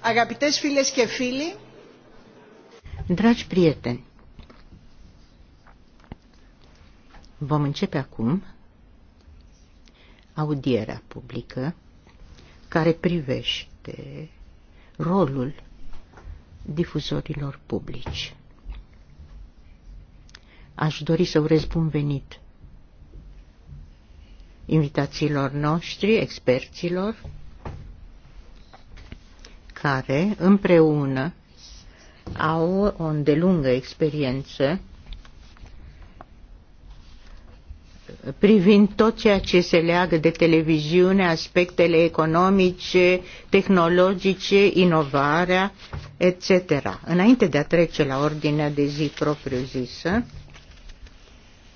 Αγαπητές φίλες και φίλοι, Dragi prieteni, vom începe acum audierea publică care privește rolul difuzorilor publici. Aș dori să urez bun venit invitațiilor noștri, experților, care împreună au o îndelungă experiență privind tot ceea ce se leagă de televiziune, aspectele economice, tehnologice, inovarea, etc. Înainte de a trece la ordinea de zi propriu-zisă,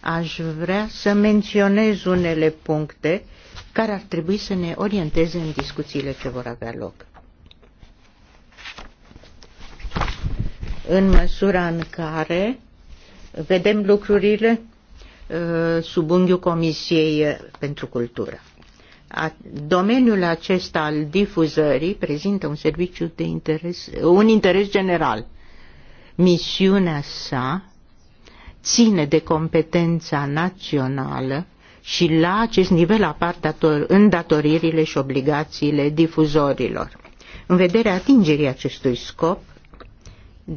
aș vrea să menționez unele puncte care ar trebui să ne orienteze în discuțiile ce vor avea loc. în măsura în care vedem lucrurile uh, sub unghiul Comisiei uh, pentru Cultură. Domeniul acesta al difuzării prezintă un serviciu de interes, uh, un interes general. Misiunea sa ține de competența națională și la acest nivel apar dator, îndatoririle și obligațiile difuzorilor. În vederea atingerii acestui scop,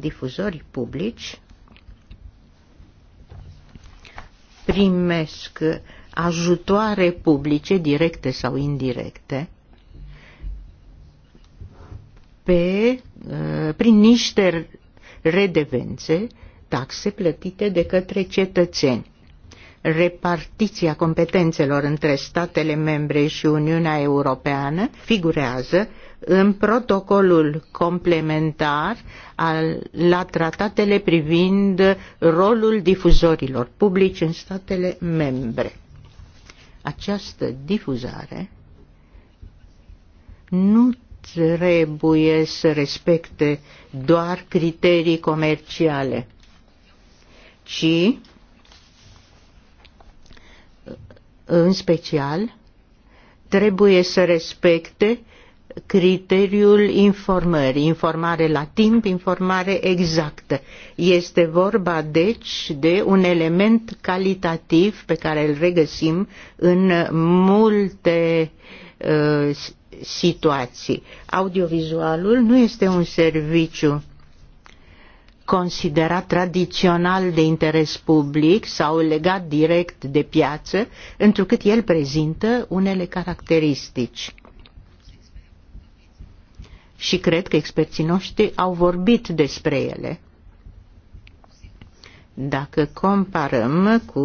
difuzori publici primesc ajutoare publice, directe sau indirecte, pe, uh, prin niște redevențe, taxe plătite de către cetățeni. Repartiția competențelor între statele membre și Uniunea Europeană figurează în protocolul complementar al, la tratatele privind rolul difuzorilor publici în statele membre. Această difuzare nu trebuie să respecte doar criterii comerciale, ci în special trebuie să respecte criteriul informării, informare la timp, informare exactă. Este vorba, deci, de un element calitativ pe care îl regăsim în multe uh, situații. Audiovizualul nu este un serviciu considerat tradițional de interes public sau legat direct de piață, întrucât el prezintă unele caracteristici și cred că experții noștri au vorbit despre ele. Dacă comparăm cu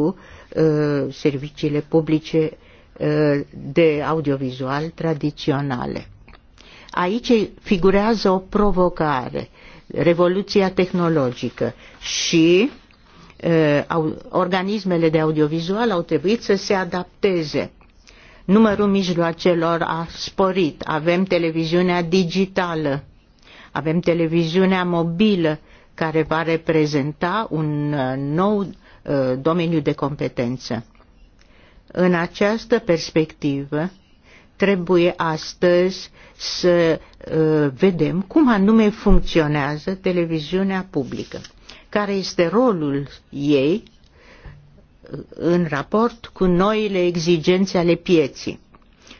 uh, serviciile publice uh, de audiovizual tradiționale. Aici figurează o provocare, revoluția tehnologică și uh, organismele de audiovizual au trebuit să se adapteze numărul mijloacelor a sporit, avem televiziunea digitală, avem televiziunea mobilă care va reprezenta un uh, nou uh, domeniu de competență. În această perspectivă, trebuie astăzi să uh, vedem cum anume funcționează televiziunea publică, care este rolul ei în raport cu noile exigențe ale pieții.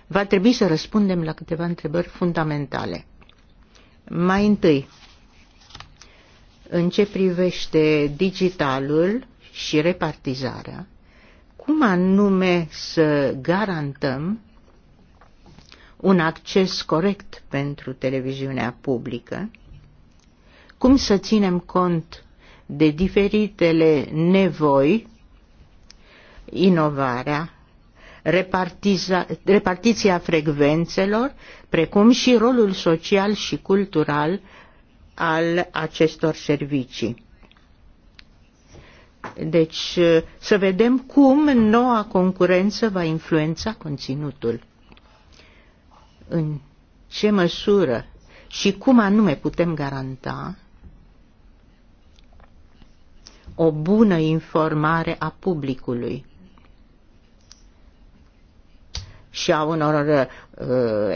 Va trebui să răspundem la câteva întrebări fundamentale. Mai întâi, în ce privește digitalul și repartizarea, cum anume să garantăm un acces corect pentru televiziunea publică, cum să ținem cont de diferitele nevoi inovarea, repartiția frecvențelor, precum și rolul social și cultural al acestor servicii. Deci să vedem cum noua concurență va influența conținutul. În ce măsură și cum anume putem garanta o bună informare a publicului și a unor uh,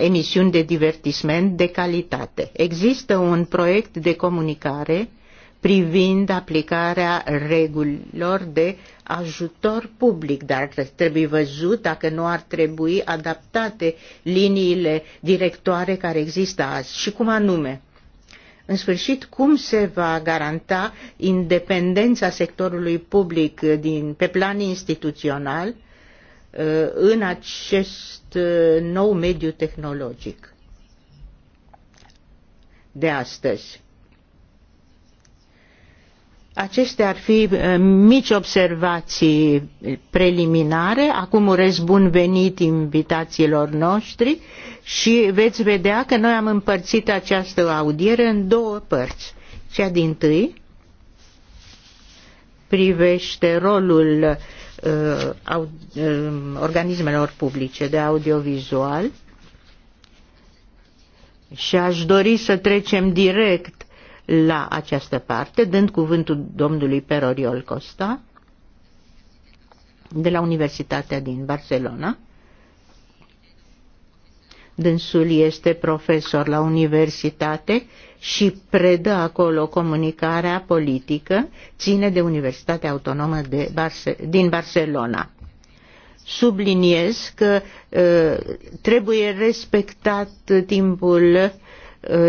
emisiuni de divertisment de calitate. Există un proiect de comunicare privind aplicarea regulilor de ajutor public, dar trebuie văzut dacă nu ar trebui adaptate liniile directoare care există azi și cum anume. În sfârșit, cum se va garanta independența sectorului public din, pe plan instituțional Uh, în acest uh, nou mediu tehnologic de astăzi. Acestea ar fi uh, mici observații preliminare. Acum urez bun venit invitațiilor noștri și veți vedea că noi am împărțit această audiere în două părți. Cea din tâi privește rolul Uh, au, um, organismelor publice de audiovizual și aș dori să trecem direct la această parte, dând cuvântul domnului Peroriol Costa de la Universitatea din Barcelona. Dânsul este profesor la universitate și predă acolo comunicarea politică, ține de Universitatea Autonomă de Barce- din Barcelona. Subliniez că uh, trebuie respectat timpul ă,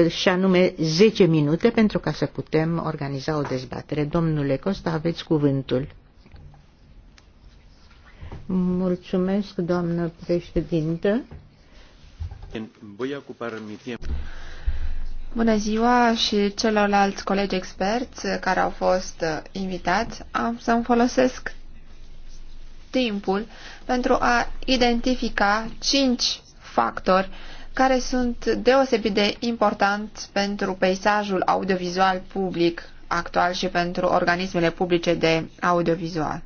și anume 10 minute pentru ca să putem organiza o dezbatere. Domnule Costa, aveți cuvântul. Mulțumesc, doamnă președintă. Voi ocupa Bună ziua și celorlalți colegi experți care au fost uh, invitați. Am să-mi folosesc timpul pentru a identifica cinci factori care sunt deosebit de important pentru peisajul audiovizual public actual și pentru organismele publice de audiovizual.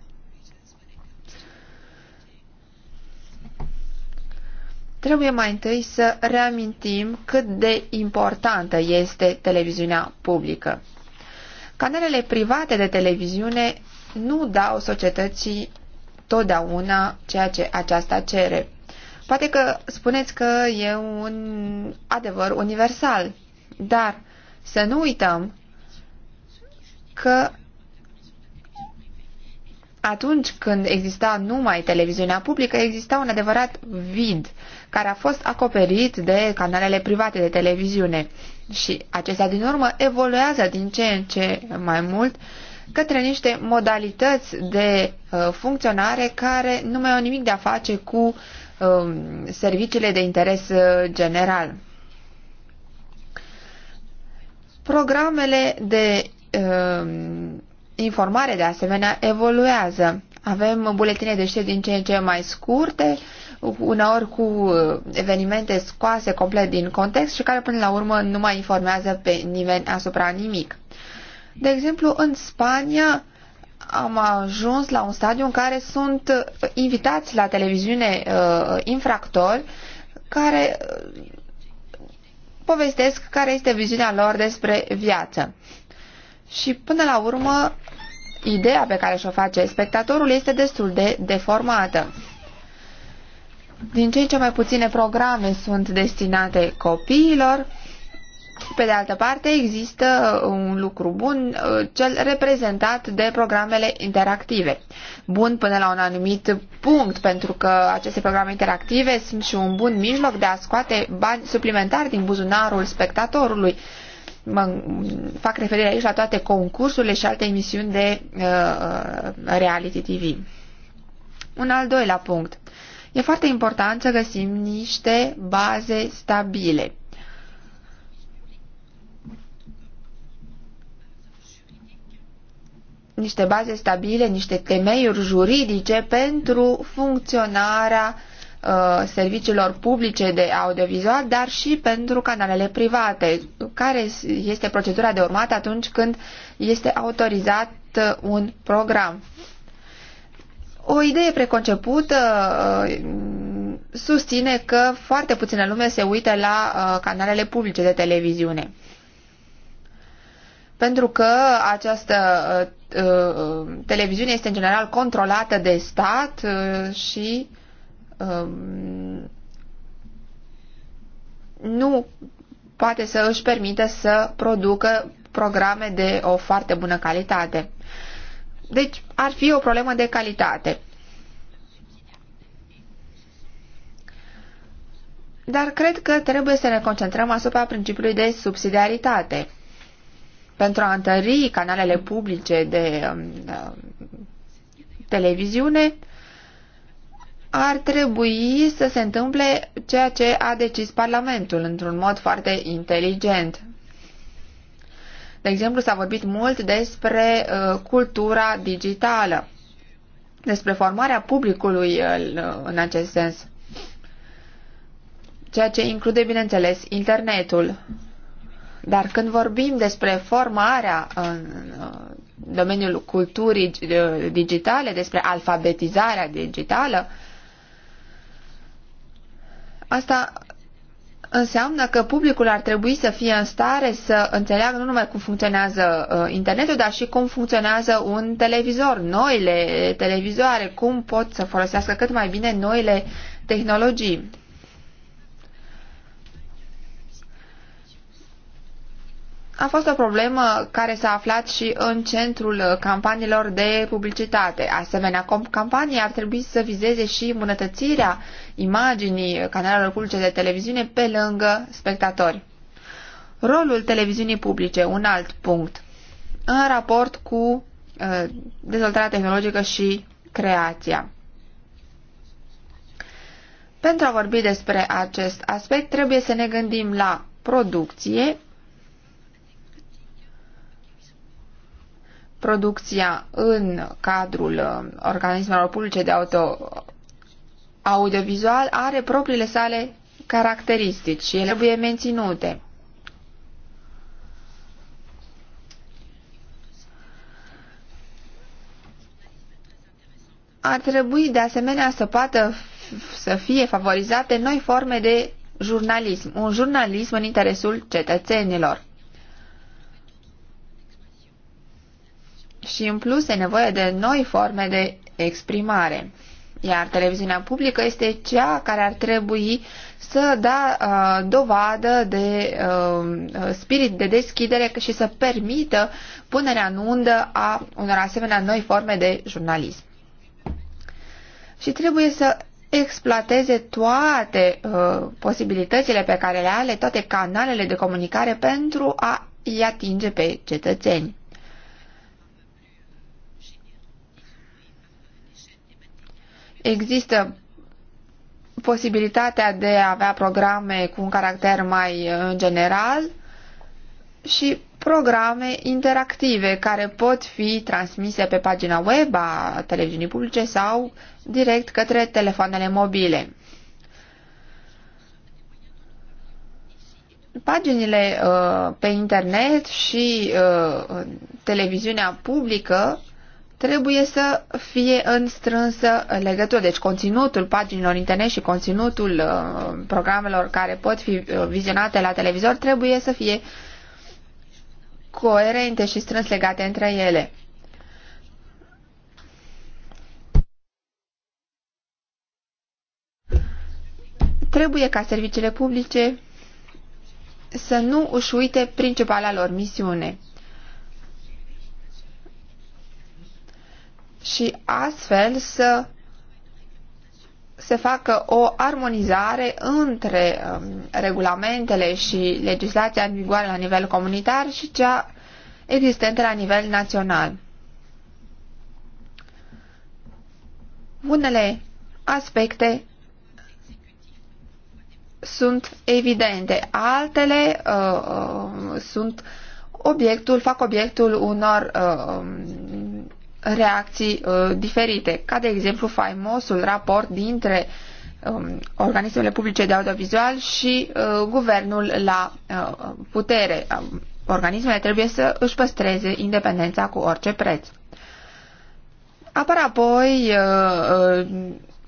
Trebuie mai întâi să reamintim cât de importantă este televiziunea publică. Canalele private de televiziune nu dau societății totdeauna ceea ce aceasta cere. Poate că spuneți că e un adevăr universal, dar să nu uităm că atunci când exista numai televiziunea publică, exista un adevărat vid care a fost acoperit de canalele private de televiziune și acestea din urmă evoluează din ce în ce mai mult către niște modalități de uh, funcționare care nu mai au nimic de a face cu uh, serviciile de interes uh, general. Programele de uh, informare, de asemenea, evoluează. Avem buletine de știri din ce în ce mai scurte, uh, uneori cu uh, evenimente scoase complet din context și care până la urmă nu mai informează pe nimeni asupra nimic. De exemplu, în Spania am ajuns la un stadiu în care sunt uh, invitați la televiziune uh, infractori care uh, povestesc care este viziunea lor despre viață. Și până la urmă, ideea pe care și-o face spectatorul este destul de deformată din ce în ce mai puține programe sunt destinate copiilor. Pe de altă parte, există un lucru bun, uh, cel reprezentat de programele interactive. Bun până la un anumit punct, pentru că aceste programe interactive sunt și un bun mijloc de a scoate bani suplimentari din buzunarul spectatorului. Mă fac referire aici la toate concursurile și alte emisiuni de uh, uh reality TV. Un al doilea punct E foarte important să găsim niște baze stabile. niște baze stabile, niște temeiuri juridice pentru funcționarea uh, serviciilor publice de audiovizual, dar și pentru canalele private. Care este procedura de urmat atunci când este autorizat uh, un program? O idee preconcepută uh, uh, susține că foarte puțină lume se uită la uh, canalele publice de televiziune. Pentru că această televiziune este în general controlată de stat și um, nu poate să își permită să producă programe de o foarte bună calitate. Deci ar fi o problemă de calitate. Dar cred că trebuie să ne concentrăm asupra principiului de subsidiaritate. Pentru a întări canalele publice de um, um, televiziune, ar trebui să se întâmple ceea ce a decis Parlamentul într-un mod foarte inteligent. De exemplu, s-a vorbit mult despre uh, cultura digitală, despre formarea publicului uh, uh, în acest sens, ceea ce include, bineînțeles, internetul. Dar când vorbim despre formarea în domeniul culturii digitale, despre alfabetizarea digitală, asta înseamnă că publicul ar trebui să fie în stare să înțeleagă nu numai cum funcționează uh, internetul, dar și cum funcționează un televizor, noile televizoare, cum pot să folosească cât mai bine noile tehnologii. a fost o problemă care s-a aflat și în centrul campaniilor de publicitate. Asemenea, campanii ar trebui să vizeze și îmbunătățirea imaginii canalelor publice de televiziune pe lângă spectatori. Rolul televiziunii publice, un alt punct, în raport cu uh, dezvoltarea tehnologică și creația. Pentru a vorbi despre acest aspect, trebuie să ne gândim la producție producția în cadrul uh, organismelor publice de auto audiovizual are propriile sale caracteristici și ele trebuie menținute. Ar trebui de asemenea să poată să fie favorizate noi forme de jurnalism, un jurnalism în interesul cetățenilor. și în plus e nevoie de noi forme de exprimare. Iar televiziunea publică este cea care ar trebui să da uh, dovadă de uh, spirit de deschidere și să permită punerea în undă a unor asemenea noi forme de jurnalism. Și trebuie să exploateze toate uh, posibilitățile pe care le are, toate canalele de comunicare pentru a îi atinge pe cetățeni. Există posibilitatea de a avea programe cu un caracter mai uh, general și programe interactive care pot fi transmise pe pagina web a televiziunii publice sau direct către telefoanele mobile. Paginile uh, pe internet și uh, televiziunea publică trebuie să fie în strânsă legătură. Deci conținutul paginilor internet și conținutul uh, programelor care pot fi uh, vizionate la televizor trebuie să fie coerente și strâns legate între ele. Trebuie ca serviciile publice să nu își uite principala lor misiune – și astfel să se facă o armonizare între um, regulamentele și legislația în vigoare la nivel comunitar și cea existentă la nivel național. Unele aspecte sunt evidente, altele uh, uh, sunt obiectul, fac obiectul unor uh, um, reacții uh, diferite, ca de exemplu faimosul raport dintre um, organismele publice de audiovizual și uh, guvernul la uh, putere. Um, organismele trebuie să își păstreze independența cu orice preț. Apar apoi uh, uh,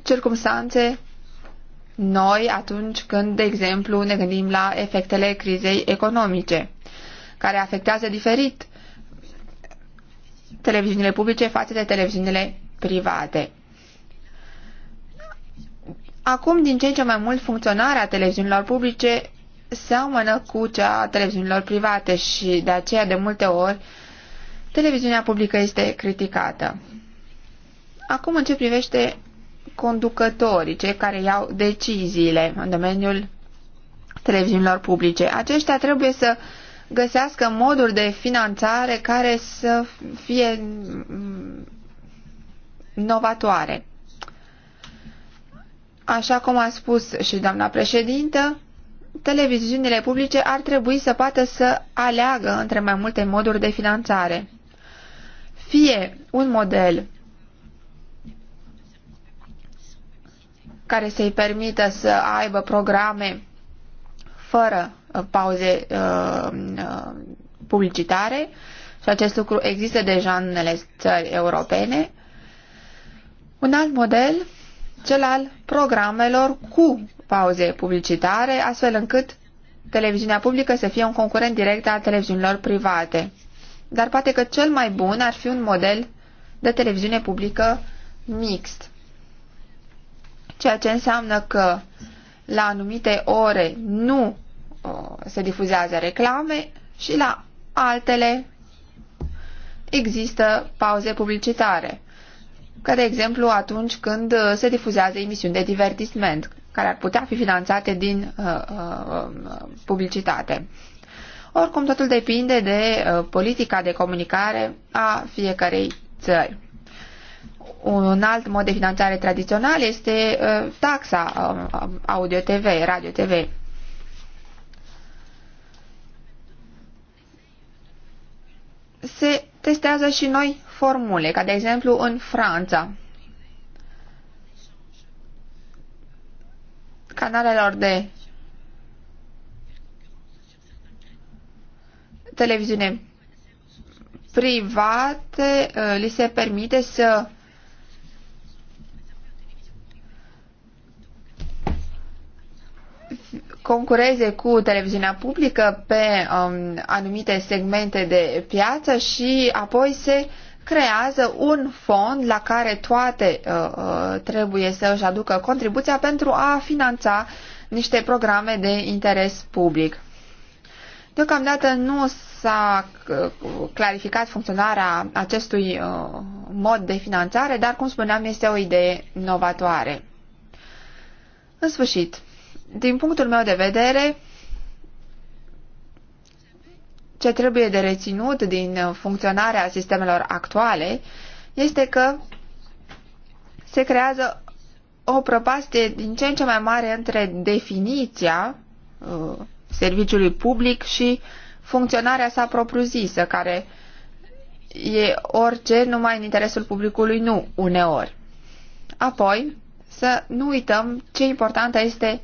circumstanțe noi atunci când, de exemplu, ne gândim la efectele crizei economice, care afectează diferit televiziunile publice față de televiziunile private. Acum, din ce în ce mai mult, funcționarea televiziunilor publice seamănă cu cea a televiziunilor private și de aceea, de multe ori, televiziunea publică este criticată. Acum, în ce privește conducătorii, cei care iau deciziile în domeniul televiziunilor publice, aceștia trebuie să uh, găsească moduri de finanțare care să fie mm, novatoare. Așa cum a spus și doamna președintă, televiziunile publice ar trebui să poată să aleagă între mai multe moduri de finanțare. Fie un model care să-i permită să aibă programe fără uh, pauze uh, uh, publicitare și acest lucru există deja în unele țări europene. Un alt model, cel al programelor cu pauze publicitare, astfel încât televiziunea publică să fie un concurent direct al televiziunilor private. Dar poate că cel mai bun ar fi un model de televiziune publică mixt. Ceea ce înseamnă că uh, la anumite ore nu uh, se difuzează reclame și la altele există pauze publicitare, ca de exemplu atunci când uh, se difuzează emisiuni de divertisment, care ar putea fi finanțate din uh, uh, uh publicitate. Oricum, totul depinde de uh, politica de comunicare a fiecarei țări. Un alt mod de finanțare tradițional este uh, taxa um, um, Audio TV, Radio TV. Se testează și noi formule, ca de exemplu în Franța. Canalelor de televiziune private uh, li se permite să concureze cu televiziunea publică pe um, anumite segmente de piață și apoi se creează un fond la care toate uh, uh trebuie să își aducă contribuția pentru a finanța niște programe de interes public. Deocamdată nu s-a uh, clarificat funcționarea acestui uh, mod de finanțare, dar, cum spuneam, este o idee novatoare. În sfârșit, din punctul meu de vedere, ce trebuie de reținut din funcționarea sistemelor actuale este că se creează o prăpastie din ce în ce mai mare între definiția uh, serviciului public și funcționarea sa propriu-zisă, care e orice numai în interesul publicului, nu uneori. Apoi, să nu uităm ce importantă este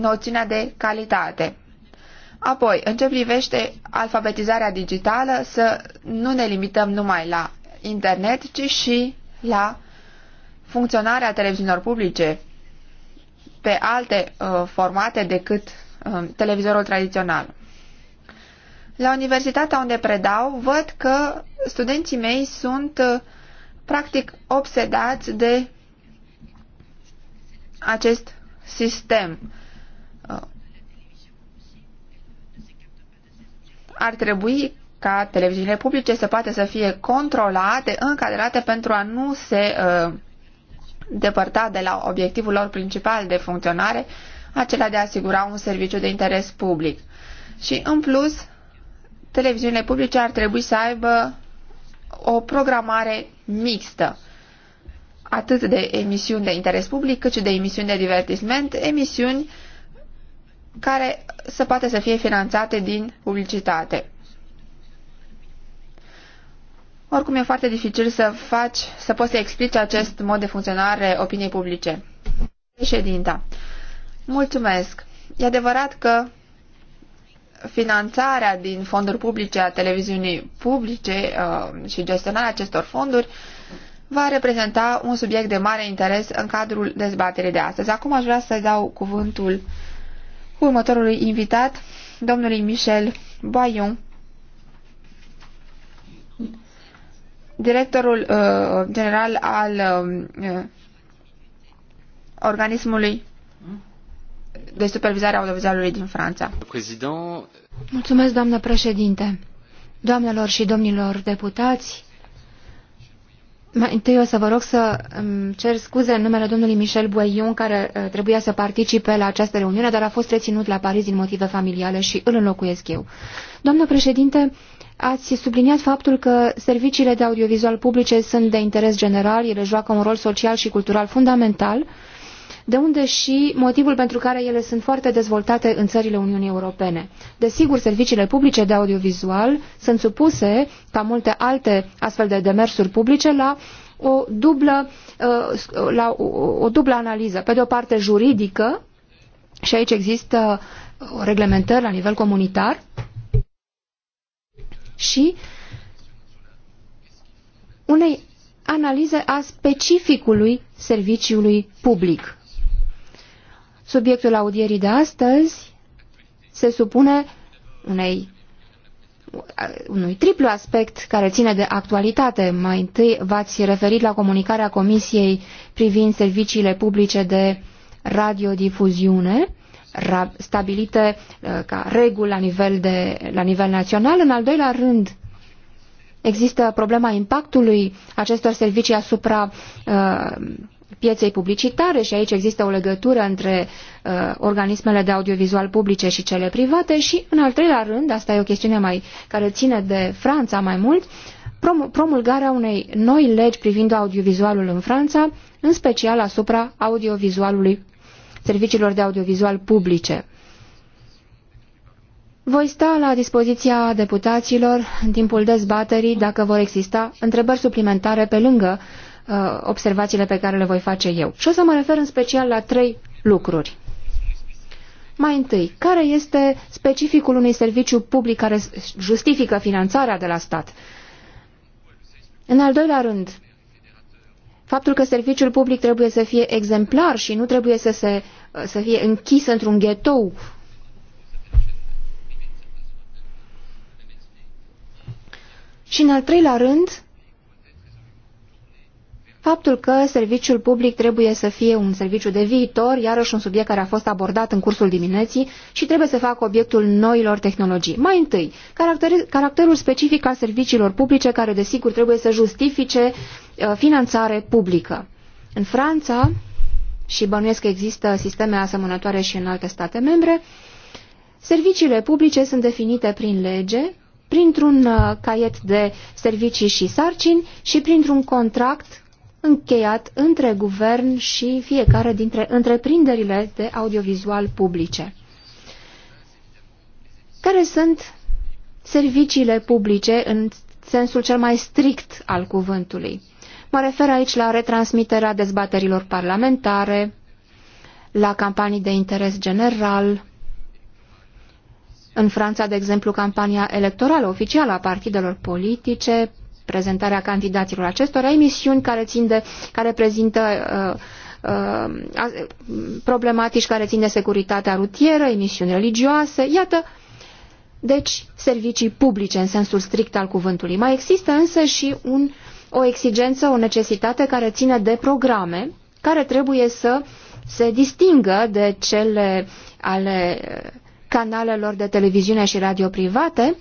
noțiunea de calitate. Apoi, în ce privește alfabetizarea digitală, să nu ne limităm numai la internet, ci și la funcționarea televiziunilor publice pe alte uh, formate decât uh, televizorul tradițional. La universitatea unde predau, văd că studenții mei sunt uh, practic obsedați de acest sistem ar trebui ca televiziunile publice să poată să fie controlate, încadrate pentru a nu se uh, depărta de la obiectivul lor principal de funcționare, acela de a asigura un serviciu de interes public. Și în plus, televiziunile publice ar trebui să aibă o programare mixtă, atât de emisiuni de interes public, cât și de emisiuni de divertisment, emisiuni uh, care să poate să fie finanțate din publicitate. Oricum e foarte dificil să faci, să poți să explici acest mod de funcționare opiniei publice. Președinta, mulțumesc. E adevărat că finanțarea din fonduri publice a televiziunii publice uh, și gestionarea acestor fonduri va reprezenta un subiect de mare interes în cadrul dezbaterii de astăzi. Acum aș vrea să dau cuvântul următorului invitat, domnului Michel Bayon, directorul uh, general al um, uh, organismului de supervizare a audiovizualului din Franța. Mulțumesc, doamnă președinte. Doamnelor și domnilor deputați, mai întâi o să vă rog să cer scuze în numele domnului Michel Boyon, care uh, trebuia să participe la această reuniune, dar a fost reținut la Paris din motive familiale și îl înlocuiesc eu. Doamnă președinte, ați subliniat faptul că serviciile de audiovizual publice sunt de interes general, ele joacă un rol social și cultural fundamental, de unde și motivul pentru care ele sunt foarte dezvoltate în țările Uniunii Europene. Desigur, serviciile publice de audiovizual sunt supuse, ca multe alte astfel de demersuri publice, la o dublă, uh, la o, o dublă analiză. Pe de o parte juridică, și aici există o uh, reglementări la nivel comunitar, și unei analize a specificului serviciului public. Subiectul audierii de astăzi se supune unei, unui triplu aspect care ține de actualitate. Mai întâi v-ați referit la comunicarea Comisiei privind serviciile publice de radiodifuziune stabilite uh, ca reguli la nivel, de, la nivel național. În al doilea rând, există problema impactului acestor servicii asupra uh, pieței publicitare și aici există o legătură între uh, organismele de audiovizual publice și cele private și, în al treilea rând, asta e o chestiune mai care ține de Franța mai mult, promulgarea unei noi legi privind audiovizualul în Franța, în special asupra audiovizualului serviciilor de audiovizual publice. Voi sta la dispoziția deputaților în timpul dezbaterii dacă vor exista întrebări suplimentare pe lângă uh, uh, observațiile pe care le voi face eu. Și o să mă refer în special la trei lucruri. Mai întâi, care este specificul unui serviciu public care justifică finanțarea de la stat? În al doilea rând, faptul că serviciul public trebuie să fie exemplar și nu trebuie să, se, uh, să fie închis într-un ghetou. Și în al treilea rând, Faptul că serviciul public trebuie să fie un serviciu de viitor, iarăși un subiect care a fost abordat în cursul dimineții și trebuie să facă obiectul noilor tehnologii. Mai întâi, caracter, caracterul specific al serviciilor publice care desigur trebuie să justifice uh, finanțare publică. În Franța, și bănuiesc că există sisteme asemănătoare și în alte state membre, serviciile publice sunt definite prin lege, printr-un uh, caiet de servicii și sarcini și printr-un contract încheiat între guvern și fiecare dintre întreprinderile de audiovizual publice. Care sunt serviciile publice în sensul cel mai strict al cuvântului? Mă refer aici la retransmiterea dezbaterilor parlamentare, la campanii de interes general, în Franța, de exemplu, campania electorală oficială a partidelor politice, prezentarea candidaților acestora emisiuni care, țin de, care prezintă uh, uh, problematici care țin de securitatea rutieră, emisiuni religioase, iată, deci servicii publice în sensul strict al cuvântului. Mai există însă și un, o exigență, o necesitate care ține de programe care trebuie să se distingă de cele ale uh, canalelor de televiziune și radio private,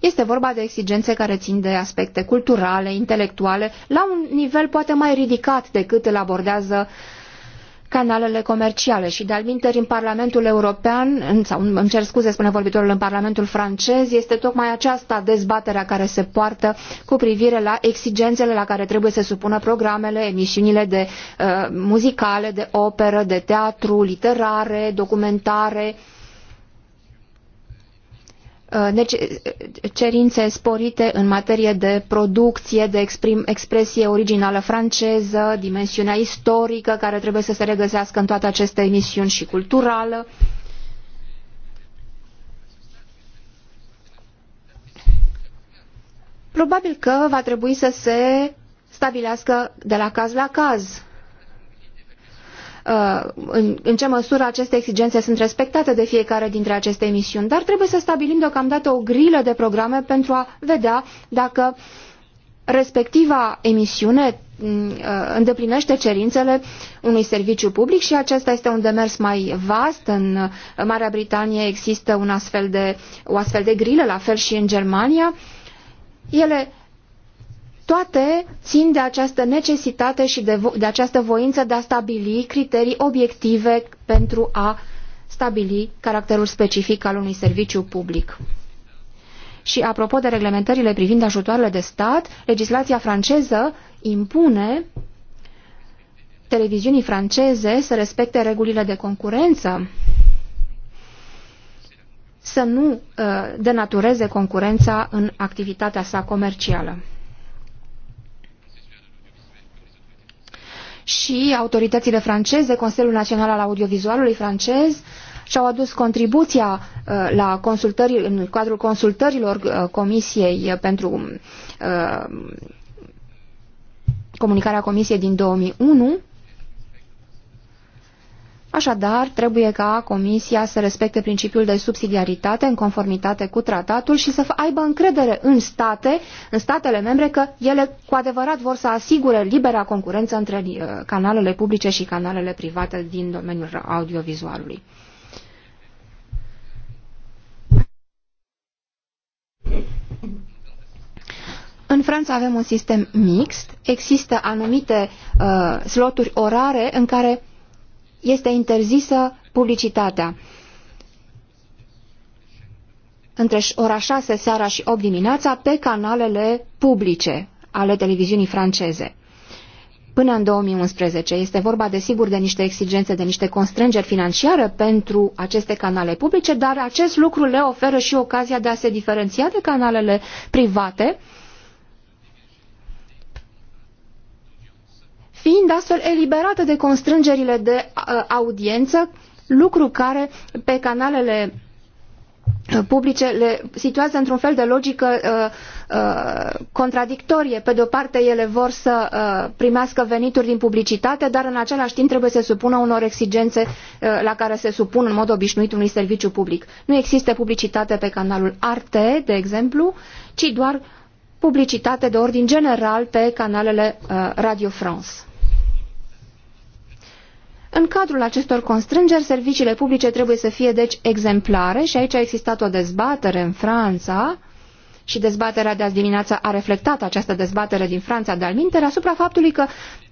Este vorba de exigențe care țin de aspecte culturale, intelectuale, la un nivel poate mai ridicat decât îl abordează canalele comerciale și de-al în Parlamentul European, sau îmi cer scuze, spune vorbitorul, în Parlamentul francez, este tocmai aceasta dezbaterea care se poartă cu privire la exigențele la care trebuie să supună programele, emisiunile de uh, muzicale, de operă, de teatru, literare, documentare, uh, Uh, deci, uh, cerințe sporite în materie de producție, de exprim, expresie originală franceză, dimensiunea istorică care trebuie să se regăsească în toate aceste emisiuni și culturală. Probabil că va trebui să se stabilească de la caz la caz Uh, în, în ce măsură aceste exigențe sunt respectate de fiecare dintre aceste emisiuni, dar trebuie să stabilim deocamdată o grilă de programe pentru a vedea dacă respectiva emisiune mm, uh, îndeplinește cerințele unui serviciu public și acesta este un demers mai vast. În Marea Britanie există un astfel de, o astfel de grilă, la fel și în Germania. Ele toate țin de această necesitate și de, de această voință de a stabili criterii obiective pentru a stabili caracterul specific al unui serviciu public. Și apropo de reglementările privind ajutoarele de stat, legislația franceză impune televiziunii franceze să respecte regulile de concurență, să nu uh, denatureze concurența în activitatea sa comercială. și autoritățile franceze, Consiliul Național al Audiovizualului francez, și-au adus contribuția uh, la consultări, în cadrul consultărilor uh, Comisiei uh, pentru comunicarea Comisiei din 2001 Așadar, trebuie ca Comisia să respecte principiul de subsidiaritate în conformitate cu tratatul și să aibă încredere în state, în statele membre, că ele cu adevărat vor să asigure libera concurență între uh, canalele publice și canalele private din domeniul audiovizualului. În Franța avem un sistem mixt, există anumite uh, sloturi orare în care este interzisă publicitatea. Între ora 6 seara și 8 dimineața pe canalele publice ale televiziunii franceze. Până în 2011 este vorba desigur de niște exigențe, de niște constrângeri financiare pentru aceste canale publice, dar acest lucru le oferă și ocazia de a se diferenția de canalele private fiind astfel eliberată de constrângerile de uh, audiență, lucru care pe canalele uh, publice le situează într-un fel de logică uh, uh, contradictorie. Pe de o parte, ele vor să uh, primească venituri din publicitate, dar în același timp trebuie să se supună unor exigențe uh, la care se supun în mod obișnuit unui serviciu public. Nu există publicitate pe canalul Arte, de exemplu, ci doar publicitate de ordin general pe canalele uh, Radio France. În cadrul acestor constrângeri, serviciile publice trebuie să fie, deci, exemplare și aici a existat o dezbatere în Franța și dezbaterea de azi dimineața a reflectat această dezbatere din Franța de alminter asupra faptului că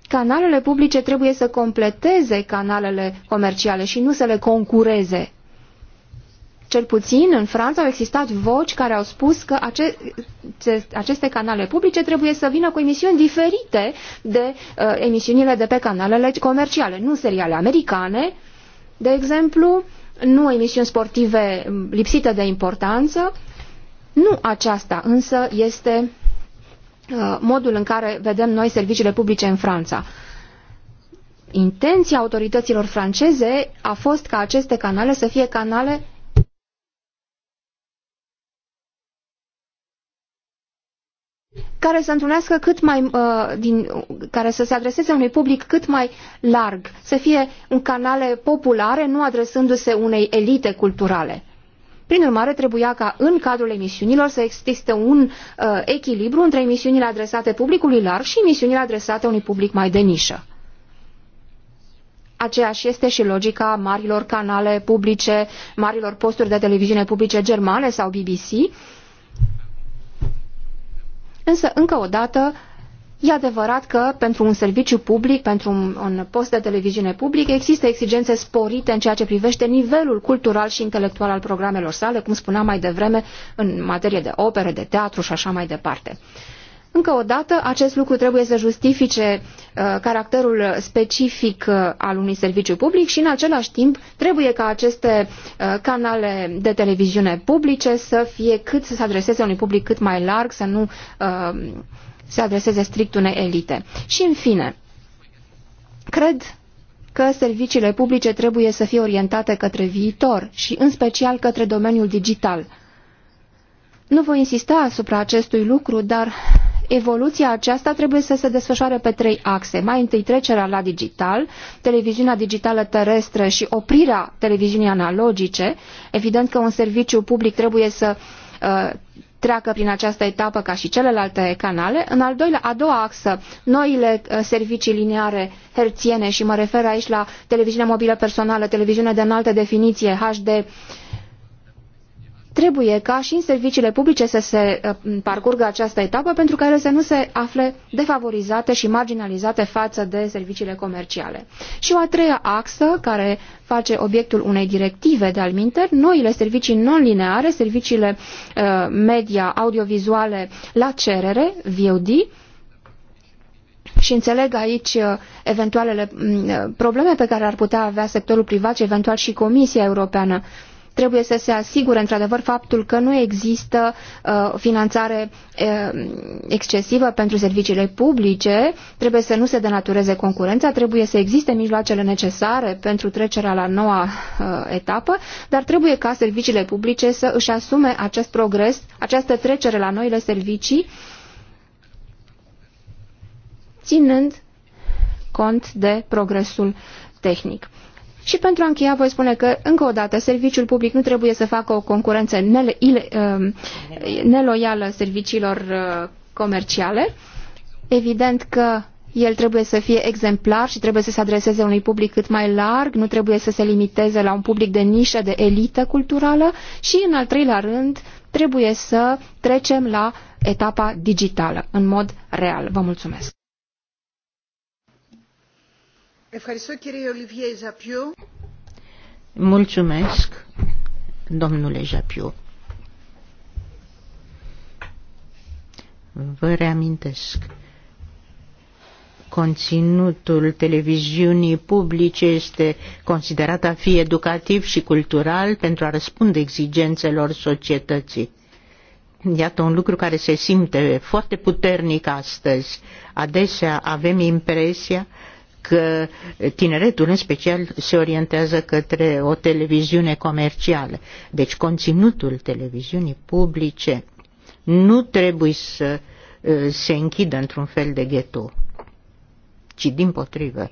canalele publice trebuie să completeze canalele comerciale și nu să le concureze cel puțin în Franța au existat voci care au spus că aceste, aceste canale publice trebuie să vină cu emisiuni diferite de uh, emisiunile de pe canalele comerciale, nu seriale americane, de exemplu, nu emisiuni sportive um, lipsite de importanță. Nu aceasta însă este uh, modul în care vedem noi serviciile publice în Franța. Intenția autorităților franceze a fost ca aceste canale să fie canale care să întrunească cât mai, uh, din, care să se adreseze unui public cât mai larg, să fie un canale populare, nu adresându-se unei elite culturale. Prin urmare, trebuia ca în cadrul emisiunilor să existe un uh, echilibru între emisiunile adresate publicului larg și emisiunile adresate unui public mai de nișă. Aceeași este și logica marilor canale publice, marilor posturi de televiziune publice germane sau BBC, Însă, încă o dată, e adevărat că pentru un serviciu public, pentru un, un post de televiziune public, există exigențe sporite în ceea ce privește nivelul cultural și intelectual al programelor sale, cum spuneam mai devreme, în materie de opere, de teatru și așa mai departe. Uh, încă o dată, acest lucru trebuie să justifice uh, caracterul specific uh, al unui serviciu public și, în același timp, trebuie ca aceste uh, canale de televiziune publice să fie cât să se adreseze unui public cât mai larg, să nu uh, se adreseze strict unei elite. Și, în fine, cred că serviciile publice trebuie să fie orientate către viitor și, în special, către domeniul digital. Nu voi insista asupra acestui lucru, dar evoluția aceasta trebuie să se desfășoare pe trei axe. Mai întâi trecerea la digital, televiziunea digitală terestră și oprirea televiziunii analogice. Evident că un serviciu public trebuie să uh, treacă prin această etapă ca și celelalte canale. În al doilea, a doua axă, noile uh, servicii lineare herțiene și mă refer aici la televiziunea mobilă personală, televiziune de înaltă definiție, HD, Trebuie ca și în serviciile publice să se uh, parcurgă această etapă pentru ca ele să nu se afle defavorizate și marginalizate față de serviciile comerciale. Și o a treia axă care face obiectul unei directive de alminter, noile servicii non-lineare, serviciile uh, media audiovizuale la cerere, VOD, și înțeleg aici uh, eventualele mm, probleme pe care ar putea avea sectorul privat și eventual și Comisia Europeană trebuie să se asigure într-adevăr faptul că nu există uh, finanțare uh, excesivă pentru serviciile publice, trebuie să nu se denatureze concurența, trebuie să existe mijloacele necesare pentru trecerea la noua uh, etapă, dar trebuie ca serviciile publice să își asume acest progres, această trecere la noile servicii, ținând cont de progresul tehnic. Și pentru a încheia voi spune că, încă o dată, serviciul public nu trebuie să facă o concurență um, neloială serviciilor uh, comerciale. Evident că el trebuie să fie exemplar și trebuie să se adreseze unui public cât mai larg, nu trebuie să se limiteze la un public de nișă, de elită culturală și, în al treilea rând, trebuie să trecem la etapa digitală, în mod real. Vă mulțumesc! Mulțumesc, domnule Japiu. Vă reamintesc conținutul televiziunii publice este considerat a fi educativ și cultural pentru a răspunde exigențelor societății. Iată un lucru care se simte foarte puternic astăzi. Adesea avem impresia că tineretul în special se orientează către o televiziune comercială. Deci conținutul televiziunii publice nu trebuie să uh, se închidă într-un fel de ghetou, ci din potrivă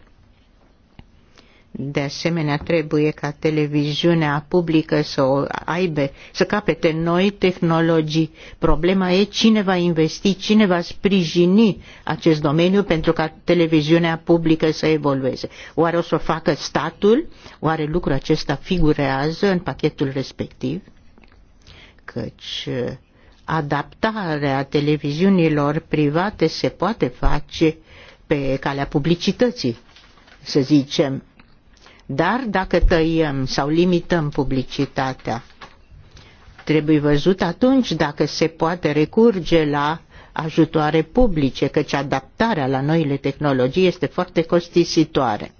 de asemenea, trebuie ca televiziunea publică să o aibă, să capete noi tehnologii. Problema e cine va investi, cine va sprijini acest domeniu pentru ca televiziunea publică să evolueze. Oare o să o facă statul? Oare lucrul acesta figurează în pachetul respectiv? Căci uh, adaptarea televiziunilor private se poate face pe calea publicității, să zicem, dar dacă tăiem sau limităm publicitatea, trebuie văzut atunci dacă se poate recurge la ajutoare publice, căci adaptarea la noile tehnologii este foarte costisitoare.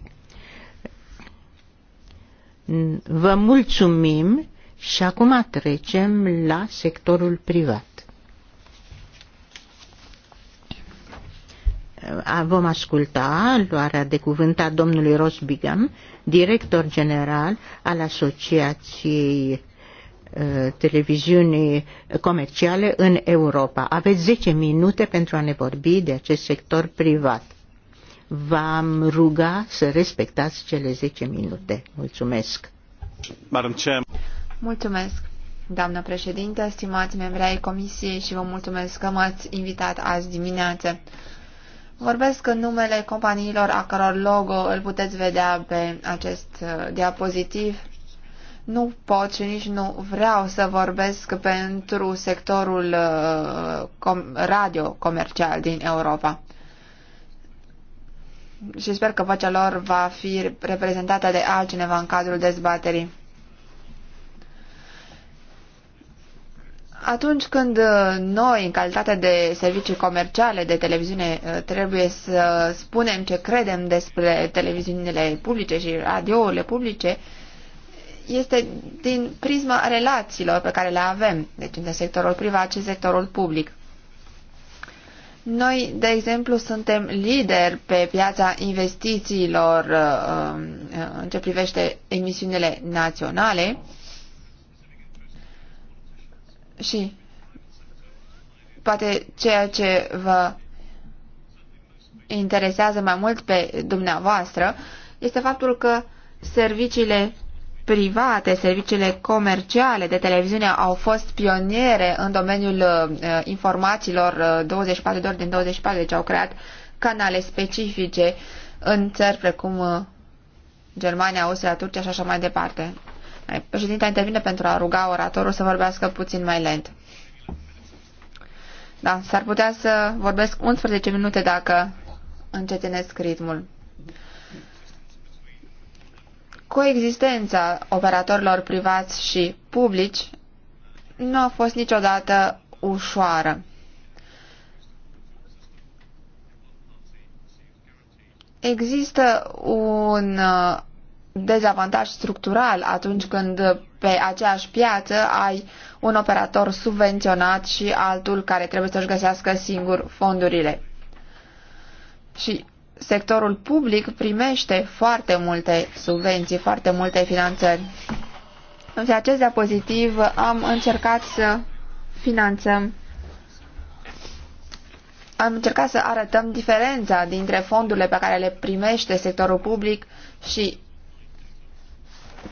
Vă mulțumim și acum trecem la sectorul privat. vom asculta luarea de cuvânt a domnului Ross Bigam, director general al Asociației uh, televiziunii comerciale în Europa. Aveți 10 minute pentru a ne vorbi de acest sector privat. V-am ruga să respectați cele 10 minute. Mulțumesc. Mulțumesc, doamnă președinte, stimați membri ai Comisiei și vă mulțumesc că m-ați invitat azi dimineață. Vorbesc în numele companiilor a căror logo îl puteți vedea pe acest uh, diapozitiv. Nu pot și nici nu vreau să vorbesc pentru sectorul uh, radio comercial din Europa. Și sper că vocea lor va fi reprezentată de altcineva în cadrul dezbaterii. Atunci când uh, noi, în calitate de servicii comerciale de televiziune, uh, trebuie să spunem ce credem despre televiziunile publice și radiourile publice, este din prisma relațiilor pe care le avem, deci între sectorul privat și sectorul public. Noi, de exemplu, suntem lideri pe piața investițiilor uh, în ce privește emisiunile naționale, și poate ceea ce vă interesează mai mult pe dumneavoastră este faptul că serviciile private, serviciile comerciale de televiziune au fost pioniere în domeniul uh, informațiilor uh, 24 de ori din 24, deci au creat canale specifice în țări precum uh, Germania, Austria, Turcia și așa mai departe. Președinta intervine pentru a ruga oratorul să vorbească puțin mai lent. Da, s-ar putea să vorbesc 11 minute dacă încetinesc ritmul. Coexistența operatorilor privați și publici nu a fost niciodată ușoară. Există un uh, dezavantaj structural atunci când pe aceeași piață ai un operator subvenționat și altul care trebuie să-și găsească singur fondurile. Și sectorul public primește foarte multe subvenții, foarte multe finanțări. În acest diapozitiv am încercat să finanțăm am încercat să arătăm diferența dintre fondurile pe care le primește sectorul public și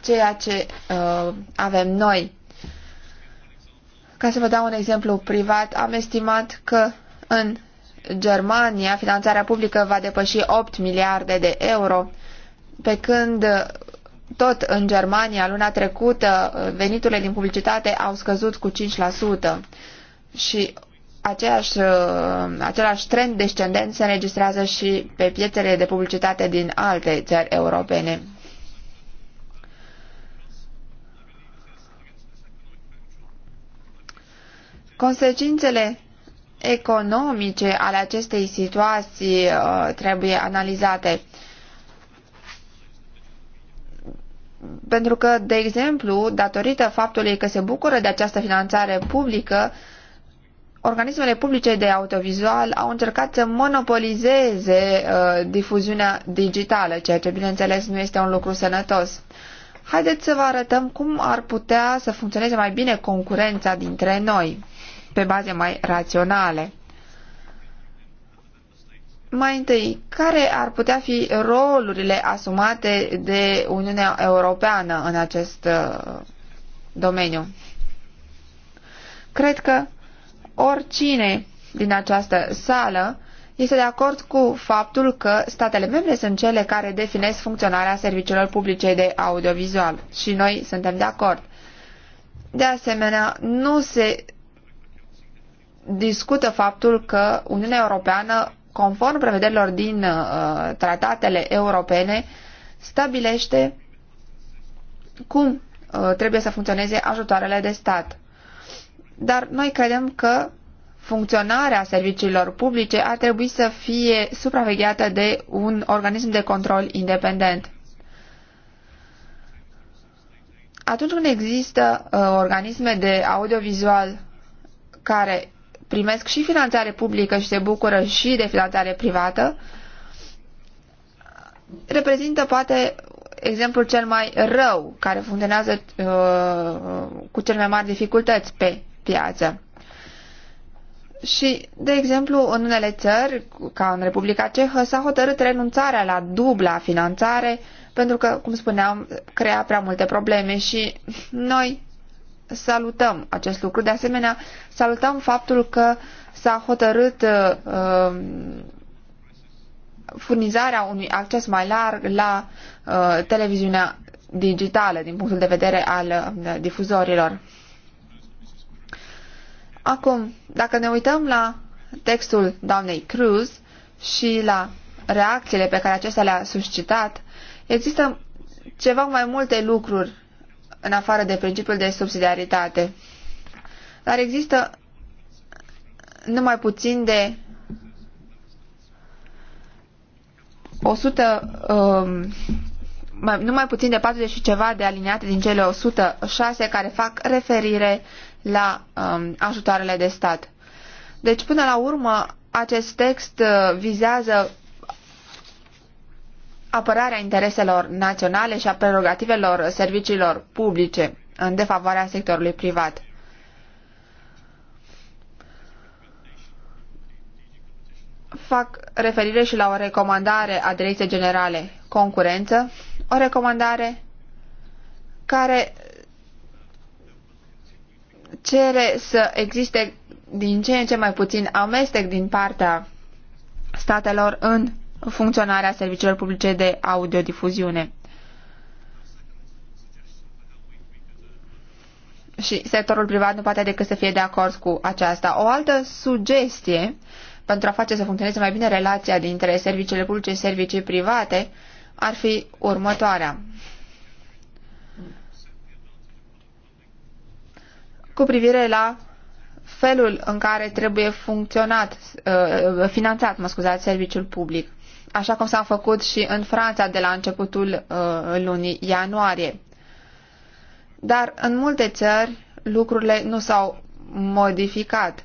ceea ce uh, avem noi. Ca să vă dau un exemplu privat, am estimat că în Germania finanțarea publică va depăși 8 miliarde de euro, pe când tot în Germania luna trecută veniturile din publicitate au scăzut cu 5% și aceeași, uh, același trend descendent se înregistrează și pe piețele de publicitate din alte țări europene. Consecințele economice ale acestei situații uh, trebuie analizate. Pentru că, de exemplu, datorită faptului că se bucură de această finanțare publică, organismele publice de autovizual au încercat să monopolizeze uh, difuziunea digitală, ceea ce, bineînțeles, nu este un lucru sănătos. Haideți să vă arătăm cum ar putea să funcționeze mai bine concurența dintre noi pe baze mai raționale. Mai întâi, care ar putea fi rolurile asumate de Uniunea Europeană în acest uh, domeniu? Cred că oricine din această sală este de acord cu faptul că statele membre sunt cele care definesc funcționarea serviciilor publice de audiovizual și noi suntem de acord. De asemenea, nu se discută faptul că Uniunea Europeană, conform prevederilor din uh, tratatele europene, stabilește cum uh, trebuie să funcționeze ajutoarele de stat. Dar noi credem că funcționarea serviciilor publice ar trebui să fie supravegheată de un organism de control independent. Atunci când există uh, organisme de audiovizual care primesc și finanțare publică și se bucură și de finanțare privată, reprezintă poate exemplul cel mai rău care funcționează uh, cu cel mai mari dificultăți pe piață. Și, de exemplu, în unele țări, ca în Republica Cehă, s-a hotărât renunțarea la dubla finanțare pentru că, cum spuneam, crea prea multe probleme și noi salutăm acest lucru. De asemenea, salutăm faptul că s-a hotărât uh, um, furnizarea unui acces mai larg la uh, televiziunea digitală din punctul de vedere al uh, difuzorilor. Acum, dacă ne uităm la textul doamnei Cruz și la reacțiile pe care acestea le-a suscitat, există ceva mai multe lucruri în afară de principiul de subsidiaritate. Dar există numai puțin de 100, um, mai, numai puțin de 40 și ceva de aliniate din cele 106 care fac referire la um, ajutoarele de stat. Deci, până la urmă, acest text uh, vizează apărarea intereselor naționale și a prerogativelor serviciilor publice în defavoarea sectorului privat. Fac referire și la o recomandare a Direcției Generale Concurență, o recomandare care cere să existe din ce în ce mai puțin amestec din partea statelor în funcționarea serviciilor publice de audiodifuziune. Și sectorul privat nu poate decât să fie de acord cu aceasta. O altă sugestie pentru a face să funcționeze mai bine relația dintre serviciile publice și servicii private ar fi următoarea. Cu privire la felul în care trebuie funcționat, uh, finanțat, mă scuzați, serviciul public așa cum s-a făcut și în Franța de la începutul uh, lunii ianuarie. Dar în multe țări lucrurile nu s-au modificat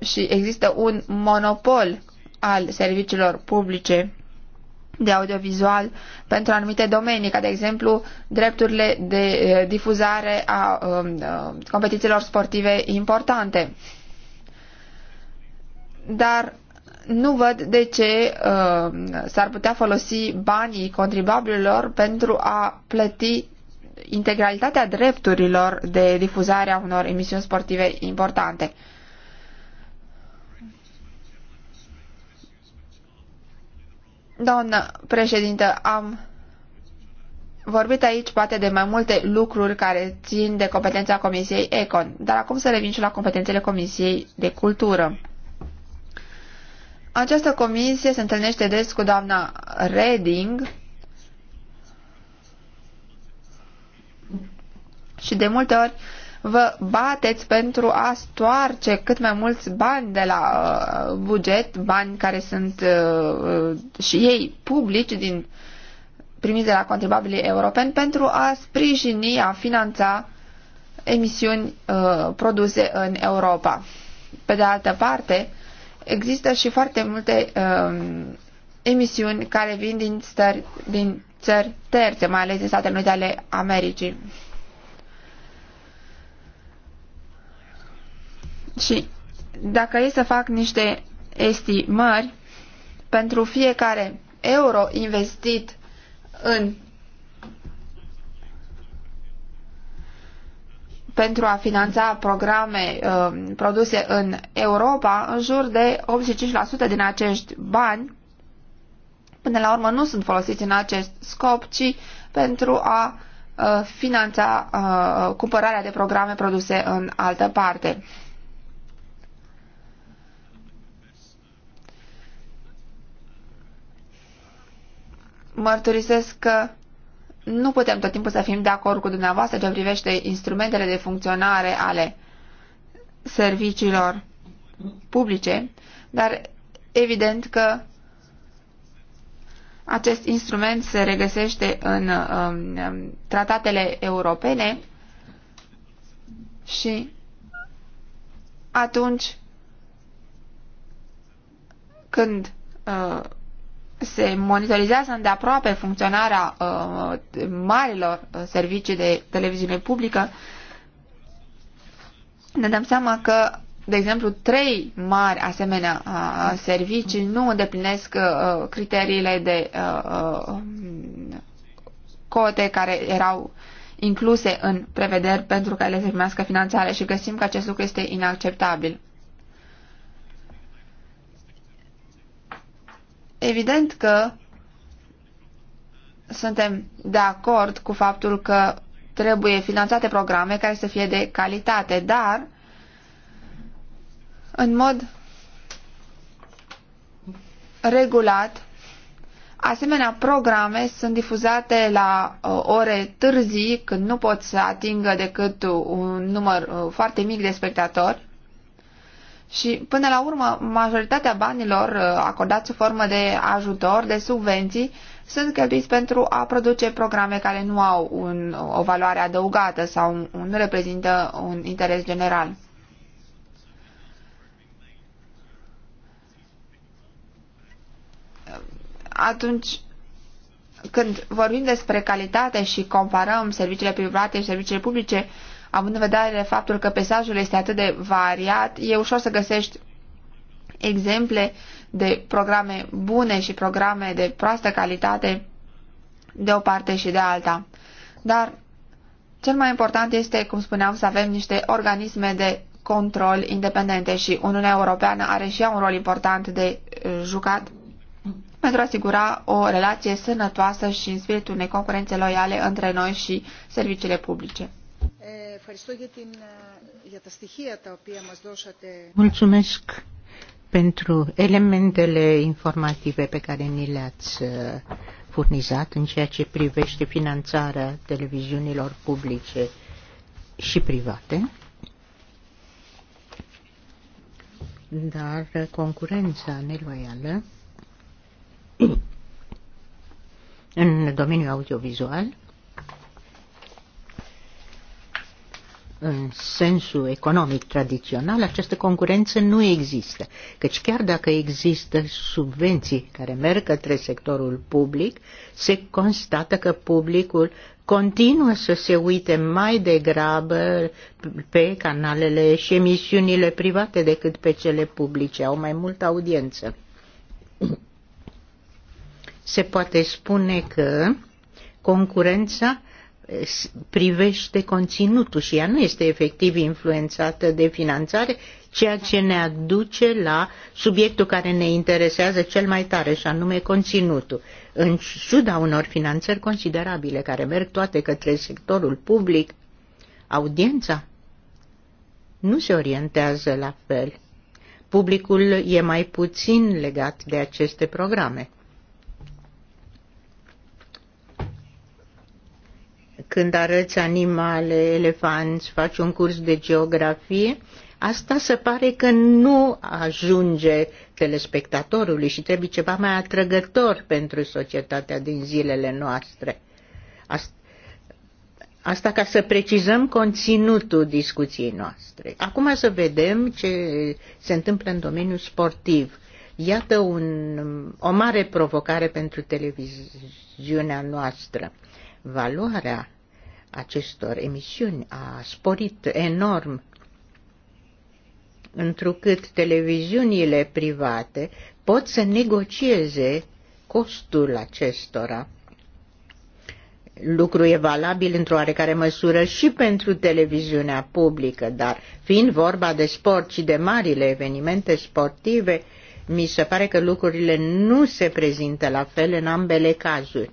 și există un monopol al serviciilor publice de audiovizual pentru anumite domenii, ca de exemplu drepturile de uh, difuzare a um, uh, competițiilor sportive importante. Dar nu văd de ce uh, s-ar putea folosi banii contribuabililor pentru a plăti integralitatea drepturilor de difuzare a unor emisiuni sportive importante. Doamnă președintă, am vorbit aici poate de mai multe lucruri care țin de competența Comisiei Econ, dar acum să revin și la competențele Comisiei de Cultură. Această comisie se întâlnește des cu doamna Reding și de multe ori vă bateți pentru a stoarce cât mai mulți bani de la uh, buget, bani care sunt uh, și ei publici din primiți de la contribuabilii europeni pentru a sprijini, a finanța emisiuni uh, produse în Europa. Pe de altă parte, există și foarte multe um, emisiuni care vin din, stări, din țări terțe, mai ales din Statele Unite ale Americii. Și dacă ei să fac niște estimări, pentru fiecare euro investit în pentru a finanța programe uh, produse în Europa, în jur de 85% din acești bani, până la urmă, nu sunt folosiți în acest scop, ci pentru a uh, finanța uh, cumpărarea de programe produse în altă parte. Mărturisesc că nu putem tot timpul să fim de acord cu dumneavoastră ce privește instrumentele de funcționare ale serviciilor publice, dar evident că acest instrument se regăsește în um, um tratatele europene și atunci când uh, se monitorizează îndeaproape funcționarea uh, marilor uh, servicii de televiziune publică, ne dăm seama că, de exemplu, trei mari asemenea uh, servicii nu îndeplinesc uh, criteriile de uh, uh cote care erau incluse în prevederi pentru că ele se primească finanțare și găsim că acest lucru este inacceptabil. Evident că suntem de acord cu faptul că trebuie finanțate programe care să fie de calitate, dar în mod regulat Asemenea, programe sunt difuzate la uh, ore târzii, când nu pot să atingă decât un număr uh, foarte mic de spectatori și până la urmă, majoritatea banilor uh, acordați sub formă de ajutor, de subvenții, sunt cheltuiți pentru a produce programe care nu au un, o valoare adăugată sau nu reprezintă un interes general. Atunci, când vorbim despre calitate și comparăm serviciile private și serviciile publice, având în vedere faptul că peisajul este atât de variat, e ușor să găsești exemple de programe bune și programe de proastă calitate de o parte și de alta. Dar cel mai important este, cum spuneam, să avem niște organisme de control independente și Uniunea Europeană are și ea un rol important de eh, jucat pentru a asigura o relație sănătoasă și în spiritul unei concurențe loiale între noi și serviciile publice. Mulțumesc pentru elementele informative pe care ni le-ați furnizat în ceea ce privește finanțarea televiziunilor publice și private. Dar concurența neloială în domeniul audiovizual în sensul economic tradițional, această concurență nu există. Căci chiar dacă există subvenții care merg către sectorul public, se constată că publicul continuă să se uite mai degrabă pe canalele și emisiunile private decât pe cele publice, au mai multă audiență. Se poate spune că concurența privește conținutul și ea nu este efectiv influențată de finanțare, ceea ce ne aduce la subiectul care ne interesează cel mai tare, și anume conținutul. În ciuda unor finanțări considerabile care merg toate către sectorul public, audiența nu se orientează la fel. Publicul e mai puțin legat de aceste programe. când arăți animale, elefanți, faci un curs de geografie, asta se pare că nu ajunge telespectatorului și trebuie ceva mai atrăgător pentru societatea din zilele noastre. Asta, asta ca să precizăm conținutul discuției noastre. Acum să vedem ce se întâmplă în domeniul sportiv. Iată un, o mare provocare pentru televiziunea noastră. Valoarea acestor emisiuni a sporit enorm, întrucât televiziunile private pot să negocieze costul acestora. Lucru e valabil într-o oarecare măsură și pentru televiziunea publică, dar fiind vorba de sport și de marile evenimente sportive, mi se pare că lucrurile nu se prezintă la fel în ambele cazuri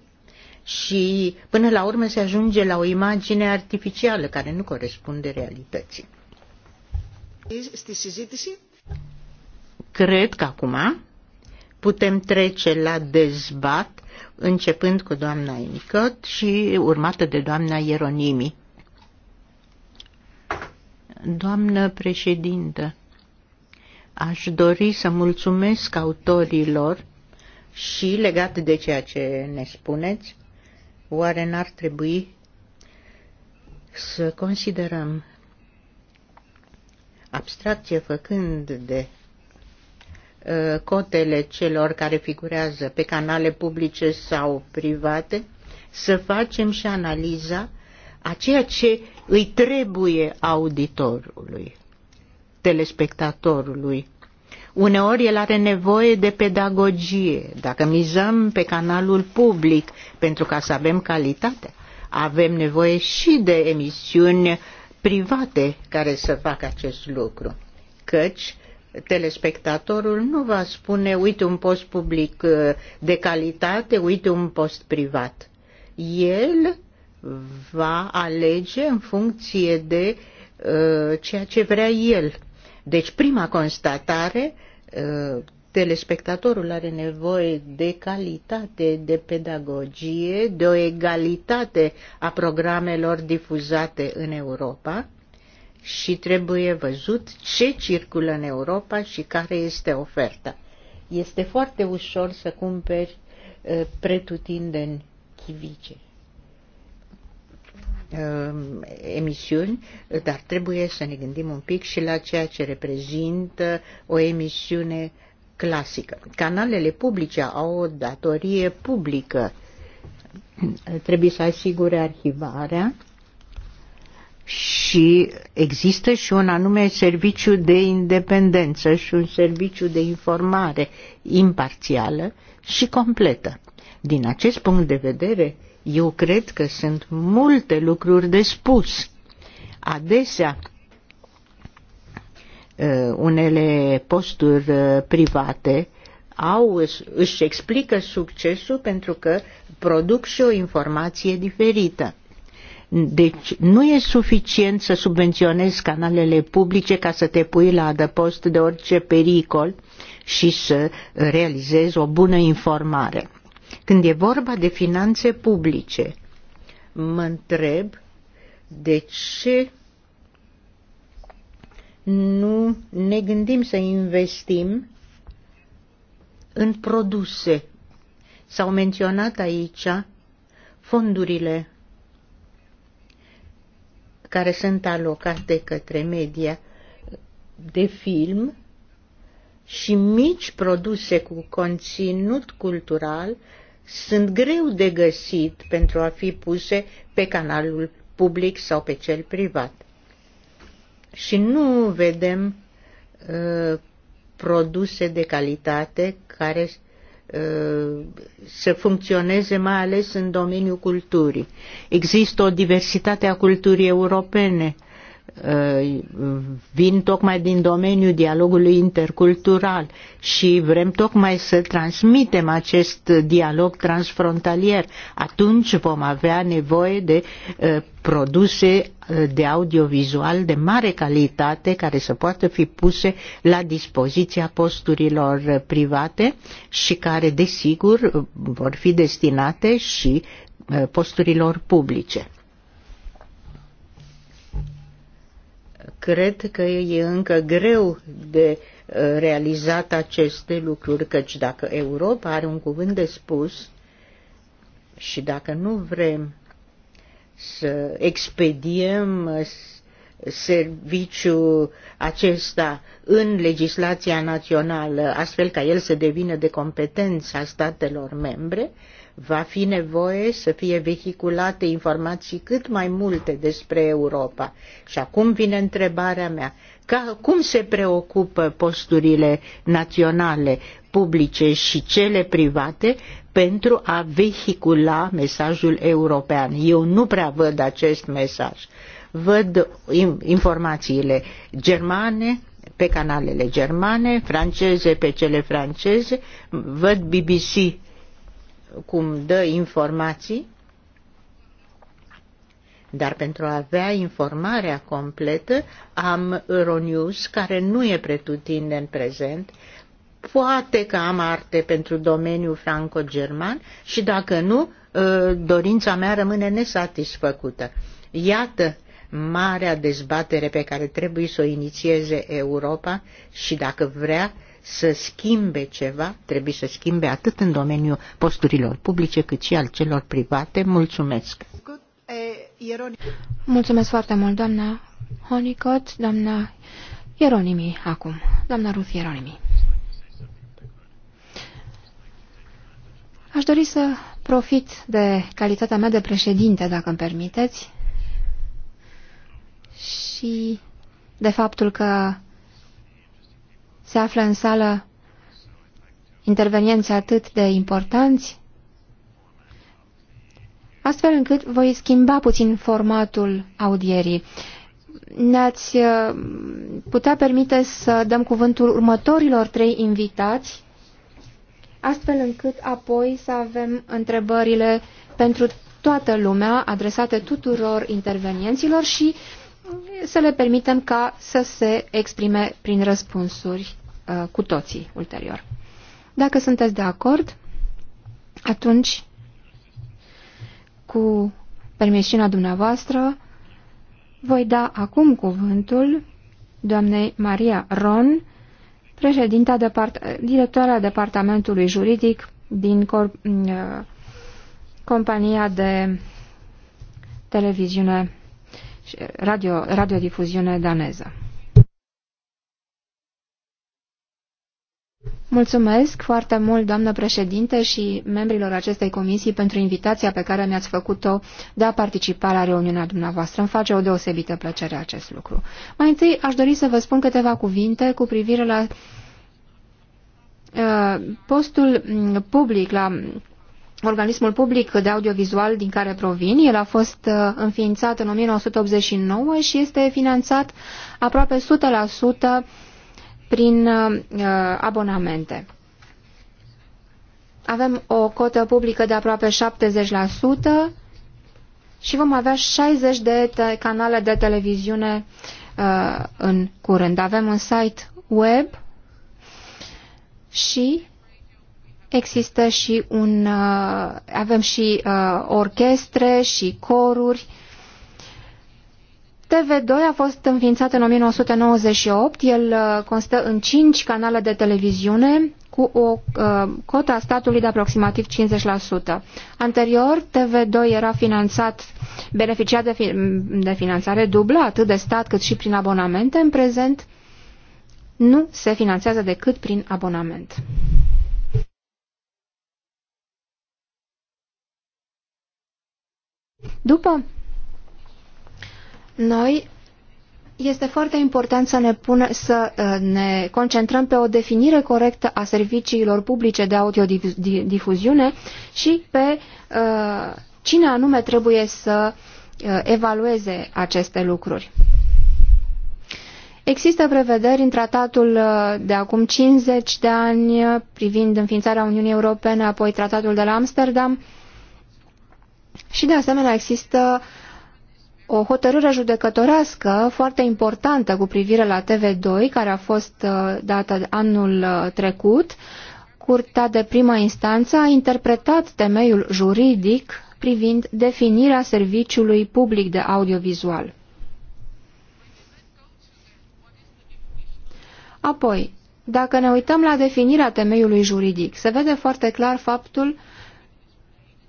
și până la urmă se ajunge la o imagine artificială care nu corespunde realității. Cred că acum putem trece la dezbat, începând cu doamna Enicot și urmată de doamna Ieronimi. Doamnă președintă, aș dori să mulțumesc autorilor și legat de ceea ce ne spuneți, Oare n-ar trebui să considerăm abstracție făcând de uh, cotele celor care figurează pe canale publice sau private, să facem și analiza a ceea ce îi trebuie auditorului, telespectatorului. Uneori el are nevoie de pedagogie. Dacă mizăm pe canalul public pentru ca să avem calitate. Avem nevoie și de emisiuni private care să facă acest lucru. Căci telespectatorul nu va spune, uite un post public uh, de calitate, uite un post privat. El va alege în funcție de uh, ceea ce vrea el. Deci prima constatare uh, telespectatorul are nevoie de calitate, de pedagogie, de o egalitate a programelor difuzate în Europa și trebuie văzut ce circulă în Europa și care este oferta. Este foarte ușor să cumperi uh, pretutindeni chivice um, emisiuni, dar trebuie să ne gândim un pic și la ceea ce reprezintă o emisiune clasică. Canalele publice au o datorie publică. Trebuie să asigure arhivarea și există și un anume serviciu de independență și un serviciu de informare imparțială și completă. Din acest punct de vedere, eu cred că sunt multe lucruri de spus. Adesea, Uh, unele posturi uh, private au, își explică succesul pentru că produc și o informație diferită. Deci nu e suficient să subvenționezi canalele publice ca să te pui la adăpost de orice pericol și să realizezi o bună informare. Când e vorba de finanțe publice, mă întreb de ce nu ne gândim să investim în produse. S-au menționat aici fondurile care sunt alocate către media de film și mici produse cu conținut cultural sunt greu de găsit pentru a fi puse pe canalul public sau pe cel privat și nu vedem uh, produse de calitate care uh, să funcționeze mai ales în domeniul culturii. Există o diversitate a culturii europene Uh, vin tocmai din domeniul dialogului intercultural și vrem tocmai să transmitem acest dialog transfrontalier. Atunci vom avea nevoie de uh, produse uh, de audiovizual de mare calitate care să poată fi puse la dispoziția posturilor private și care, desigur, vor fi destinate și posturilor publice. Cred că e încă greu de uh, realizat aceste lucruri, căci dacă Europa are un cuvânt de spus și dacă nu vrem să expediem uh, serviciu acesta în legislația națională, astfel ca el să devină de competența statelor membre, va fi nevoie să fie vehiculate informații cât mai multe despre Europa. Și acum vine întrebarea mea. Ca, cum se preocupă posturile naționale, publice și cele private pentru a vehicula mesajul european? Eu nu prea văd acest mesaj. Văd informațiile germane, pe canalele germane, franceze pe cele franceze, văd BBC cum dă informații, dar pentru a avea informarea completă am Euronews, care nu e pretutind în prezent, poate că am arte pentru domeniul franco-german și dacă nu, ă, dorința mea rămâne nesatisfăcută. Iată marea dezbatere pe care trebuie să o inițieze Europa și dacă vrea să schimbe ceva, trebuie să schimbe atât în domeniul posturilor publice cât și al celor private. Mulțumesc! Mulțumesc foarte mult, doamna Honicot, doamna Ieronimi, acum. Doamna Ruth Ieronimi. Aș dori să profit de calitatea mea de președinte, dacă îmi permiteți, și de faptul că se află în sală intervenienți atât de importanți, astfel încât voi schimba puțin formatul audierii. Ne-ați uh, putea permite să dăm cuvântul următorilor trei invitați, astfel încât apoi să avem întrebările pentru toată lumea, adresate tuturor intervenienților și uh, să le permitem ca să se exprime prin răspunsuri uh, cu toții ulterior. Dacă sunteți de acord, atunci, cu permisiunea dumneavoastră, voi da acum cuvântul doamnei Maria Ron, președinta depart directoarea Departamentului Juridic din corp mm, uh, compania de televiziune radio, radiodifuziune daneză. Mulțumesc foarte mult, doamnă președinte, și membrilor acestei comisii pentru invitația pe care mi-ați făcut-o de a participa la reuniunea dumneavoastră. Îmi face o deosebită plăcere acest lucru. Mai întâi aș dori să vă spun câteva cuvinte cu privire la uh, postul mm, public, la organismul public de audiovizual din care provin. El a fost uh, înființat în 1989 și este finanțat aproape 100% prin uh, uh, abonamente. Avem o cotă publică de aproape 70% și vom avea 60 de canale de televiziune în curând. Avem un site web și există și un, uh, avem și uh, orchestre și coruri. TV2 a fost înființat în 1998, el uh, constă în 5 canale de televiziune cu o uh, cotă a statului de aproximativ 50%. Anterior, TV2 era finanțat, beneficiat de, fi, de finanțare dublă, atât de stat cât și prin abonamente. În prezent, nu se finanțează decât prin abonament. După noi, este foarte important să ne, pune, să uh, ne concentrăm pe o definire corectă a serviciilor publice de audiodifuziune și pe uh, cine anume trebuie să uh, evalueze aceste lucruri. Există prevederi în tratatul de acum 50 de ani privind înființarea Uniunii Europene, apoi tratatul de la Amsterdam, și de asemenea există o hotărâre judecătorească foarte importantă cu privire la TV2, care a fost uh, dată anul uh, trecut. Curtea de prima instanță a interpretat temeiul juridic privind definirea serviciului public de audiovizual. Apoi, dacă ne uităm la definirea temeiului juridic, se vede foarte clar faptul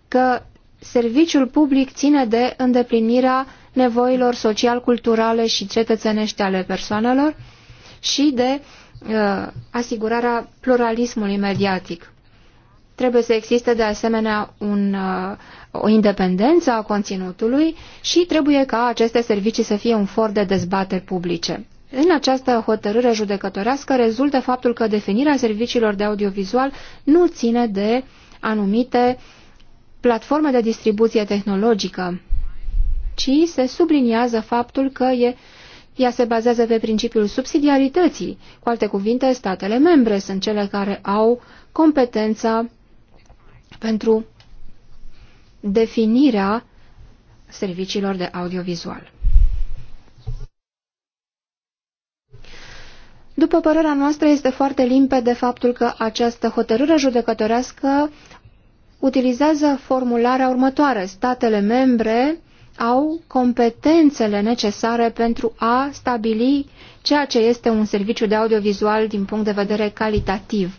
că serviciul public ține de îndeplinirea nevoilor social-culturale și cetățenești ale persoanelor și de uh, asigurarea pluralismului mediatic. Trebuie să existe de asemenea un, uh, o independență a conținutului și trebuie ca aceste servicii să fie un for de dezbateri publice. În această hotărâre judecătorească rezultă faptul că definirea serviciilor de audiovizual nu ține de anumite uh, platformă de distribuție tehnologică, ci se subliniază faptul că e, ea se bazează pe principiul subsidiarității. Cu alte cuvinte, statele membre sunt cele care au competența pentru definirea serviciilor de audiovizual. După părerea noastră, este foarte limpede faptul că această hotărâre judecătorească utilizează formularea următoare. Statele membre au competențele necesare pentru a stabili ceea ce este un serviciu de audiovizual din punct de vedere calitativ.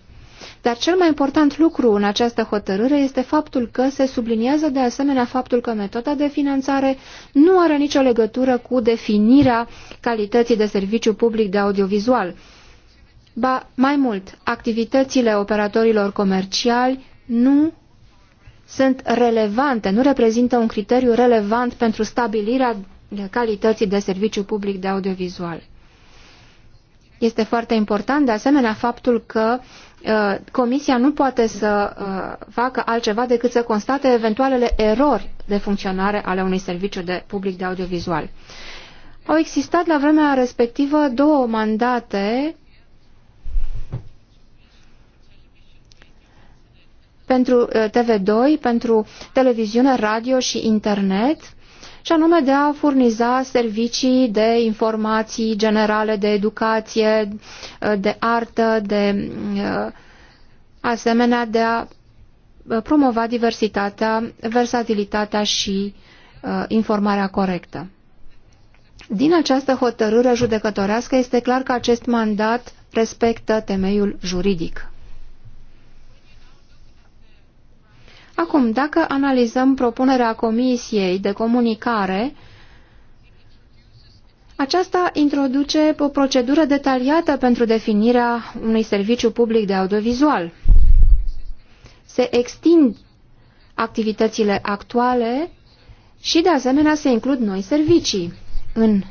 Dar cel mai important lucru în această hotărâre este faptul că se subliniază de asemenea faptul că metoda de finanțare nu are nicio legătură cu definirea calității de serviciu public de audiovizual. Ba, mai mult, activitățile operatorilor comerciali nu sunt relevante, nu reprezintă un criteriu relevant pentru stabilirea calității de serviciu public de audiovizual. Este foarte important, de asemenea, faptul că uh, Comisia nu poate să uh, facă altceva decât să constate eventualele erori de funcționare ale unui serviciu de public de audiovizual. Au existat la vremea respectivă două mandate pentru uh, TV2, pentru televiziune, radio și internet, și anume de a furniza servicii de informații generale, de educație, uh, de artă, de uh, asemenea de a promova diversitatea, versatilitatea și informarea corectă. Din această hotărâre judecătorească este clar că acest mandat respectă temeiul juridic. Acum, dacă analizăm propunerea Comisiei de comunicare, aceasta introduce o procedură detaliată pentru definirea unui serviciu public de audiovizual. Se extind activitățile actuale și, de asemenea, se includ noi servicii în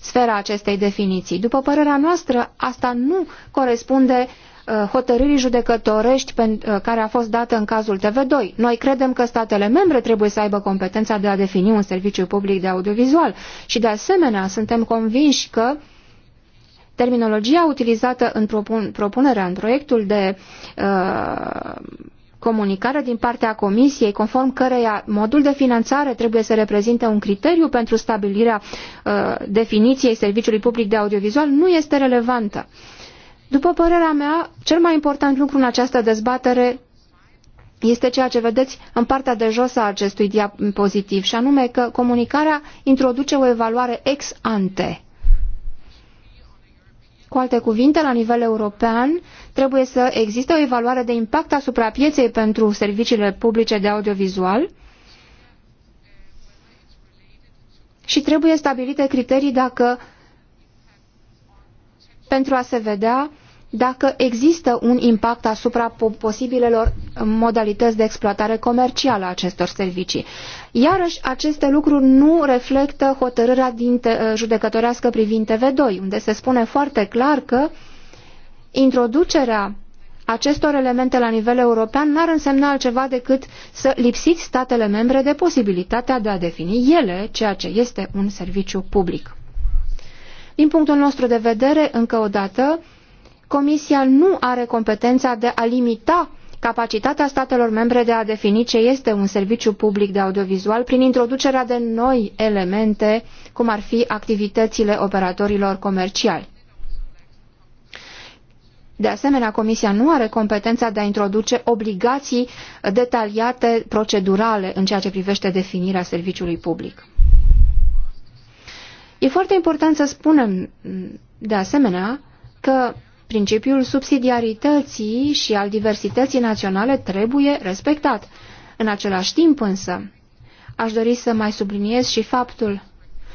sfera acestei definiții. După părerea noastră, asta nu corespunde Uh, hotărârii judecătorești uh, care a fost dată în cazul TV2. Noi credem că statele membre trebuie să aibă competența de a defini un serviciu public de audiovizual și de asemenea suntem convinși că terminologia utilizată în propun propunerea, în proiectul de uh, comunicare din partea Comisiei, conform căreia modul de finanțare trebuie să reprezinte un criteriu pentru stabilirea uh, definiției serviciului public de audiovizual, nu este relevantă. Uh, după părerea mea, cel mai important lucru în această dezbatere este ceea ce vedeți în partea de jos a acestui diapozitiv, și anume că comunicarea introduce o evaluare ex ante. Cu alte cuvinte, la nivel european, trebuie să existe o evaluare de impact asupra pieței pentru serviciile publice de audiovizual și trebuie stabilite criterii dacă pentru a se vedea dacă există un impact asupra posibilelor modalități de exploatare comercială a acestor servicii. Iarăși, aceste lucruri nu reflectă hotărârea din judecătorească privind TV2, unde se spune foarte clar că introducerea acestor elemente la nivel european n-ar însemna altceva decât să lipsiți statele membre de posibilitatea de a defini ele ceea ce este un serviciu public. Din punctul nostru de vedere, încă o dată, Comisia nu are competența de a limita capacitatea statelor membre de a defini ce este un serviciu public de audiovizual prin introducerea de noi elemente, cum ar fi activitățile operatorilor comerciali. De asemenea, Comisia nu are competența de a introduce obligații detaliate procedurale în ceea ce privește definirea serviciului public. E foarte important să spunem, mm, de asemenea, că principiul subsidiarității și al diversității naționale trebuie respectat. În același timp însă, aș dori să mai subliniez și faptul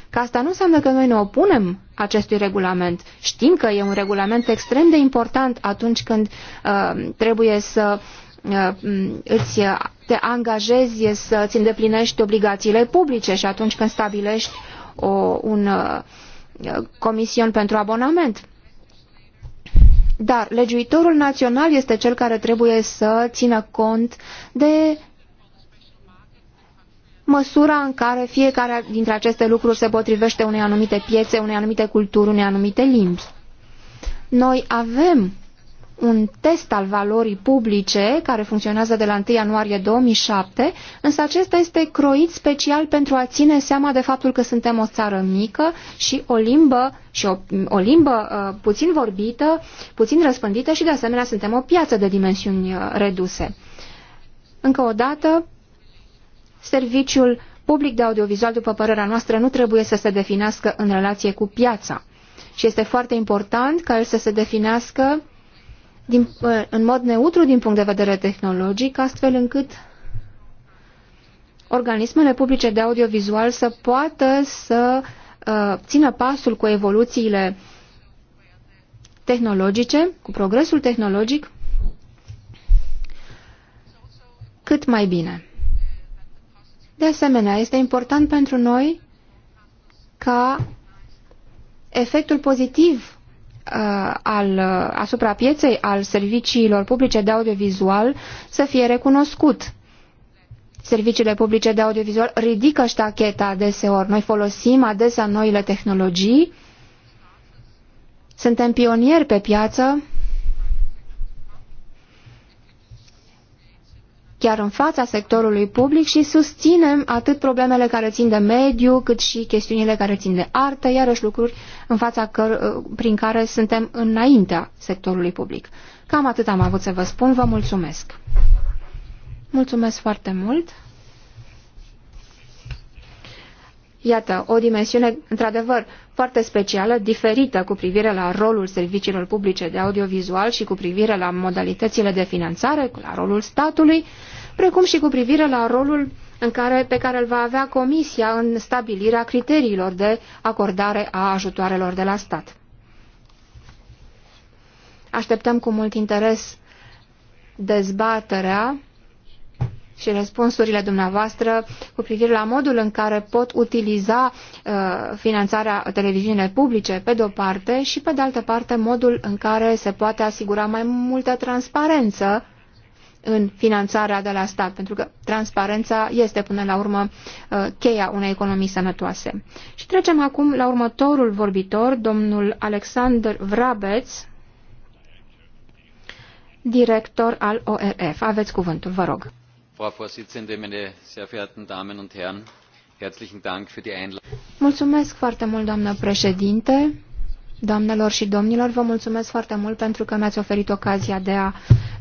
că asta nu înseamnă că noi ne opunem acestui regulament. Știm că e un regulament extrem de important atunci când uh, trebuie să uh, mm, îți uh, te angajezi să îți îndeplinești obligațiile publice și atunci când stabilești o, un uh, comision pentru abonament. Dar legiuitorul național este cel care trebuie să țină cont de măsura în care fiecare dintre aceste lucruri se potrivește unei anumite piețe, unei anumite culturi, unei anumite limbi. Noi avem un test al valorii publice care funcționează de la 1 ianuarie 2007, însă acesta este croit special pentru a ține seama de faptul că suntem o țară mică și o limbă, și o, o limbă uh, puțin vorbită, puțin răspândită și de asemenea suntem o piață de dimensiuni uh, reduse. Încă o dată, serviciul public de audiovizual, după părerea noastră, nu trebuie să se definească în relație cu piața. Și este foarte important ca el să se definească din, în mod neutru din punct de vedere tehnologic, astfel încât organismele publice de audiovizual să poată să uh, țină pasul cu evoluțiile tehnologice, cu progresul tehnologic, cât mai bine. De asemenea, este important pentru noi ca efectul pozitiv Uh, al, uh, asupra pieței al serviciilor publice de audiovizual să fie recunoscut. Serviciile publice de audiovizual ridică ștacheta adeseori. Noi folosim adesea noile tehnologii, suntem pionieri pe piață, chiar în fața sectorului public și susținem atât problemele care țin de mediu, cât și chestiunile care țin de artă, iarăși lucruri în fața căr- uh, prin care suntem înaintea sectorului public. Cam atât am avut să vă spun, vă mulțumesc. Mulțumesc foarte mult. Iată, o dimensiune într-adevăr foarte specială, diferită cu privire la rolul serviciilor publice de audiovizual și cu privire la modalitățile de finanțare, la rolul statului, precum și cu privire la rolul în care, pe care îl va avea Comisia în stabilirea criteriilor de acordare a ajutoarelor de la stat. Așteptăm cu mult interes dezbaterea și răspunsurile dumneavoastră cu privire la modul în care pot utiliza uh, finanțarea televiziunile publice, pe de o parte, și pe de altă parte modul în care se poate asigura mai multă transparență în finanțarea de la stat, pentru că transparența este până la urmă uh, cheia unei economii sănătoase. Și trecem acum la următorul vorbitor, domnul Alexander Vrabeț, director al ORF. Aveți cuvântul, vă rog frau präsidentin meine sehr verehrten damen und herren! herzlichen dank für die einladung. mulțumesc foarte mult doamnă președinte doamnelor și domnilor vă mulțumesc foarte mult pentru că mi ați oferit ocazia de a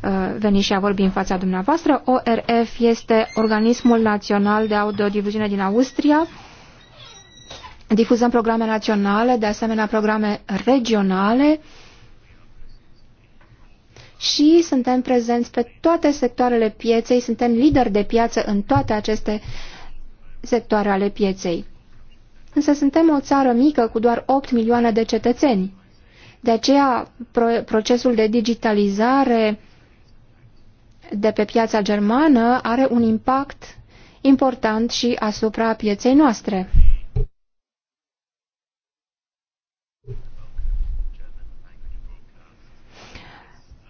uh, veni și a vorbi în fața dumneavoastră. orf este organismul național de audiodifuziune din austria. difuzăm programe naționale de asemenea programe regionale și suntem prezenți pe toate sectoarele pieței, suntem lideri de piață în toate aceste sectoare ale pieței. Însă suntem o țară mică cu doar 8 milioane de cetățeni. De aceea procesul de digitalizare de pe piața germană are un impact important și asupra pieței noastre.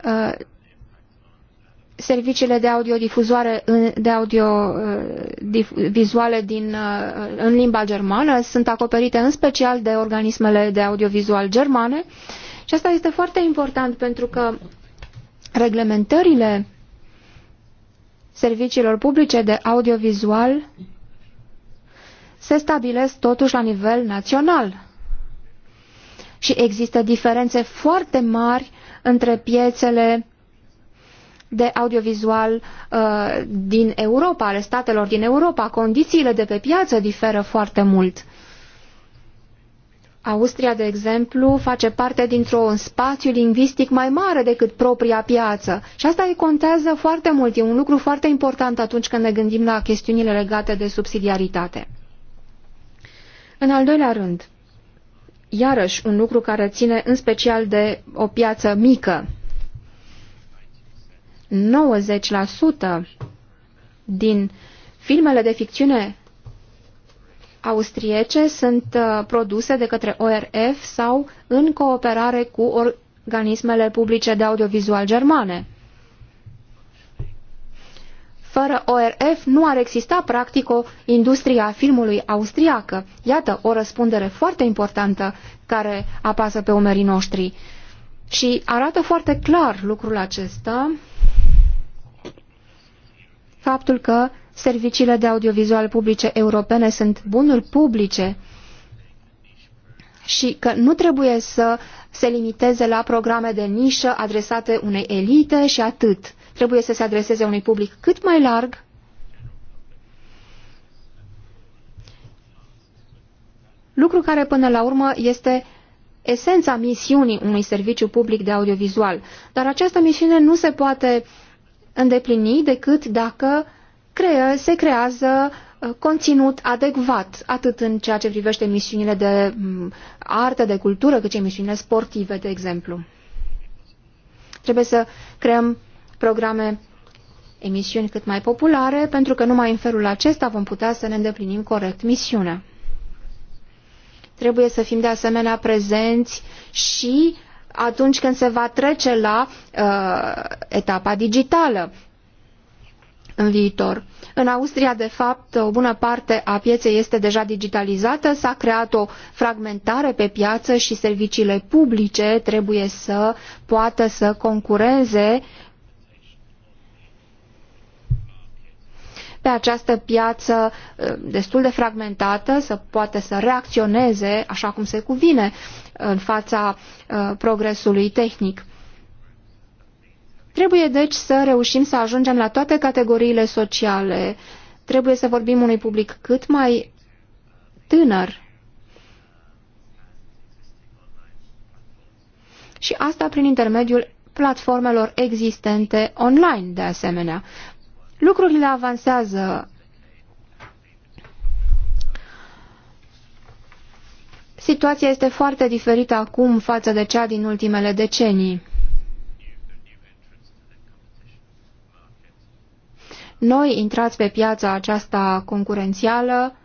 Uh, serviciile de audiodifuzoare, de audiovizuale uh, din, uh, în limba germană sunt acoperite în special de organismele de audiovizual germane și asta este foarte important pentru că reglementările serviciilor publice de audiovizual se stabilesc totuși la nivel național. Și există diferențe foarte mari între piețele de audiovizual uh, din Europa, ale statelor din Europa. Condițiile de pe piață diferă foarte mult. Austria, de exemplu, face parte dintr-un spațiu lingvistic mai mare decât propria piață. Și asta îi contează foarte mult. E un lucru foarte important atunci când ne gândim la chestiunile legate de subsidiaritate. În al doilea rând, iarăși un lucru care ține în special de o piață mică. 90% din filmele de ficțiune austriece sunt uh, produse de către ORF sau în cooperare cu organismele publice de audiovizual germane. Fără ORF nu ar exista practic o industrie a filmului austriacă. Iată, o răspundere foarte importantă care apasă pe umerii noștri. Și arată foarte clar lucrul acesta faptul că serviciile de audiovizual publice europene sunt bunuri publice și că nu trebuie să se limiteze la programe de nișă adresate unei elite și atât trebuie să se adreseze unui public cât mai larg, lucru care până la urmă este esența misiunii unui serviciu public de audiovizual. Dar această misiune nu se poate îndeplini decât dacă creă, se creează uh, conținut adecvat, atât în ceea ce privește misiunile de mm, artă, de cultură, cât și misiunile sportive, de exemplu. Trebuie să creăm programe, emisiuni cât mai populare, pentru că numai în felul acesta vom putea să ne îndeplinim corect misiunea. Trebuie să fim de asemenea prezenți și atunci când se va trece la uh, etapa digitală în viitor. În Austria, de fapt, o bună parte a pieței este deja digitalizată, s-a creat o fragmentare pe piață și serviciile publice trebuie să poată să concureze pe această piață uh, destul de fragmentată, să poată să reacționeze așa cum se cuvine în fața uh, progresului tehnic. Trebuie deci să reușim să ajungem la toate categoriile sociale. Trebuie să vorbim unui public cât mai tânăr. Și asta prin intermediul platformelor existente online, de asemenea. Lucrurile avansează. Situația este foarte diferită acum față de cea din ultimele decenii. Noi intrați pe piața aceasta concurențială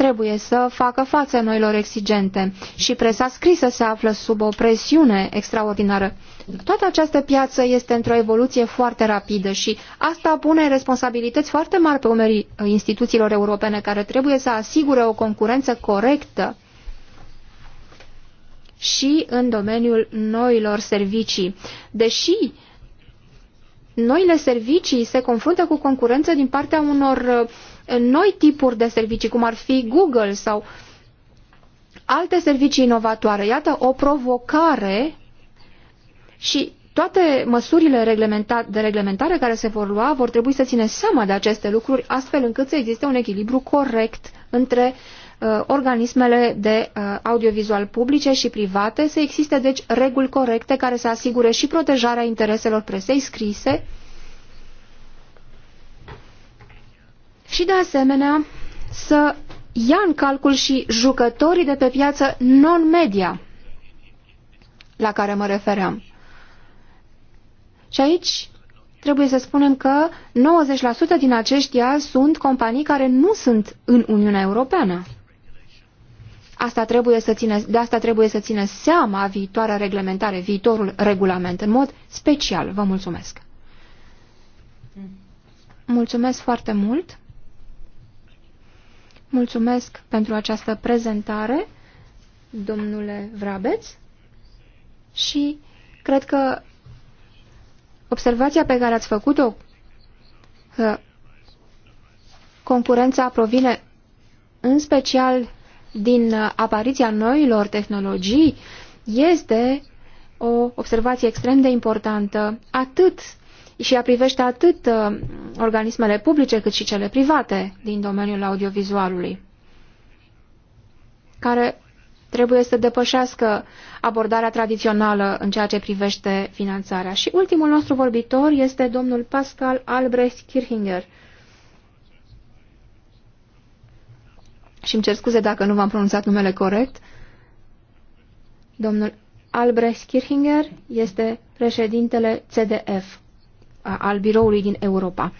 trebuie să facă față noilor exigente și presa scrisă se află sub o presiune extraordinară. Toată această piață este într-o evoluție foarte rapidă și asta pune responsabilități foarte mari pe umerii uh, instituțiilor europene care trebuie să asigure o concurență corectă și în domeniul noilor servicii. Deși noile servicii se confruntă cu concurență din partea unor uh, noi tipuri de servicii, cum ar fi Google sau alte servicii inovatoare. Iată o provocare și toate măsurile de reglementare care se vor lua vor trebui să ține seama de aceste lucruri, astfel încât să existe un echilibru corect între uh, organismele de uh, audiovizual publice și private, să existe deci reguli corecte care să asigure și protejarea intereselor presei scrise, și de asemenea să ia în calcul și jucătorii de pe piață non-media la care mă refeream. Și aici trebuie să spunem că 90% din aceștia sunt companii care nu sunt în Uniunea Europeană. Asta trebuie să ține, de asta trebuie să ține seama viitoarea reglementare, viitorul regulament, în mod special. Vă mulțumesc! Mulțumesc foarte mult! Mulțumesc pentru această prezentare, domnule Vrabeț, și cred că observația pe care ați făcut-o, că concurența provine în special din apariția noilor tehnologii, este o observație extrem de importantă, atât și ea privește atât uh, organismele publice cât și cele private din domeniul audiovizualului, care trebuie să depășească abordarea tradițională în ceea ce privește finanțarea. Și ultimul nostru vorbitor este domnul Pascal Albrecht Kirchinger. Și îmi cer scuze dacă nu v-am pronunțat numele corect. Domnul Albrecht Kirchinger este președintele CDF, al biroului din Europa.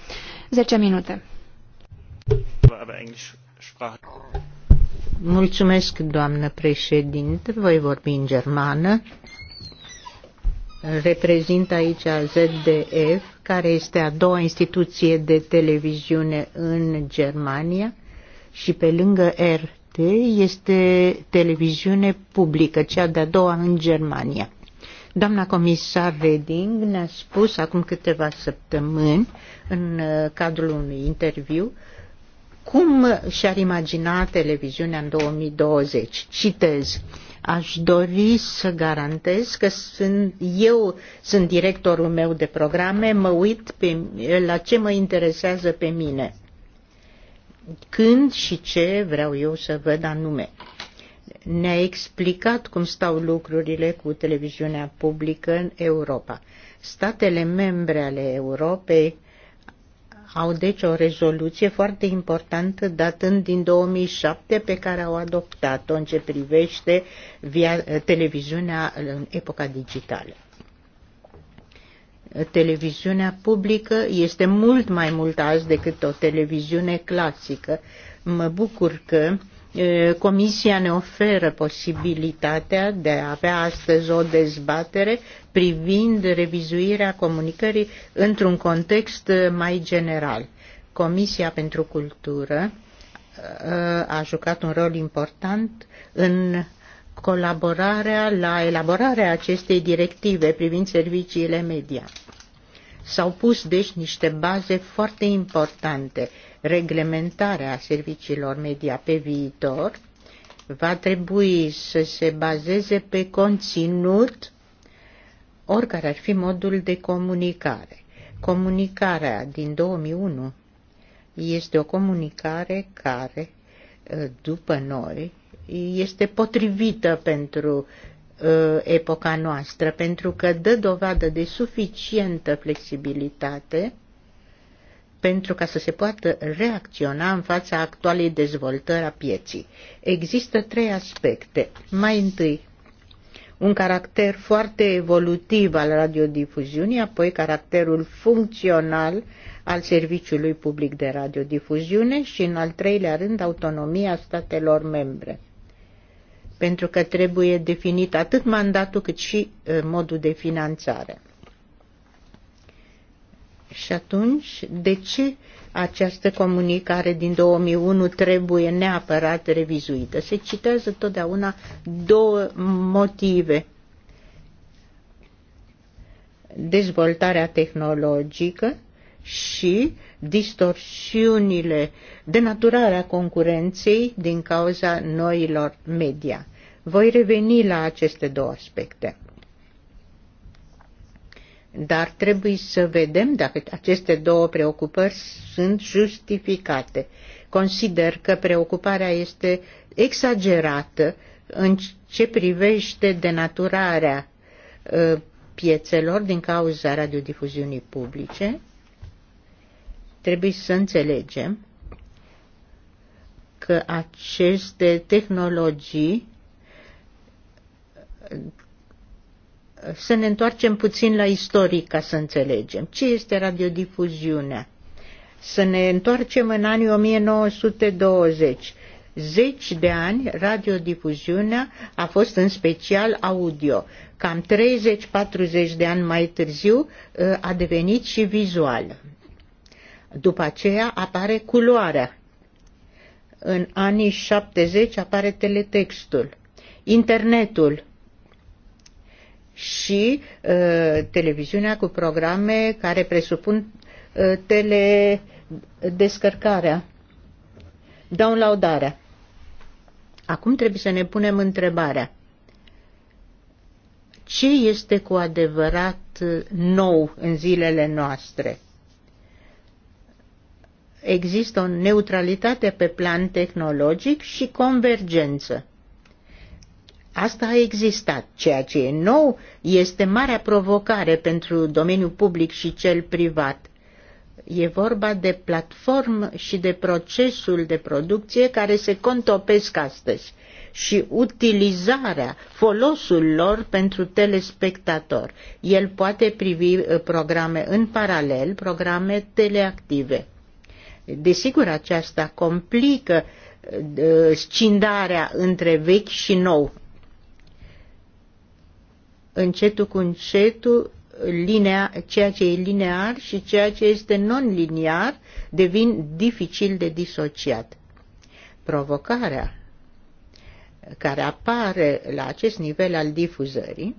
10 minute. Mulțumesc, doamnă președinte. Voi vorbi în germană. Reprezint aici ZDF, care este a doua instituție de televiziune în Germania și pe lângă RT este televiziune publică, cea de-a doua în Germania. Doamna comisar Reding ne-a spus acum câteva săptămâni, în uh, cadrul unui interviu, cum și-ar imagina televiziunea în 2020. Citez aș dori să garantez că sunt, eu sunt directorul meu de programe, mă uit pe, la ce mă interesează pe mine, când și ce vreau eu să văd anume ne-a explicat cum stau lucrurile cu televiziunea publică în Europa. Statele membre ale Europei au deci o rezoluție foarte importantă datând din 2007 pe care au adoptat-o în ce privește via, televiziunea în epoca digitală. Televiziunea publică este mult mai mult azi decât o televiziune clasică. Mă bucur că uh, Comisia ne oferă posibilitatea de a avea astăzi o dezbatere privind revizuirea comunicării într-un context mai general. Comisia pentru Cultură a jucat un rol important în colaborarea la elaborarea acestei directive privind serviciile media. S-au pus deci niște baze foarte importante reglementarea serviciilor media pe viitor va trebui să se bazeze pe conținut, oricare ar fi modul de comunicare. Comunicarea din 2001 este o comunicare care, eh, după noi, este potrivită pentru eh, epoca noastră, pentru că dă dovadă de suficientă flexibilitate pentru ca să se poată reacționa în fața actualei dezvoltări a pieții. Există trei aspecte. Mai întâi, un caracter foarte evolutiv al radiodifuziunii, apoi caracterul funcțional al serviciului public de radiodifuziune și, în al treilea rând, autonomia statelor membre. Pentru că trebuie definit atât mandatul cât și uh, modul de finanțare. Și atunci, de ce această comunicare din 2001 trebuie neapărat revizuită? Se citează totdeauna două motive. Dezvoltarea tehnologică și distorsiunile, denaturarea concurenței din cauza noilor media. Voi reveni la aceste două aspecte dar trebuie să vedem dacă aceste două preocupări sunt justificate. Consider că preocuparea este exagerată în ce privește denaturarea uh, piețelor din cauza radiodifuziunii publice. Trebuie să înțelegem că aceste tehnologii să ne întoarcem puțin la istoric ca să înțelegem. Ce este radiodifuziunea? Să ne întoarcem în anii 1920. Zeci de ani radiodifuziunea a fost în special audio. Cam 30-40 de ani mai târziu ă, a devenit și vizual. După aceea apare culoarea. În anii 70 apare teletextul. Internetul și uh, televiziunea cu programe care presupun uh, teledescărcarea, downloadarea. Acum trebuie să ne punem întrebarea. Ce este cu adevărat uh, nou în zilele noastre? Există o neutralitate pe plan tehnologic și convergență. Asta a existat. Ceea ce e nou este marea provocare pentru domeniul public și cel privat. E vorba de platformă și de procesul de producție care se contopesc astăzi și utilizarea, folosul lor pentru telespectator. El poate privi uh, programe în paralel, programe teleactive. Desigur, aceasta complică uh, scindarea între vechi și nou încetul cu încetul linea, ceea ce e linear și ceea ce este non-liniar devin dificil de disociat. Provocarea care apare la acest nivel al difuzării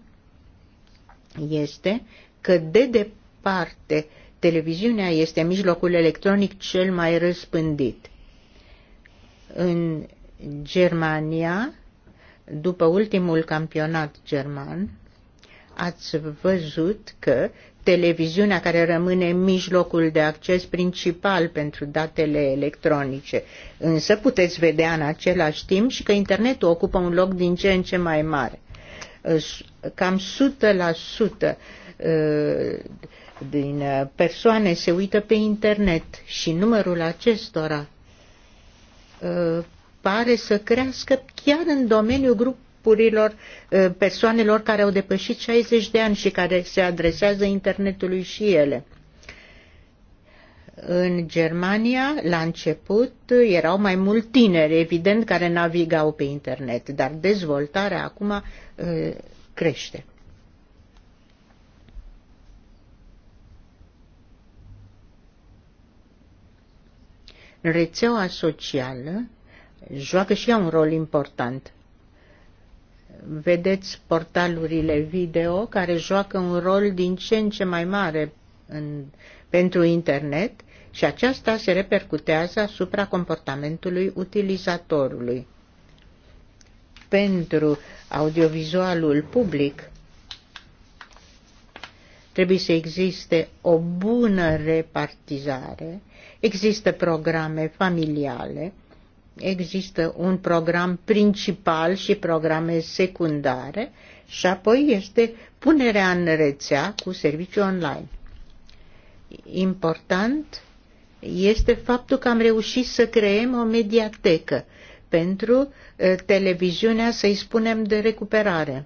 este că de departe televiziunea este mijlocul electronic cel mai răspândit. În Germania, după ultimul campionat german, ați văzut că televiziunea care rămâne mijlocul de acces principal pentru datele electronice. Însă puteți vedea în același timp și că internetul ocupă un loc din ce în ce mai mare. Cam 100% ă, din ă, persoane se uită pe internet și numărul acestora ă, pare să crească chiar în domeniul grup grupurilor ă, persoanelor care au depășit 60 de ani și care se adresează internetului și ele. În Germania, la început, erau mai mult tineri, evident, care navigau pe internet, dar dezvoltarea acum ă, crește. rețeaua socială joacă și ea un rol important vedeți portalurile video care joacă un rol din ce în ce mai mare în, pentru internet și aceasta se repercutează asupra comportamentului utilizatorului. Pentru audiovizualul public trebuie să existe o bună repartizare, există programe familiale Există un program principal și programe secundare și apoi este punerea în rețea cu serviciu online. Important este faptul că am reușit să creăm o mediatecă pentru eh, televiziunea, să-i spunem, de recuperare.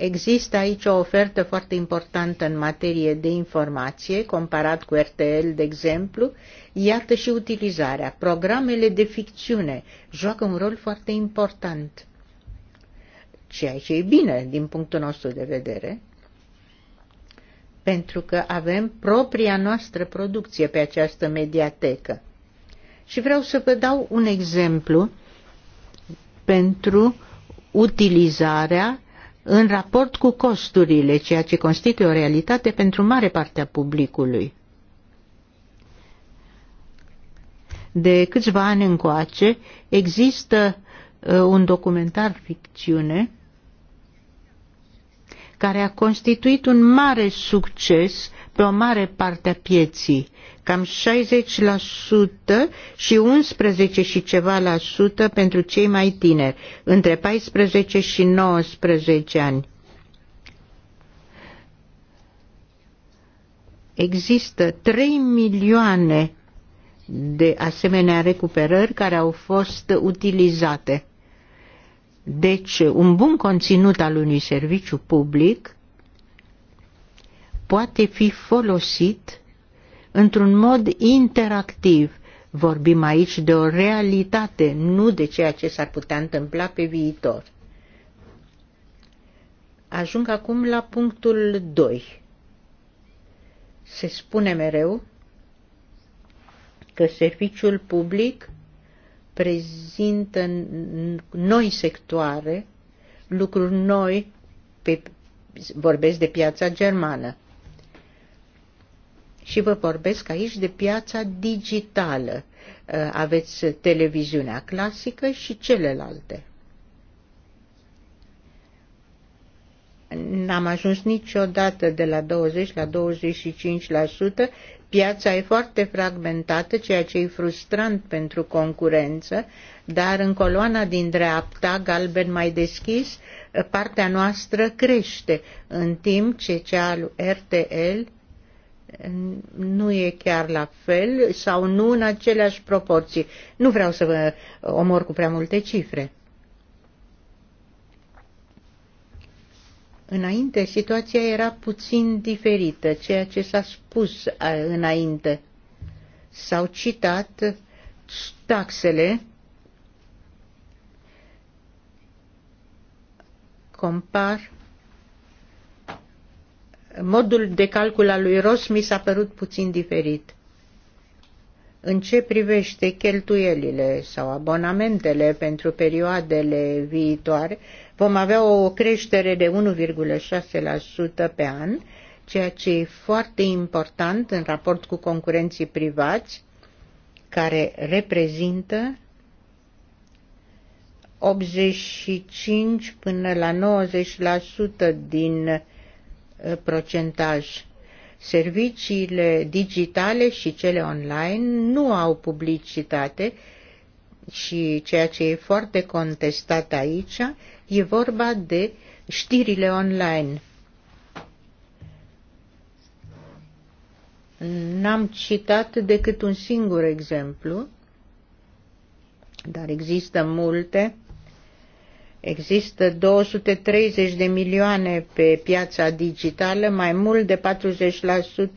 Există aici o ofertă foarte importantă în materie de informație, comparat cu RTL, de exemplu, iată și utilizarea. Programele de ficțiune joacă un rol foarte important, ceea ce e bine din punctul nostru de vedere, pentru că avem propria noastră producție pe această mediatecă. Și vreau să vă dau un exemplu pentru utilizarea în raport cu costurile, ceea ce constituie o realitate pentru mare parte a publicului. De câțiva ani încoace există uh, un documentar ficțiune care a constituit un mare succes pe o mare parte a pieții, cam 60% și 11 și ceva la sută pentru cei mai tineri, între 14 și 19 ani. Există 3 milioane de asemenea recuperări care au fost utilizate. Deci, un bun conținut al unui serviciu public poate fi folosit într-un mod interactiv. Vorbim aici de o realitate, nu de ceea ce s-ar putea întâmpla pe viitor. Ajung acum la punctul 2. Se spune mereu că serviciul public prezintă noi sectoare, lucruri noi, pe, vorbesc de piața germană. Și vă vorbesc aici de piața digitală. Aveți televiziunea clasică și celelalte. n-am ajuns niciodată de la 20 la 25%, piața e foarte fragmentată, ceea ce e frustrant pentru concurență, dar în coloana din dreapta, galben mai deschis, partea noastră crește, în timp ce cea al RTL nu e chiar la fel sau nu în aceleași proporții. Nu vreau să vă omor cu prea multe cifre. Înainte, situația era puțin diferită, ceea ce s-a spus înainte. S-au citat taxele compar modul de calcul al lui Ros mi s-a părut puțin diferit. În ce privește cheltuielile sau abonamentele pentru perioadele viitoare, vom avea o creștere de 1,6% pe an, ceea ce e foarte important în raport cu concurenții privați, care reprezintă 85 până la 90% din uh, procentaj. Serviciile digitale și cele online nu au publicitate și ceea ce e foarte contestat aici e vorba de știrile online. N-am citat decât un singur exemplu, dar există multe. Există 230 de milioane pe piața digitală, mai mult de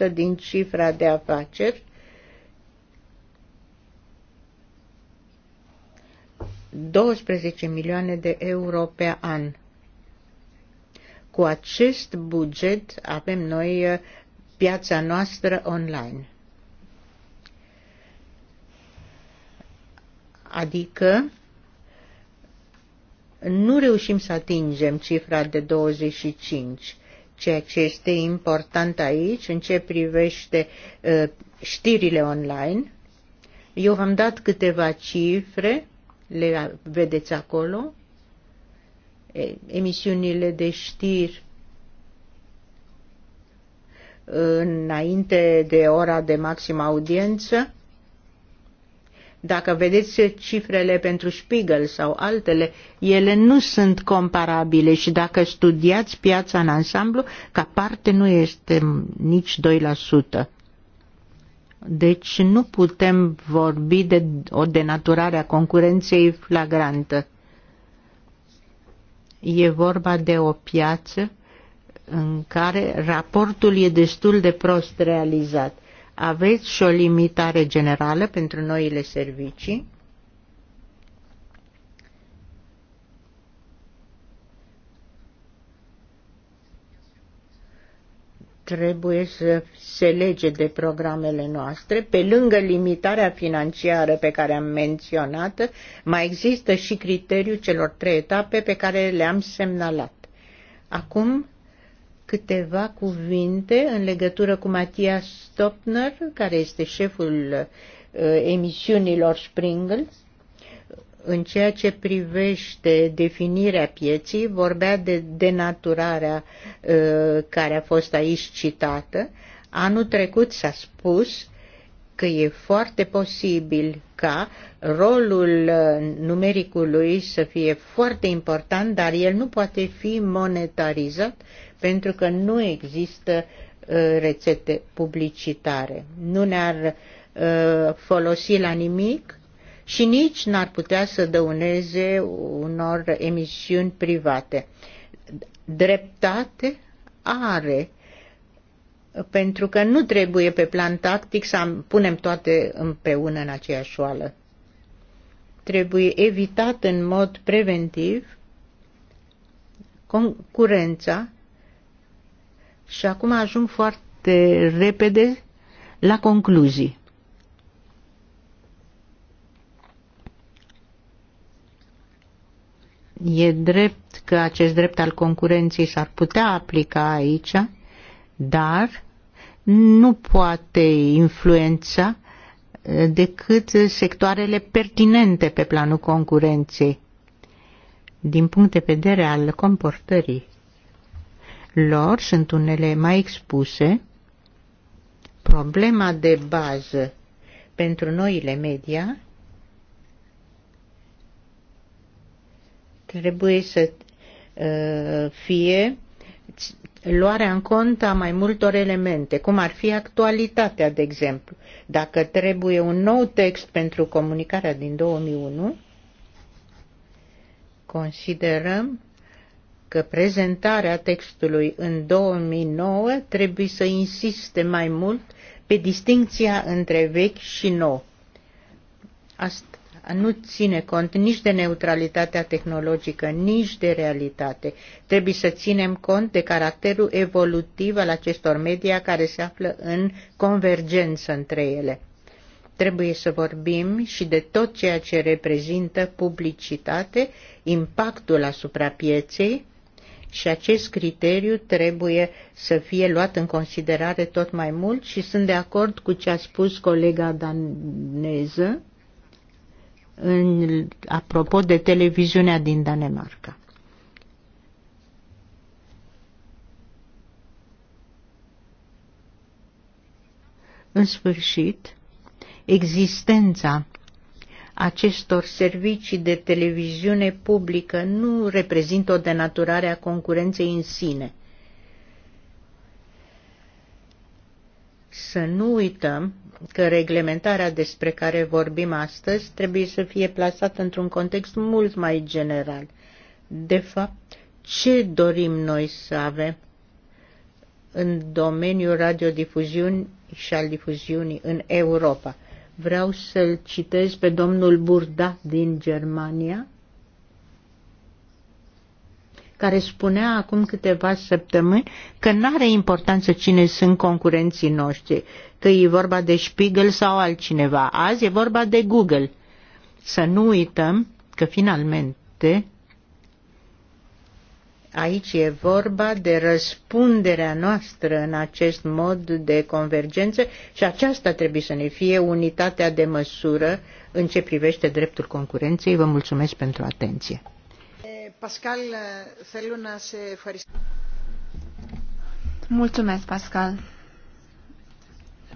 40% din cifra de afaceri 12 milioane de euro pe an. Cu acest buget avem noi uh, piața noastră online. Adică nu reușim să atingem cifra de 25, ceea ce este important aici în ce privește uh, știrile online. Eu v-am dat câteva cifre le vedeți acolo, emisiunile de știri înainte de ora de maximă audiență. Dacă vedeți cifrele pentru Spiegel sau altele, ele nu sunt comparabile și dacă studiați piața în ansamblu, ca parte nu este nici 2%. Deci nu putem vorbi de o denaturare a concurenței flagrantă. E vorba de o piață în care raportul e destul de prost realizat. Aveți și o limitare generală pentru noile servicii trebuie să se lege de programele noastre. Pe lângă limitarea financiară pe care am menționat, mai există și criteriul celor trei etape pe care le-am semnalat. Acum câteva cuvinte în legătură cu Matthias Stopner, care este șeful uh, emisiunilor Springles în ceea ce privește definirea pieții, vorbea de denaturarea uh, care a fost aici citată. Anul trecut s-a spus că e foarte posibil ca rolul uh, numericului să fie foarte important, dar el nu poate fi monetarizat pentru că nu există uh, rețete publicitare. Nu ne-ar folosi la nimic și nici n-ar putea să dăuneze unor emisiuni private. Dreptate are pentru că nu trebuie pe plan tactic să punem toate împreună în aceeași oală. Trebuie evitat în mod preventiv concurența și acum ajung foarte repede la concluzii. E drept că acest drept al concurenței s-ar putea aplica aici, dar nu poate influența eh, decât sectoarele pertinente pe planul concurenței. Din punct de vedere al comportării lor, sunt unele mai expuse. Problema de bază pentru noile media trebuie să ă, fie luarea în cont a mai multor elemente, cum ar fi actualitatea, de exemplu. Dacă trebuie un nou text pentru comunicarea din 2001, considerăm că prezentarea textului în 2009 trebuie să insiste mai mult pe distinția între vechi și nou. Asta nu ține cont nici de neutralitatea tehnologică, nici de realitate. Trebuie să ținem cont de caracterul evolutiv al acestor media care se află în convergență între ele. Trebuie să vorbim și de tot ceea ce reprezintă publicitate, impactul asupra pieței și acest criteriu trebuie să fie luat în considerare tot mai mult și sunt de acord cu ce a spus colega daneză în, apropo de televiziunea din Danemarca. În sfârșit, existența acestor servicii de televiziune publică nu reprezintă o denaturare a concurenței în sine, să nu uităm că reglementarea despre care vorbim astăzi trebuie să fie plasată într-un context mult mai general. De fapt, ce dorim noi să avem în domeniul radiodifuziunii și al difuziunii în Europa? Vreau să-l citez pe domnul Burda din Germania, care spunea acum câteva săptămâni că nu are importanță cine sunt concurenții noștri, că e vorba de Spiegel sau altcineva. Azi e vorba de Google. Să nu uităm că finalmente aici e vorba de răspunderea noastră în acest mod de convergență și aceasta trebuie să ne fie unitatea de măsură în ce privește dreptul concurenței. Vă mulțumesc pentru atenție. Pascal, eh, θέλω να σε ευχαριστήσω. Mulțumesc, Pascal,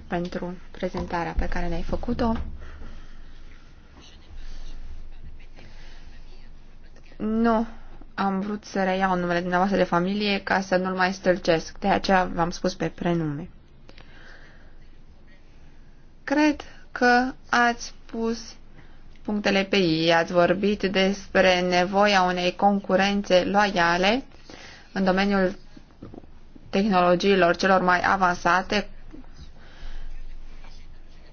pentru prezentarea pe care ne-ai făcut-o. Nu am vrut să reiau numele dumneavoastră de familie ca să nu-l mai stâlcesc, de aceea v-am spus pe prenume. Cred că ați pus punctele ei. Ați vorbit despre nevoia unei concurențe loiale în domeniul tehnologiilor celor mai avansate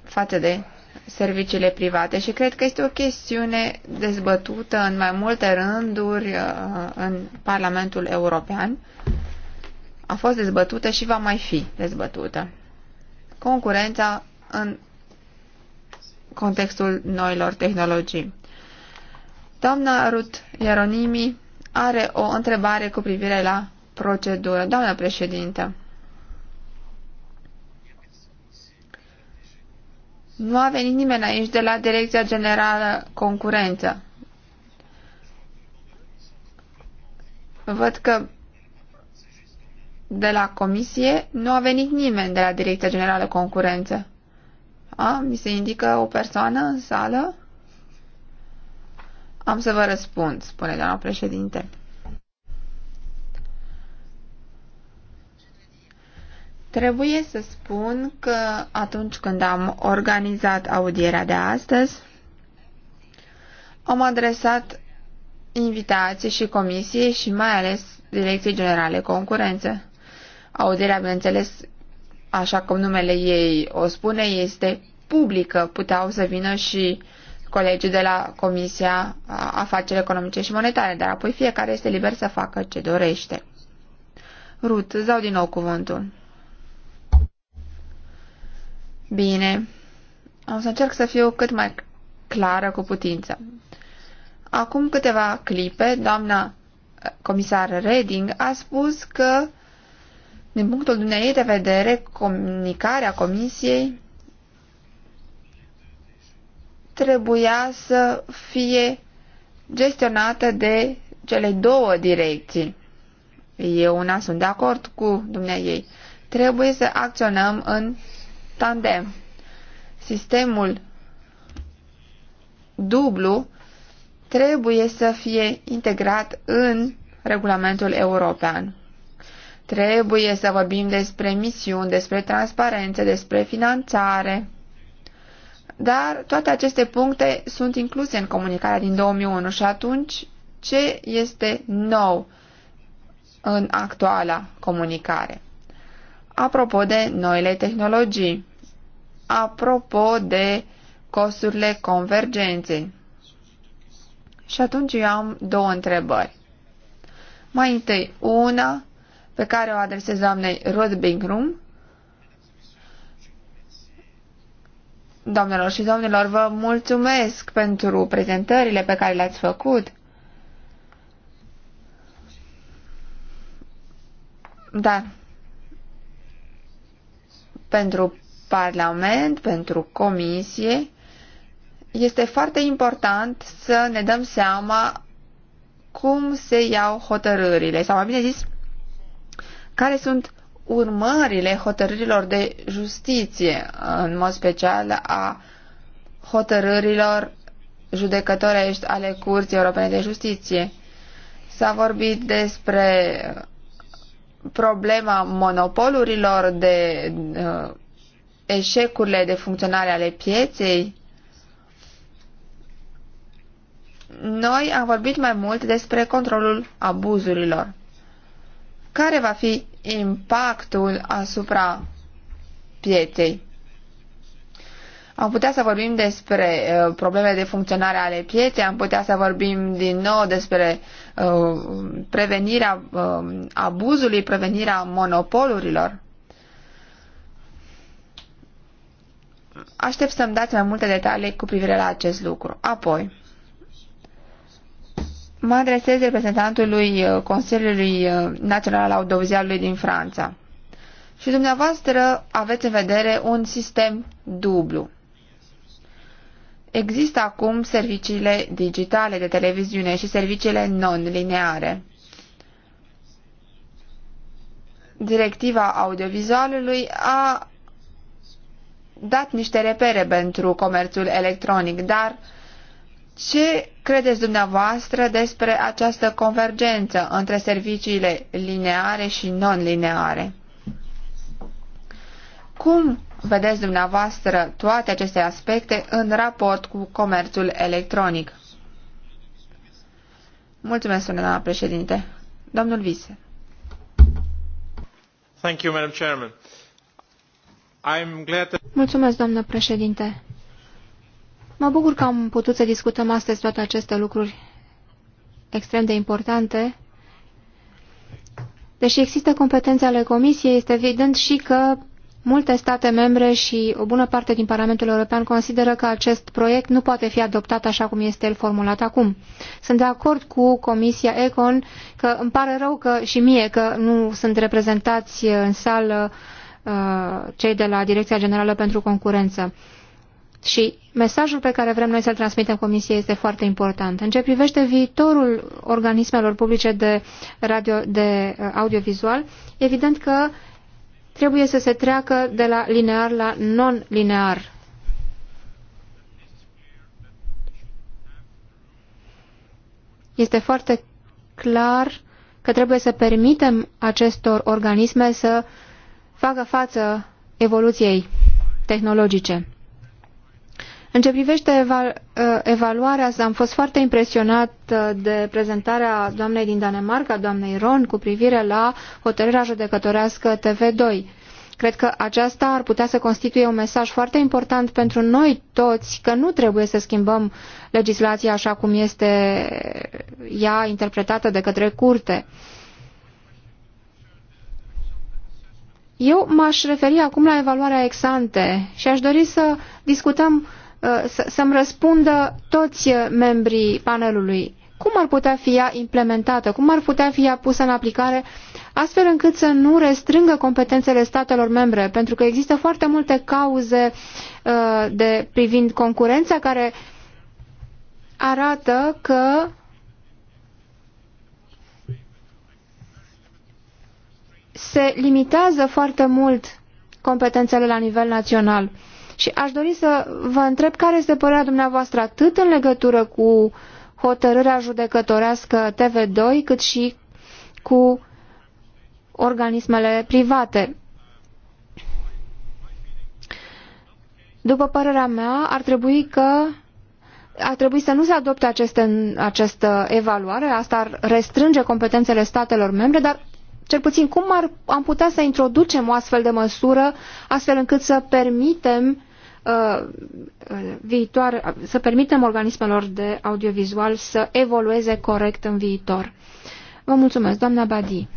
față de serviciile private și cred că este o chestiune dezbătută în mai multe rânduri uh, în Parlamentul European. A fost dezbătută și va mai fi dezbătută. Concurența în contextul noilor tehnologii. Doamna Ruth Ieronimi are o întrebare cu privire la procedură. Doamna președintă, nu a venit nimeni aici de la Direcția Generală Concurență. Văd că de la Comisie nu a venit nimeni de la Direcția Generală Concurență. A, mi se indică o persoană în sală? Am să vă răspund, spune doamna președinte. Trebuie să spun că atunci când am organizat audierea de astăzi, am adresat invitații și comisie și mai ales Direcției Generale Concurență. Audierea, bineînțeles, așa cum numele ei o spune, este publică. Puteau să vină și colegii de la Comisia Afaceri Economice și Monetare, dar apoi fiecare este liber să facă ce dorește. Rut, îți dau din nou cuvântul. Bine, o să încerc să fiu cât mai clară cu putință. Acum câteva clipe, doamna comisar Reding a spus că din punctul dumneavoastră de vedere, comunicarea comisiei trebuia să fie gestionată de cele două direcții. Eu una sunt de acord cu dumneavoastră. Trebuie să acționăm în tandem. Sistemul dublu trebuie să fie integrat în regulamentul european. Trebuie să vorbim despre misiuni, despre transparență, despre finanțare. Dar toate aceste puncte sunt incluse în comunicarea din 2001 și atunci ce este nou în actuala comunicare? Apropo de noile tehnologii, apropo de costurile convergenței. Și atunci eu am două întrebări. Mai întâi, una pe care o adresez doamnei Ruth Bingrum. Doamnelor și domnilor, vă mulțumesc pentru prezentările pe care le-ați făcut. Da. Pentru Parlament, pentru Comisie, este foarte important să ne dăm seama cum se iau hotărârile, sau mai bine zis, care sunt urmările hotărârilor de justiție, în mod special a hotărârilor judecătorești ale Curții Europene de Justiție. S-a vorbit despre problema monopolurilor, de uh, eșecurile de funcționare ale pieței. Noi am vorbit mai mult despre controlul abuzurilor care va fi impactul asupra pieței. Am putea să vorbim despre uh, probleme de funcționare ale pieței, am putea să vorbim din nou despre uh, prevenirea uh, abuzului, prevenirea monopolurilor. Aștept să-mi dați mai multe detalii cu privire la acest lucru. Apoi, Mă adresez reprezentantului uh, Consiliului uh, Național al Audiovizualului din Franța. Și dumneavoastră aveți în vedere un sistem dublu. Există acum serviciile digitale de televiziune și serviciile non-lineare. Directiva audiovizualului a dat niște repere pentru comerțul electronic, dar uh, ce credeți dumneavoastră despre această convergență între serviciile lineare și non-lineare? Cum vedeți dumneavoastră toate aceste aspecte în raport cu comerțul electronic? Mulțumesc, doamna președinte. Domnul Vise. Thank you, Madam Chairman. I'm glad that... Mulțumesc, doamnă președinte. Mă bucur că am putut să discutăm astăzi toate aceste lucruri extrem de importante. Deși există competențe ale Comisiei, este evident și că multe state membre și o bună parte din Parlamentul European consideră că acest proiect nu poate fi adoptat așa cum este el formulat acum. Sunt de acord cu Comisia Econ că îmi pare rău că și mie că nu sunt reprezentați în sală uh, cei de la Direcția Generală pentru Concurență. Și Mesajul pe care vrem noi să-l transmitem Comisiei este foarte important. În ce privește viitorul organismelor publice de, radio, de uh, audiovizual, evident că trebuie să se treacă de la linear la non-linear. Este foarte clar că trebuie să permitem acestor organisme să facă față evoluției tehnologice. În ce privește ă, evaluarea, am fost foarte impresionat ă, de prezentarea doamnei din Danemarca, doamnei Ron, cu privire la hotărârea judecătorească TV2. Cred că aceasta ar putea să constituie un mesaj foarte important pentru noi toți că nu trebuie să schimbăm legislația așa cum este ea interpretată de către curte. Eu m-aș referi acum la evaluarea ex ante și aș dori să discutăm uh, Uh, să-mi răspundă toți membrii panelului cum ar putea fi ea implementată, cum ar putea fi ea pusă în aplicare, astfel încât să nu restrângă competențele statelor membre, pentru că există foarte multe cauze uh, de, privind concurența care arată că se limitează foarte mult competențele la nivel național. Și aș dori să vă întreb care este părerea dumneavoastră atât în legătură cu hotărârea judecătorească TV2, cât și cu organismele private. După părerea mea, ar trebui că ar trebui să nu se adopte aceste, această evaluare, asta ar restrânge competențele statelor membre, dar cel puțin cum ar, am putea să introducem o astfel de măsură astfel încât să permitem uh, uh, viitoare, să permitem organismelor de audiovizual să evolueze corect în viitor. Vă mulțumesc, doamna Badi.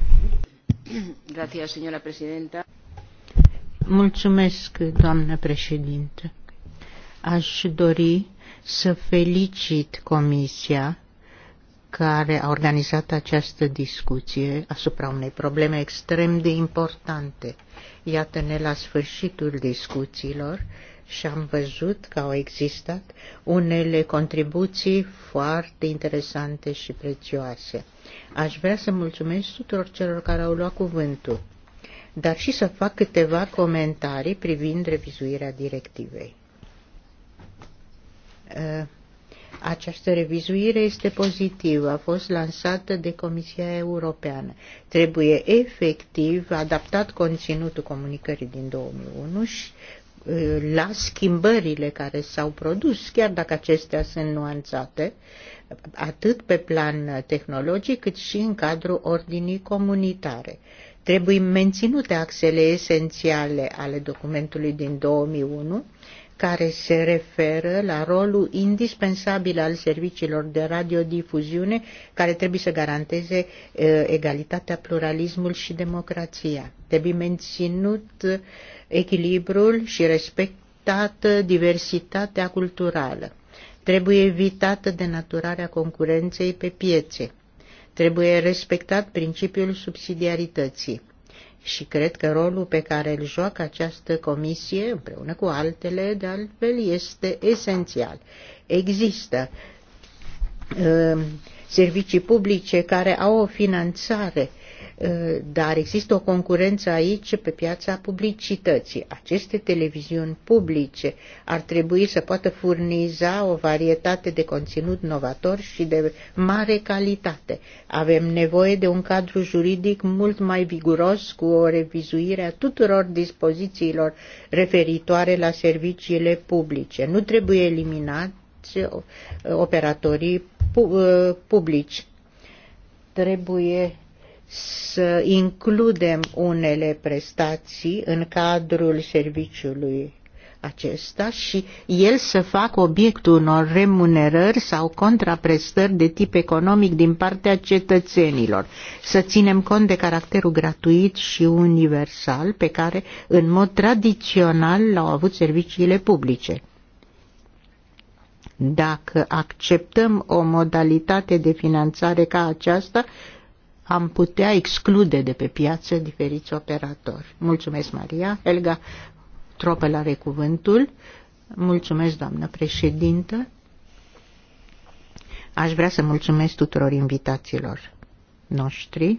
Mulțumesc, doamna președinte. Aș dori să felicit Comisia care a organizat această discuție asupra unei probleme extrem de importante. Iată-ne la sfârșitul discuțiilor și am văzut că au existat unele contribuții foarte interesante și prețioase. Aș vrea să mulțumesc tuturor celor care au luat cuvântul, dar și să fac câteva comentarii privind revizuirea directivei. Această revizuire este pozitivă, a fost lansată de Comisia Europeană. Trebuie efectiv adaptat conținutul comunicării din 2001 și la schimbările care s-au produs, chiar dacă acestea sunt nuanțate, atât pe plan tehnologic cât și în cadrul ordinii comunitare. Trebuie menținute axele esențiale ale documentului din 2001, care se referă la rolul indispensabil al serviciilor de radiodifuziune care trebuie să garanteze uh, egalitatea, pluralismul și democrația. Trebuie menținut uh, echilibrul și respectată diversitatea culturală. Trebuie evitată denaturarea concurenței pe piețe. Trebuie respectat principiul subsidiarității și cred că rolul pe care îl joacă această comisie, împreună cu altele, de altfel, este esențial. Există uh, servicii publice care au o finanțare uh, Eh, dar există o concurență aici pe piața publicității. Aceste televiziuni publice ar trebui să poată furniza o varietate de conținut novator și de mare calitate. Avem nevoie de un cadru juridic mult mai viguros cu o revizuire a tuturor dispozițiilor referitoare la serviciile publice. Nu trebuie eliminat eh, operatorii eh, publici. Trebuie să includem unele prestații în cadrul serviciului acesta și el să facă obiectul unor remunerări sau contraprestări de tip economic din partea cetățenilor. Să ținem cont de caracterul gratuit și universal pe care în mod tradițional l-au avut serviciile publice. Dacă acceptăm o modalitate de finanțare ca aceasta, am putea exclude de pe piață diferiți operatori. Mulțumesc, Maria. Elga Tropel are cuvântul. Mulțumesc, doamnă președintă. Aș vrea să mulțumesc tuturor invitațiilor noștri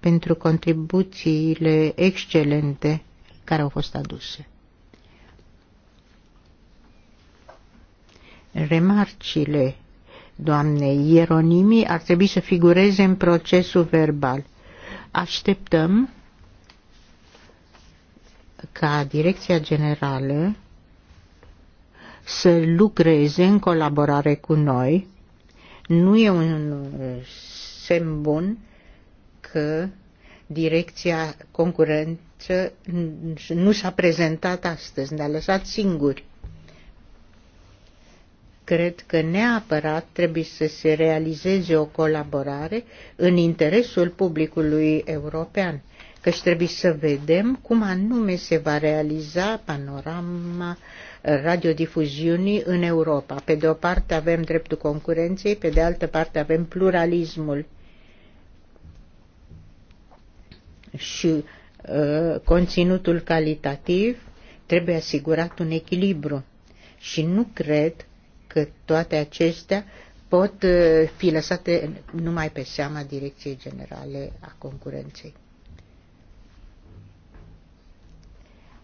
pentru contribuțiile excelente care au fost aduse. Remarcile doamnei Ieronimi ar trebui să figureze în procesul verbal. Așteptăm ca Direcția Generală să lucreze în colaborare cu noi. Nu e un uh, semn bun că direcția concurență nu s-a prezentat astăzi, ne-a lăsat singuri cred că neapărat trebuie să se realizeze o colaborare în interesul publicului european, căci trebuie să vedem cum anume se va realiza panorama radiodifuziunii în Europa. Pe de o parte avem dreptul concurenței, pe de altă parte avem pluralismul și uh, conținutul calitativ, trebuie asigurat un echilibru. Și nu cred că toate acestea pot uh, fi lăsate numai pe seama Direcției Generale a Concurenței.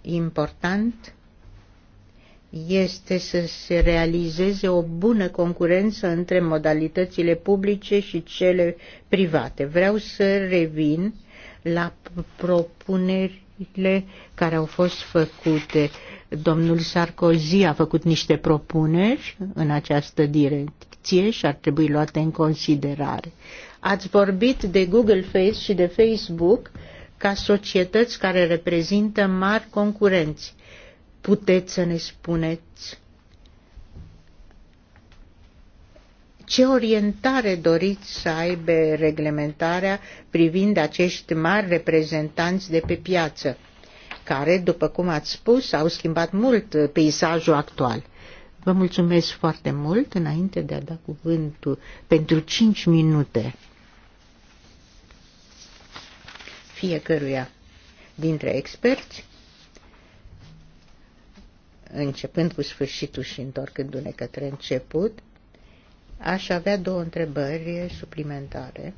Important este să se realizeze o bună concurență între modalitățile publice și cele private. Vreau să revin la propunerile care au fost făcute Domnul Sarkozy a făcut niște propuneri în această direcție și ar trebui luate în considerare. Ați vorbit de Google Face și de Facebook ca societăți care reprezintă mari concurenți. Puteți să ne spuneți ce orientare doriți să aibă reglementarea privind acești mari reprezentanți de pe piață? care, după cum ați spus, au schimbat mult uh, peisajul actual. Vă mulțumesc foarte mult înainte de a da cuvântul pentru 5 minute fiecăruia dintre experți, începând cu sfârșitul și întorcându-ne către început, aș avea două întrebări suplimentare,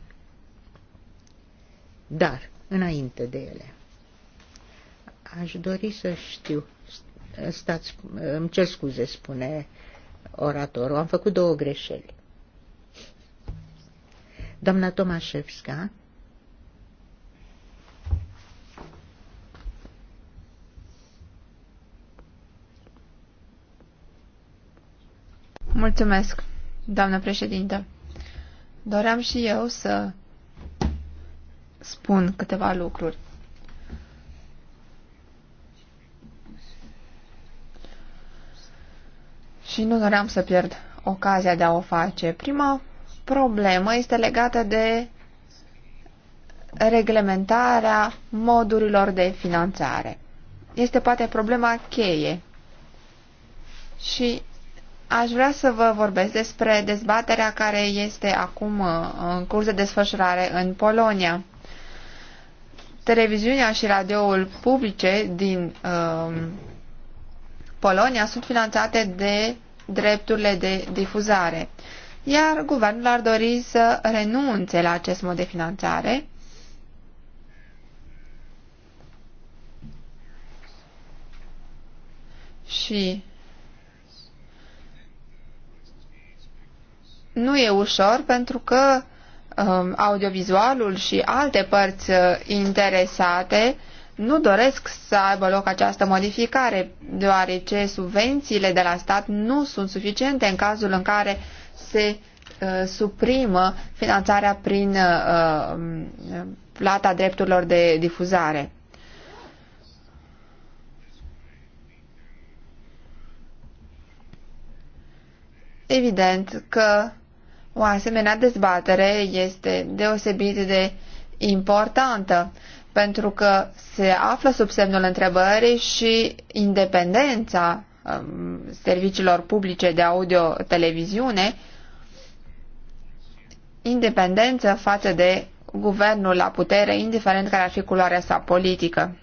dar înainte de ele. Aș dori să știu. Stați, îmi cer scuze, spune oratorul. Am făcut două greșeli. Doamna Tomașevska. Mulțumesc, doamnă președintă. Doream și eu să spun câteva lucruri. și nu doream să pierd ocazia de a o face. Prima problemă este legată de reglementarea modurilor de finanțare. Este poate problema cheie. Și aș vrea să vă vorbesc despre dezbaterea care este acum uh, în curs de desfășurare în Polonia. Televiziunea și radioul publice din um, Polonia sunt finanțate de drepturile de difuzare. Iar guvernul ar dori să renunțe la acest mod de finanțare. Și nu e ușor pentru că um, audiovizualul și alte părți uh, interesate nu doresc să aibă loc această modificare, deoarece subvențiile de la stat nu sunt suficiente în cazul în care se uh, suprimă finanțarea prin uh, uh plata drepturilor de difuzare. Evident că o asemenea dezbatere este deosebit de importantă pentru că se află sub semnul întrebării și independența um, serviciilor publice de audio-televiziune, independență față de guvernul la putere, indiferent care ar fi culoarea sa politică.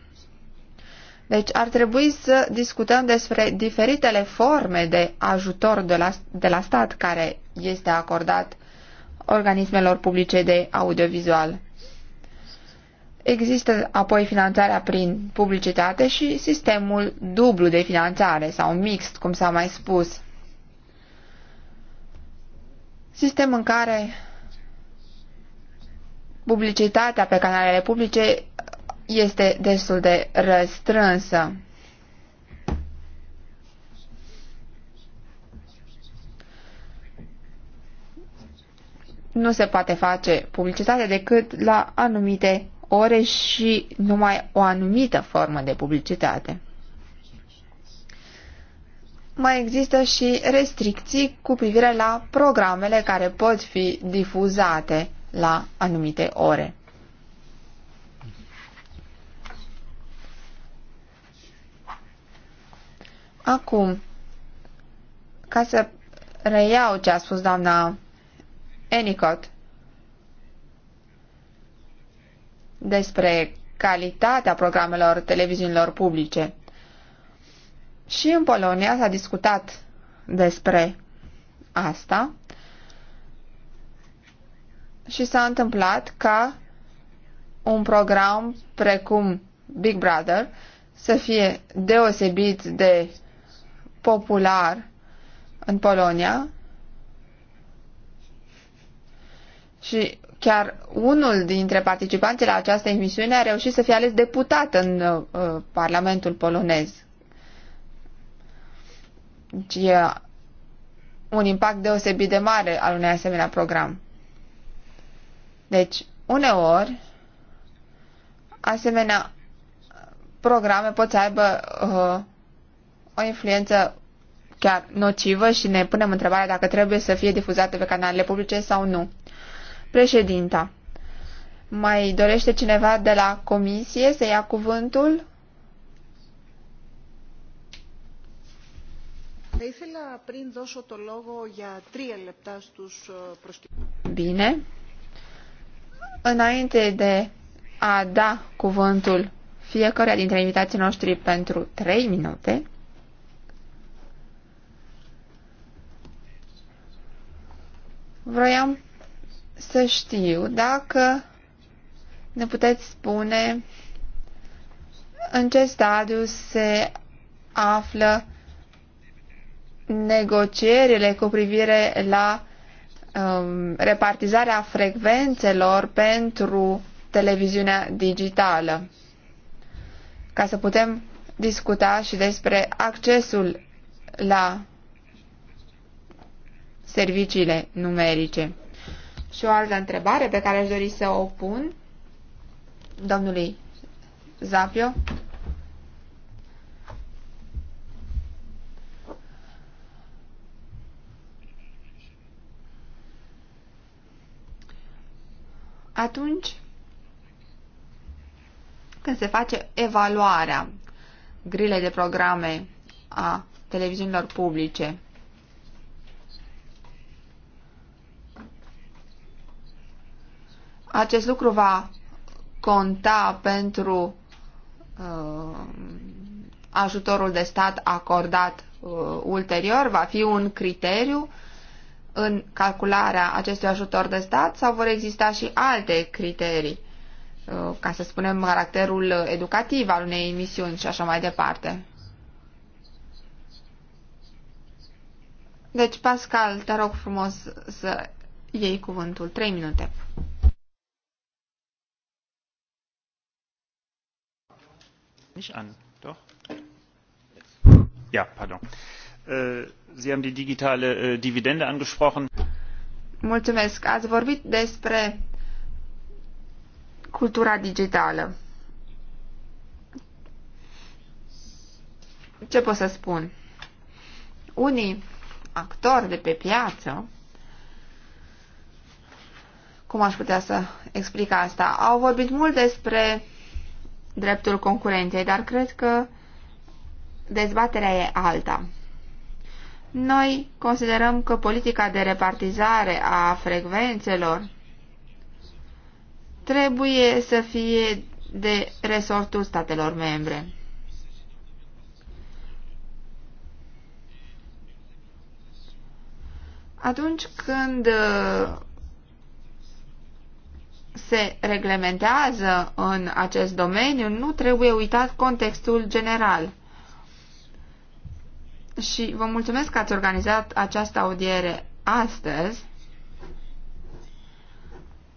Deci ar trebui să discutăm despre diferitele forme de ajutor de la, de la stat care este acordat organismelor publice de audiovizual. Există apoi finanțarea prin publicitate și sistemul dublu de finanțare sau mixt, cum s-a mai spus. Sistem în care publicitatea pe canalele publice este destul de răstrânsă. Nu se poate face publicitate decât la anumite ore și numai o anumită formă de publicitate. Mai există și restricții cu privire la programele care pot fi difuzate la anumite ore. Acum, ca să reiau ce a spus doamna Enicott, despre calitatea programelor televiziunilor publice. Și în Polonia s-a discutat despre asta și s-a întâmplat ca un program precum Big Brother să fie deosebit de popular în Polonia și chiar unul dintre participanții la această emisiune a reușit să fie ales deputat în uh, Parlamentul polonez. Deci e un impact deosebit de mare al unei asemenea program. Deci, uneori, asemenea programe pot să aibă uh, o influență chiar nocivă și ne punem întrebarea dacă trebuie să fie difuzate pe canalele publice sau nu. Președinta, mai dorește cineva de la comisie să ia cuvântul? Uh, Bine. Înainte de a da cuvântul fiecare dintre invitații noștri pentru 3 minute, vroiam să știu dacă ne puteți spune în ce stadiu se află negocierile cu privire la um, repartizarea frecvențelor pentru televiziunea digitală, ca să putem discuta și despre accesul la serviciile numerice. Și o altă întrebare pe care aș dori să o pun domnului Zapio. Atunci când se face evaluarea grilei de programe a televiziunilor publice, Acest lucru va conta pentru uh, ajutorul de stat acordat uh, ulterior? Va fi un criteriu în calcularea acestui ajutor de stat sau vor exista și alte criterii? Uh, ca să spunem caracterul educativ al unei emisiuni și așa mai departe. Deci, Pascal, te rog frumos să iei cuvântul. Trei minute. nicht an. Doch? Ja, pardon. Äh, Sie haben die digitale äh, Dividende angesprochen. Mulțumesc. Ați vorbit despre cultura digitală. Ce pot să spun? Unii actori de pe piață, cum aș putea să explic asta, au vorbit mult despre dreptul concurenței, dar cred că dezbaterea e alta. Noi considerăm că politica de repartizare a frecvențelor trebuie să fie de resortul statelor membre. Atunci când uh, se reglementează în acest domeniu, nu trebuie uitat contextul general. Și vă mulțumesc că ați organizat această audiere astăzi,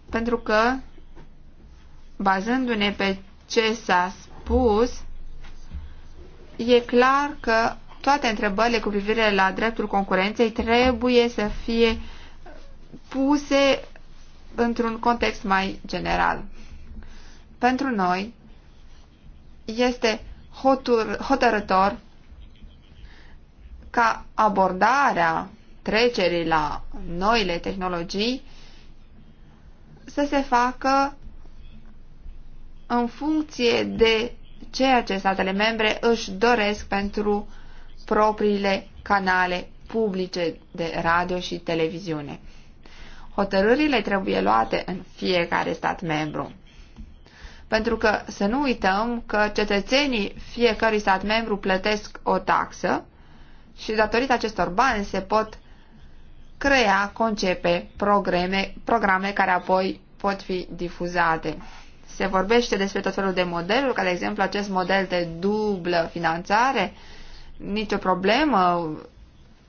pentru că, bazându-ne pe ce s-a spus, e clar că toate întrebările cu privire la dreptul concurenței trebuie să fie puse într-un context mai general. Pentru noi este hotur, hotărător ca abordarea trecerii la noile tehnologii să se facă în funcție de ceea ce statele membre își doresc pentru propriile canale publice de radio și televiziune. Hotărârile trebuie luate în fiecare stat membru. Pentru că să nu uităm că cetățenii fiecărui stat membru plătesc o taxă și datorită acestor bani se pot crea, concepe programe, programe care apoi pot fi difuzate. Se vorbește despre tot felul de modeluri, ca de exemplu acest model de dublă finanțare, nicio problemă,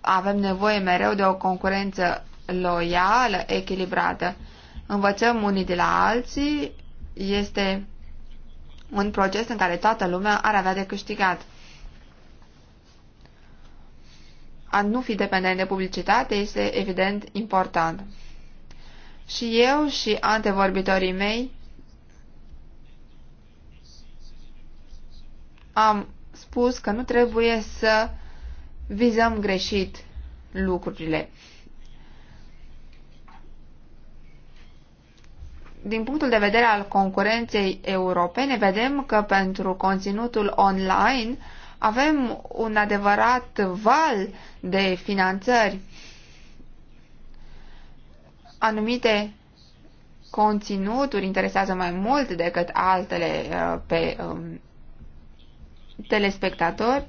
avem nevoie mereu de o concurență loială, echilibrată. Învățăm unii de la alții, este un proces în care toată lumea ar avea de câștigat. A nu fi dependent de publicitate este evident important. Și eu și antevorbitorii mei am spus că nu trebuie să vizăm greșit lucrurile. din punctul de vedere al concurenței europene, vedem că pentru conținutul online avem un adevărat val de finanțări. Anumite conținuturi interesează mai mult decât altele uh, pe um, telespectatori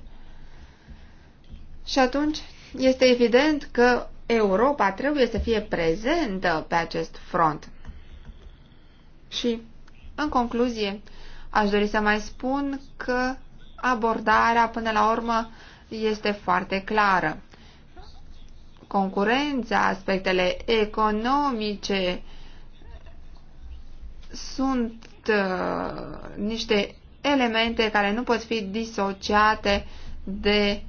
și atunci este evident că Europa trebuie să fie prezentă pe acest front. Și, în concluzie, aș dori să mai spun că abordarea, până la urmă, este foarte clară. Concurența, aspectele economice sunt uh, niște elemente care nu pot fi disociate de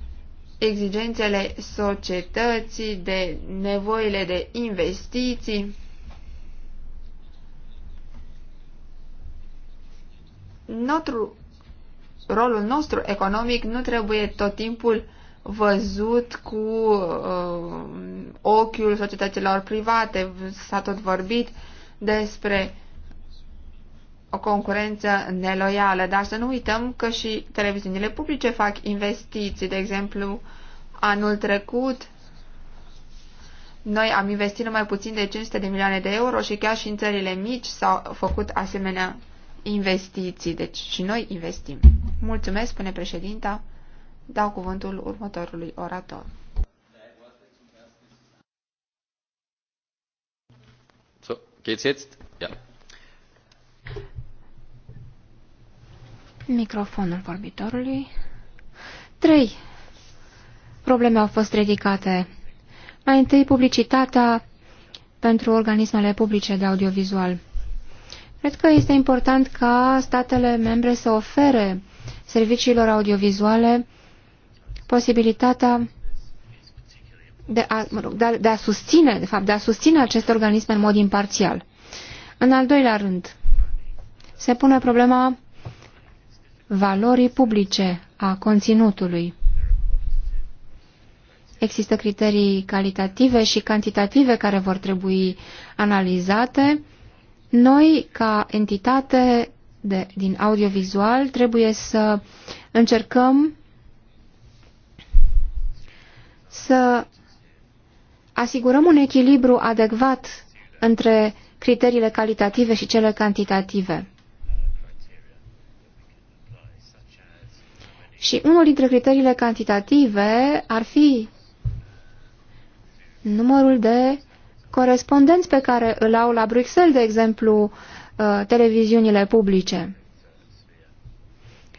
exigențele societății, de nevoile de investiții Notru, rolul nostru economic nu trebuie tot timpul văzut cu uh, ochiul societăților private. S-a tot vorbit despre o concurență neloială, dar să nu uităm că și televiziunile publice fac investiții. De exemplu, anul trecut noi am investit numai puțin de 500 de milioane de euro și chiar și în țările mici s-au făcut asemenea investiții. Deci și noi investim. Mulțumesc, spune președinta. Dau cuvântul următorului orator. So, geht's jetzt? Ja. Microfonul vorbitorului. 3. Probleme au fost ridicate. Mai întâi, publicitatea pentru organismele publice de audiovizual. Cred că este important ca statele membre să ofere serviciilor audiovizuale posibilitatea de a, mă rog, de, a, de a susține, de fapt, de a susține acest organism în mod imparțial. În al doilea rând, se pune problema valorii publice a conținutului. Există criterii calitative și cantitative care vor trebui analizate noi, ca entitate de, din audiovizual, trebuie să încercăm să asigurăm un echilibru adecvat între criteriile calitative și cele cantitative. Și unul dintre criteriile cantitative ar fi numărul de corespondenți pe care îl au la Bruxelles, de exemplu, uh, televiziunile publice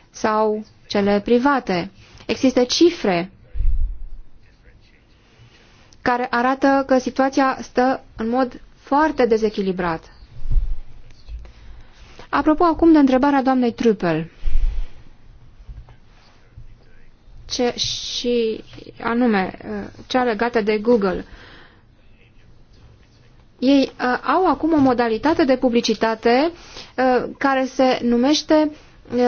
sau cele private. Există cifre care arată că situația stă în mod foarte dezechilibrat. Apropo acum de întrebarea doamnei Trupel. Ce, și anume, uh, cea legată de Google. Ei uh, au acum o modalitate de publicitate uh, care se numește uh,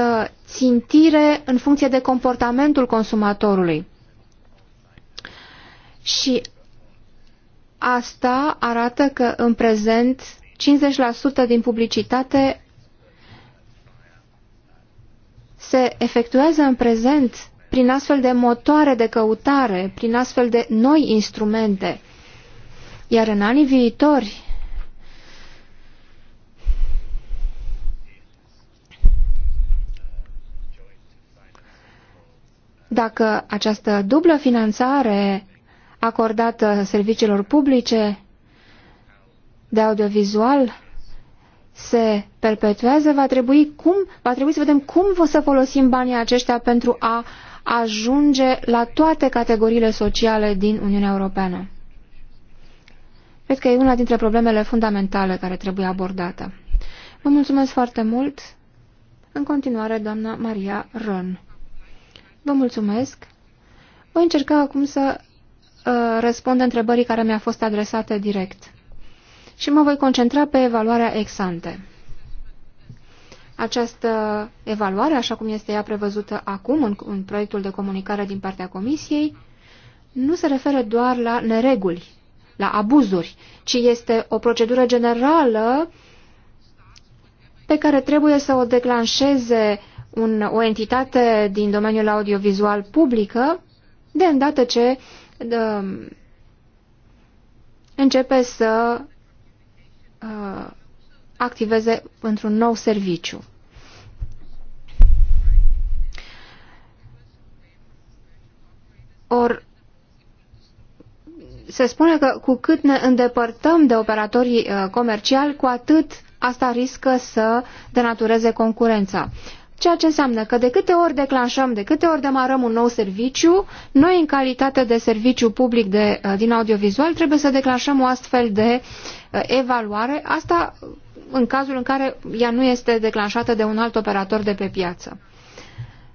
țintire în funcție de comportamentul consumatorului. Și asta arată că în prezent 50% din publicitate se efectuează în prezent prin astfel de motoare de căutare, prin astfel de noi instrumente. Iar în anii viitori, dacă această dublă finanțare acordată serviciilor publice de audiovizual se perpetuează, va trebui, cum, va trebui să vedem cum vă să folosim banii aceștia pentru a ajunge la toate categoriile sociale din Uniunea Europeană. Cred că e una dintre problemele fundamentale care trebuie abordată. Vă mulțumesc foarte mult. În continuare, doamna Maria Ron. Vă mulțumesc. Voi încerca acum să uh, răspund întrebării care mi-a fost adresată direct. Și mă voi concentra pe evaluarea ex-ante. Această evaluare, așa cum este ea prevăzută acum în, în proiectul de comunicare din partea Comisiei, nu se referă doar la nereguli la abuzuri, ci este o procedură generală pe care trebuie să o declanșeze un, o entitate din domeniul audiovizual publică de îndată ce de, începe să uh, activeze într-un nou serviciu. Or, se spune că cu cât ne îndepărtăm de operatorii uh, comerciali, cu atât asta riscă să denatureze concurența. Ceea ce înseamnă că de câte ori declanșăm, de câte ori demarăm un nou serviciu, noi în calitate de serviciu public de, uh, din audiovizual trebuie să declanșăm o astfel de uh, evaluare, asta în cazul în care ea nu este declanșată de un alt operator de pe piață.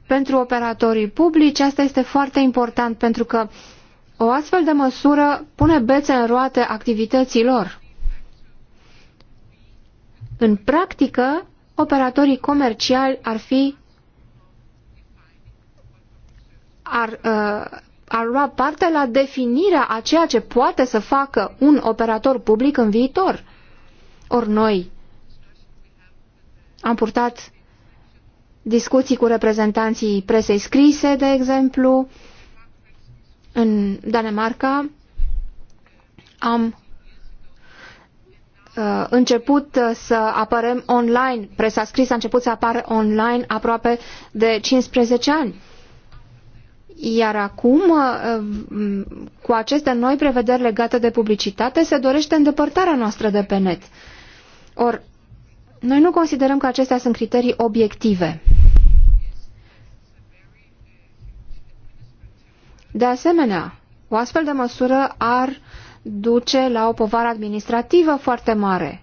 Pentru operatorii publici asta este foarte important pentru că uh, o astfel de măsură pune bețe în roate activităților. În practică, operatorii comerciali ar fi ar, uh, ar lua parte la definirea a ceea ce poate să facă un operator public în viitor. Ori noi am purtat discuții cu reprezentanții presei scrise, de exemplu, uh, în Danemarca am uh, început uh, să apărăm online, presa scrisă a început să apară online aproape de 15 ani. Iar acum, uh, cu aceste noi prevederi legate de publicitate, se dorește îndepărtarea noastră de pe net. Or, noi nu considerăm că acestea sunt criterii obiective. De asemenea, o astfel de măsură ar duce la o povară administrativă foarte mare.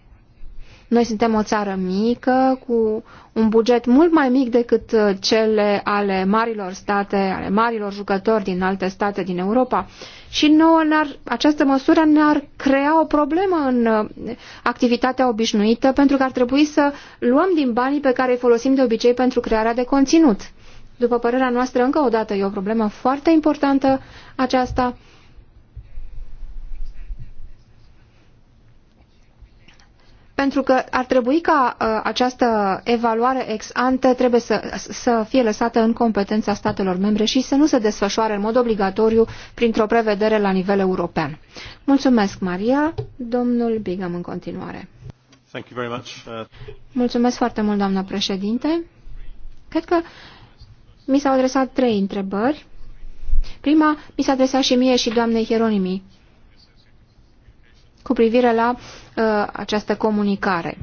Noi suntem o țară mică, cu un buget mult mai mic decât uh, cele ale marilor state, ale marilor jucători din alte state din Europa. Și nouă ne-ar, această măsură ne-ar crea o problemă în uh, activitatea obișnuită, pentru că ar trebui să luăm din banii pe care îi folosim de obicei pentru crearea de conținut. După părerea noastră, încă o dată, e o problemă foarte importantă aceasta. Pentru că ar trebui ca uh, această evaluare ex ante trebuie să, să fie lăsată în competența statelor membre și să nu se desfășoare în mod obligatoriu printr-o prevedere la nivel european. Mulțumesc, Maria. Domnul Bigam în continuare. Uh, Mulțumesc foarte mult, doamnă președinte. Cred că mi s-au adresat trei întrebări. Prima mi s-a adresat și mie și doamnei Hieronimi cu privire la uh, această comunicare.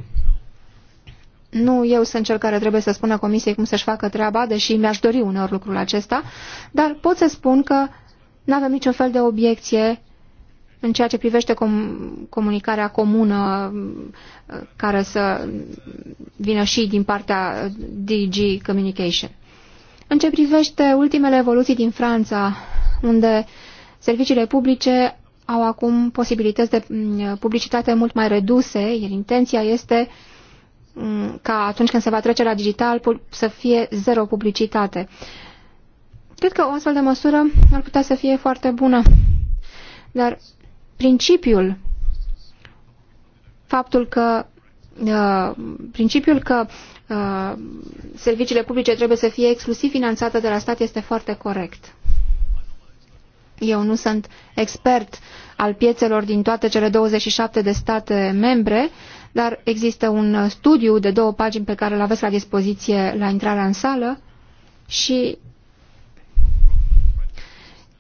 Nu eu sunt cel care trebuie să spună comisiei cum să-și facă treaba, deși mi-aș dori uneori lucrul acesta, dar pot să spun că nu avem niciun fel de obiecție în ceea ce privește com comunicarea comună uh, care să vină și din partea DG Communication. În ce privește ultimele evoluții din Franța, unde serviciile publice au acum posibilități de mm, publicitate mult mai reduse, iar intenția este mm, ca atunci când se va trece la digital să fie zero publicitate. Cred că o astfel de măsură ar putea să fie foarte bună. Dar principiul, faptul că Uh, principiul că uh, serviciile publice trebuie să fie exclusiv finanțate de la stat este foarte corect. Eu nu sunt expert al piețelor din toate cele 27 de state membre, dar există un studiu de două pagini pe care îl aveți la dispoziție la intrarea în sală și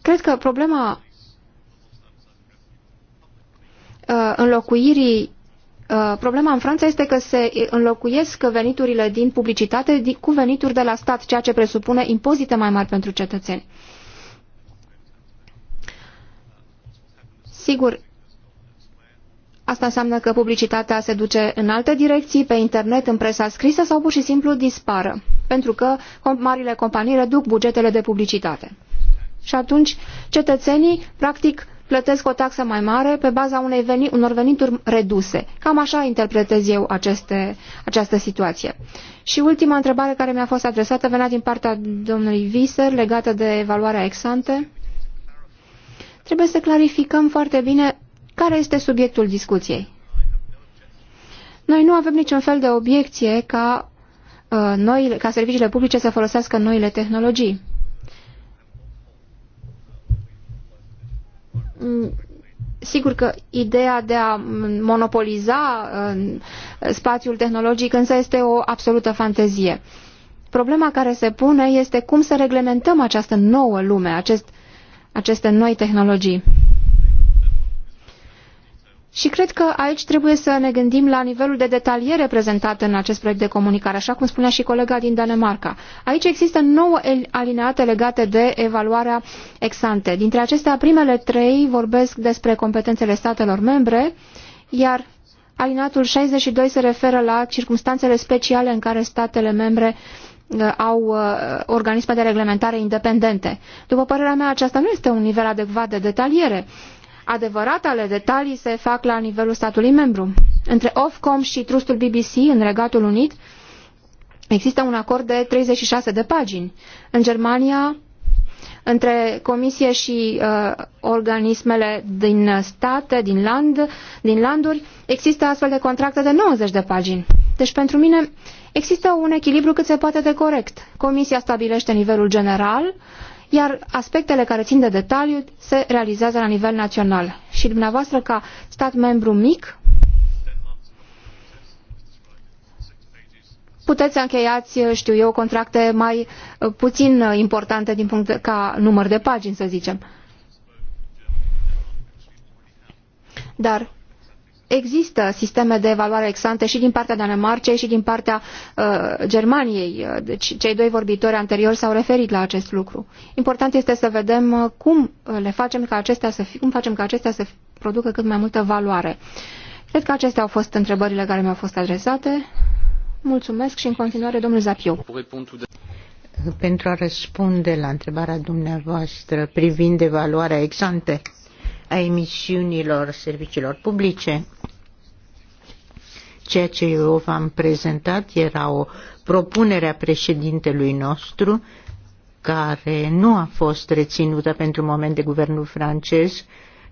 cred că problema uh, înlocuirii Uh, problema în Franța este că se înlocuiesc veniturile din publicitate cu venituri de la stat, ceea ce presupune impozite mai mari pentru cetățeni. Sigur, asta înseamnă că publicitatea se duce în alte direcții, pe internet, în presa scrisă sau pur și simplu dispară, pentru că marile companii reduc bugetele de publicitate. Și atunci cetățenii, practic, plătesc o taxă mai mare pe baza unei veni, unor venituri reduse. Cam așa interpretez eu aceste, această situație. Și ultima întrebare care mi-a fost adresată venea din partea domnului Viser legată de evaluarea exante. Trebuie să clarificăm foarte bine care este subiectul discuției. Noi nu avem niciun fel de obiecție ca, uh, noi, ca serviciile publice să folosească noile tehnologii. Mm, sigur că ideea de a monopoliza spațiul tehnologic însă este o absolută fantezie. Problema care se pune este cum să reglementăm această nouă lume, acest, aceste noi tehnologii. Și cred că aici trebuie să ne gândim la nivelul de detaliere prezentat în acest proiect de comunicare, așa cum spunea și colega din Danemarca. Aici există nouă alineate legate de evaluarea exante. Dintre acestea, primele trei vorbesc despre competențele statelor membre, iar alineatul 62 se referă la circumstanțele speciale în care statele membre uh, au uh, organisme de reglementare independente. După părerea mea, aceasta nu este un nivel adecvat de detaliere. Adevăratele detalii se fac la nivelul statului membru. Între Ofcom și trustul BBC în Regatul Unit există un acord de 36 de pagini. În Germania, între Comisie și uh, organismele din state, din, land, din landuri, există astfel de contracte de 90 de pagini. Deci pentru mine există un echilibru cât se poate de corect. Comisia stabilește nivelul general, iar aspectele care țin de detaliu se realizează la nivel național. Și dumneavoastră, ca stat membru mic, puteți încheiați, știu eu, contracte mai uh, puțin uh, importante din punct de, ca număr de pagini, să zicem. Dar există sisteme de evaluare ex-ante și din partea Danemarcei și din partea uh, Germaniei. Uh, deci cei doi vorbitori anteriori s-au referit la acest lucru. Important este să vedem uh, cum uh, le facem ca acestea să fi, cum facem ca acestea să producă cât mai multă valoare. Cred că acestea au fost întrebările care mi-au fost adresate. Mulțumesc și în continuare domnul Zapiu. Pentru a răspunde la întrebarea dumneavoastră privind evaluarea ex-ante a emisiunilor serviciilor publice, Ceea ce eu v-am prezentat era o propunere a președintelui nostru care nu a fost reținută pentru moment de guvernul francez,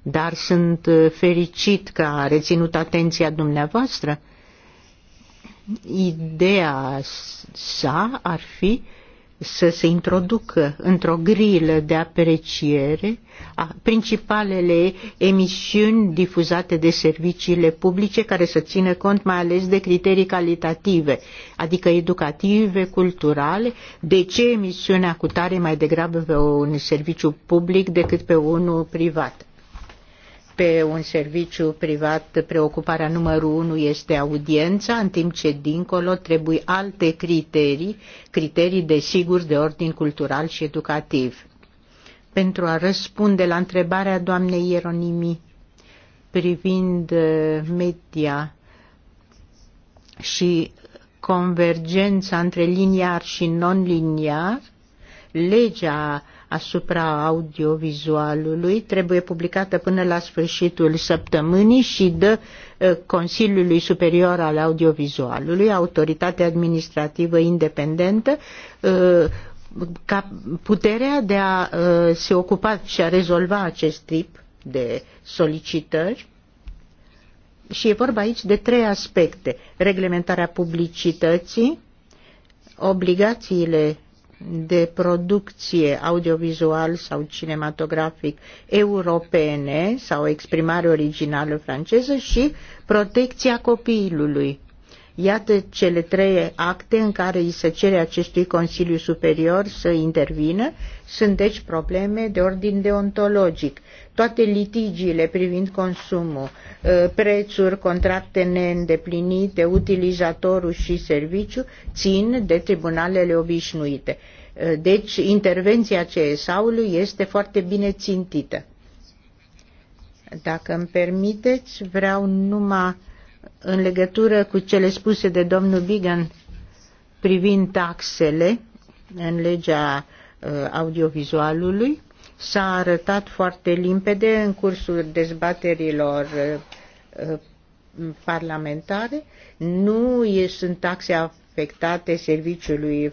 dar sunt uh, fericit că a reținut atenția dumneavoastră. Ideea sa ar fi să se introducă într-o grilă de apreciere a principalele emisiuni difuzate de serviciile publice care să țină cont mai ales de criterii calitative, adică educative, culturale, de ce emisiunea cu tare mai degrabă pe un serviciu public decât pe unul privat pe un serviciu privat preocuparea numărul unu este audiența, în timp ce dincolo trebuie alte criterii, criterii de sigur de ordin cultural și educativ. Pentru a răspunde la întrebarea doamnei Ieronimi privind uh, media și convergența între liniar și non-liniar, legea asupra audiovizualului trebuie publicată până la sfârșitul săptămânii și dă uh, Consiliului Superior al Audiovizualului, autoritate administrativă independentă, uh, ca puterea de a uh, se ocupa și a rezolva acest tip de solicitări și e vorba aici de trei aspecte. Reglementarea publicității, obligațiile de producție audiovizual sau cinematografic europene sau exprimare originală franceză și protecția copilului. Iată cele trei acte în care îi se cere acestui Consiliu Superior să intervină. Sunt deci probleme de ordin deontologic toate litigiile privind consumul, ă, prețuri, contracte neîndeplinite, utilizatorul și serviciu țin de tribunalele obișnuite. Ă, deci intervenția CSA-ului este foarte bine țintită. Dacă îmi permiteți, vreau numai în legătură cu cele spuse de domnul Bigan privind taxele în legea ă, audiovizualului s-a arătat foarte limpede în cursul dezbaterilor uh, parlamentare. Nu sunt taxe afectate serviciului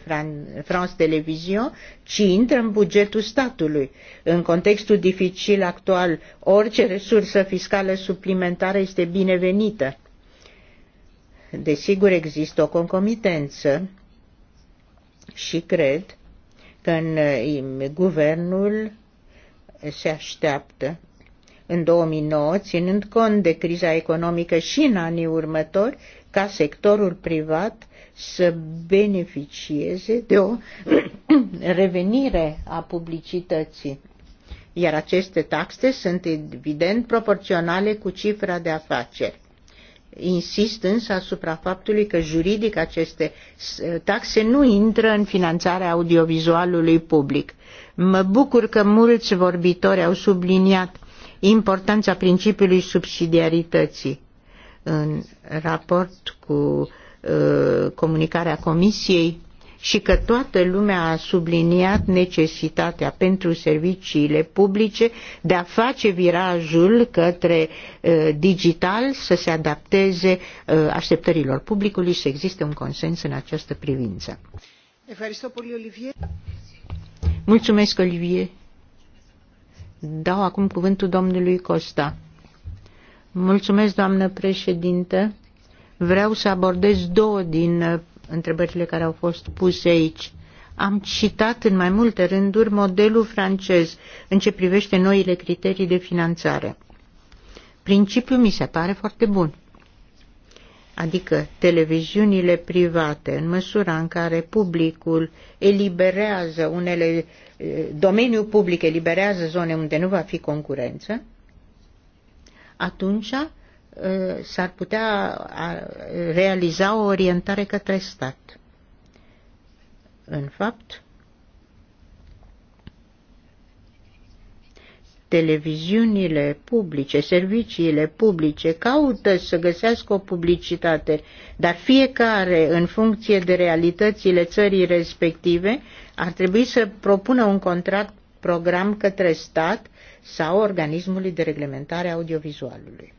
France Television, ci intră în bugetul statului. În contextul dificil actual, orice resursă fiscală suplimentară este binevenită. Desigur, există o concomitență și cred că în uh, guvernul se așteaptă în 2009, ținând cont de criza economică și în anii următori, ca sectorul privat să beneficieze de o revenire a publicității. Iar aceste taxe sunt evident proporționale cu cifra de afaceri. Insist însă asupra faptului că juridic aceste taxe nu intră în finanțarea audiovizualului public. Mă bucur că mulți vorbitori au subliniat importanța principiului subsidiarității în raport cu uh, comunicarea Comisiei și că toată lumea a subliniat necesitatea pentru serviciile publice de a face virajul către uh, digital, să se adapteze uh, așteptărilor publicului și să existe un consens în această privință. Mulțumesc, Olivier. Dau acum cuvântul domnului Costa. Mulțumesc, doamnă președinte. Vreau să abordez două din uh, întrebările care au fost puse aici. Am citat în mai multe rânduri modelul francez în ce privește noile criterii de finanțare. Principiul mi se pare foarte bun adică televiziunile private, în măsura în care publicul eliberează unele, eh, domeniul public eliberează zone unde nu va fi concurență, atunci eh, s-ar putea realiza o orientare către stat. În fapt, televiziunile publice, serviciile publice caută să găsească o publicitate, dar fiecare, în funcție de realitățile țării respective, ar trebui să propună un contract program către stat sau organismului de reglementare audiovizualului.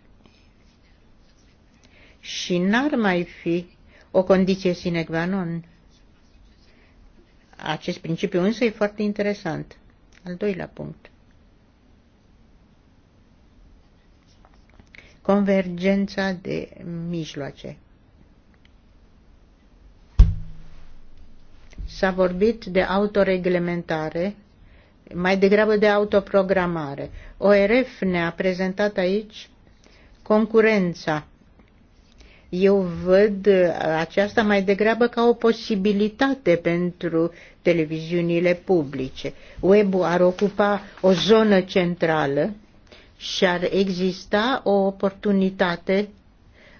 Și n-ar mai fi o condiție sine qua non. Acest principiu însă e foarte interesant. Al doilea punct. convergența de mijloace. S-a vorbit de autoreglementare, mai degrabă de autoprogramare. ORF ne-a prezentat aici concurența. Eu văd aceasta mai degrabă ca o posibilitate pentru televiziunile publice. Web-ul ar ocupa o zonă centrală și ar exista o oportunitate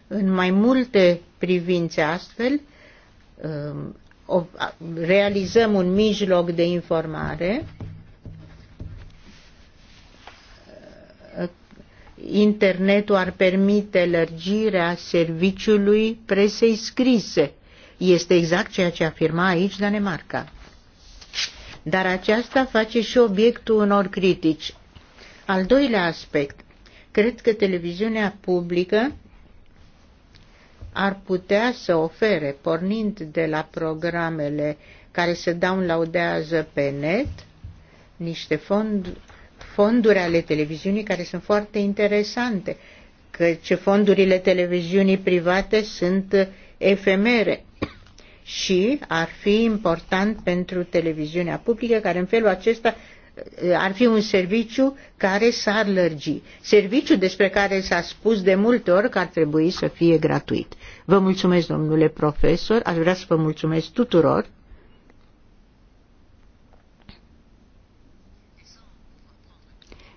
în mai multe privințe astfel, um, realizăm un mijloc de informare internetul ar permite lărgirea serviciului presei scrise. Este exact ceea ce afirma aici Danemarca. Dar aceasta face și obiectul unor critici. Al doilea aspect. Cred că televiziunea publică ar putea să ofere, pornind de la programele care se downloadează pe net, niște fond, fonduri ale televiziunii care sunt foarte interesante, căci fondurile televiziunii private sunt efemere și ar fi important pentru televiziunea publică, care în felul acesta ar fi un serviciu care s-ar lărgi. Serviciu despre care s-a spus de multe ori că ar trebui să fie gratuit. Vă mulțumesc, domnule profesor, aș vrea să vă mulțumesc tuturor.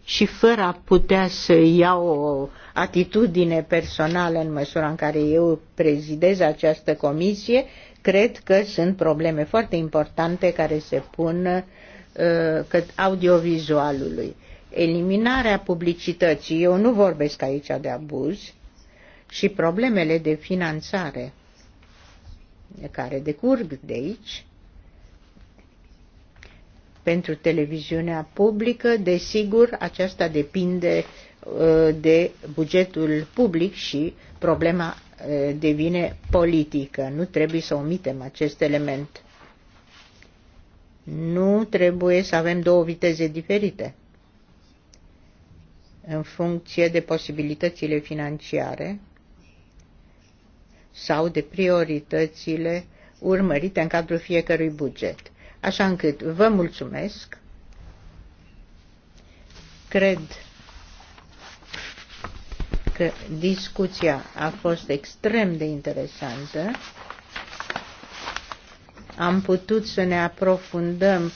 Și fără a putea să iau o atitudine personală în măsura în care eu prezidez această comisie, cred că sunt probleme foarte importante care se pun Uh, cât audiovizualului. Eliminarea publicității, eu nu vorbesc aici de abuz, și problemele de finanțare care decurg de aici, pentru televiziunea publică, desigur, aceasta depinde uh, de bugetul public și problema uh, devine politică. Nu trebuie să omitem acest element. Nu trebuie să avem două viteze diferite în funcție de posibilitățile financiare sau de prioritățile urmărite în cadrul fiecărui buget. Așa încât vă mulțumesc. Cred că discuția a fost extrem de interesantă am putut să ne aprofundăm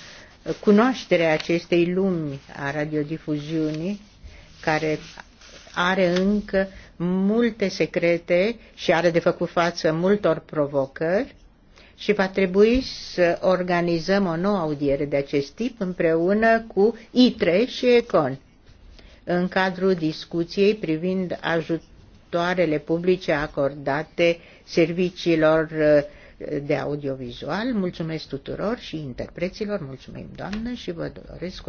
cunoașterea acestei lumi a radiodifuziunii, care are încă multe secrete și are de făcut față multor provocări și va trebui să organizăm o nouă audiere de acest tip împreună cu ITRE și ECON în cadrul discuției privind ajutoarele publice acordate serviciilor uh, de audiovizual. Mulțumesc tuturor și interpreților, mulțumim doamnă și vă doresc o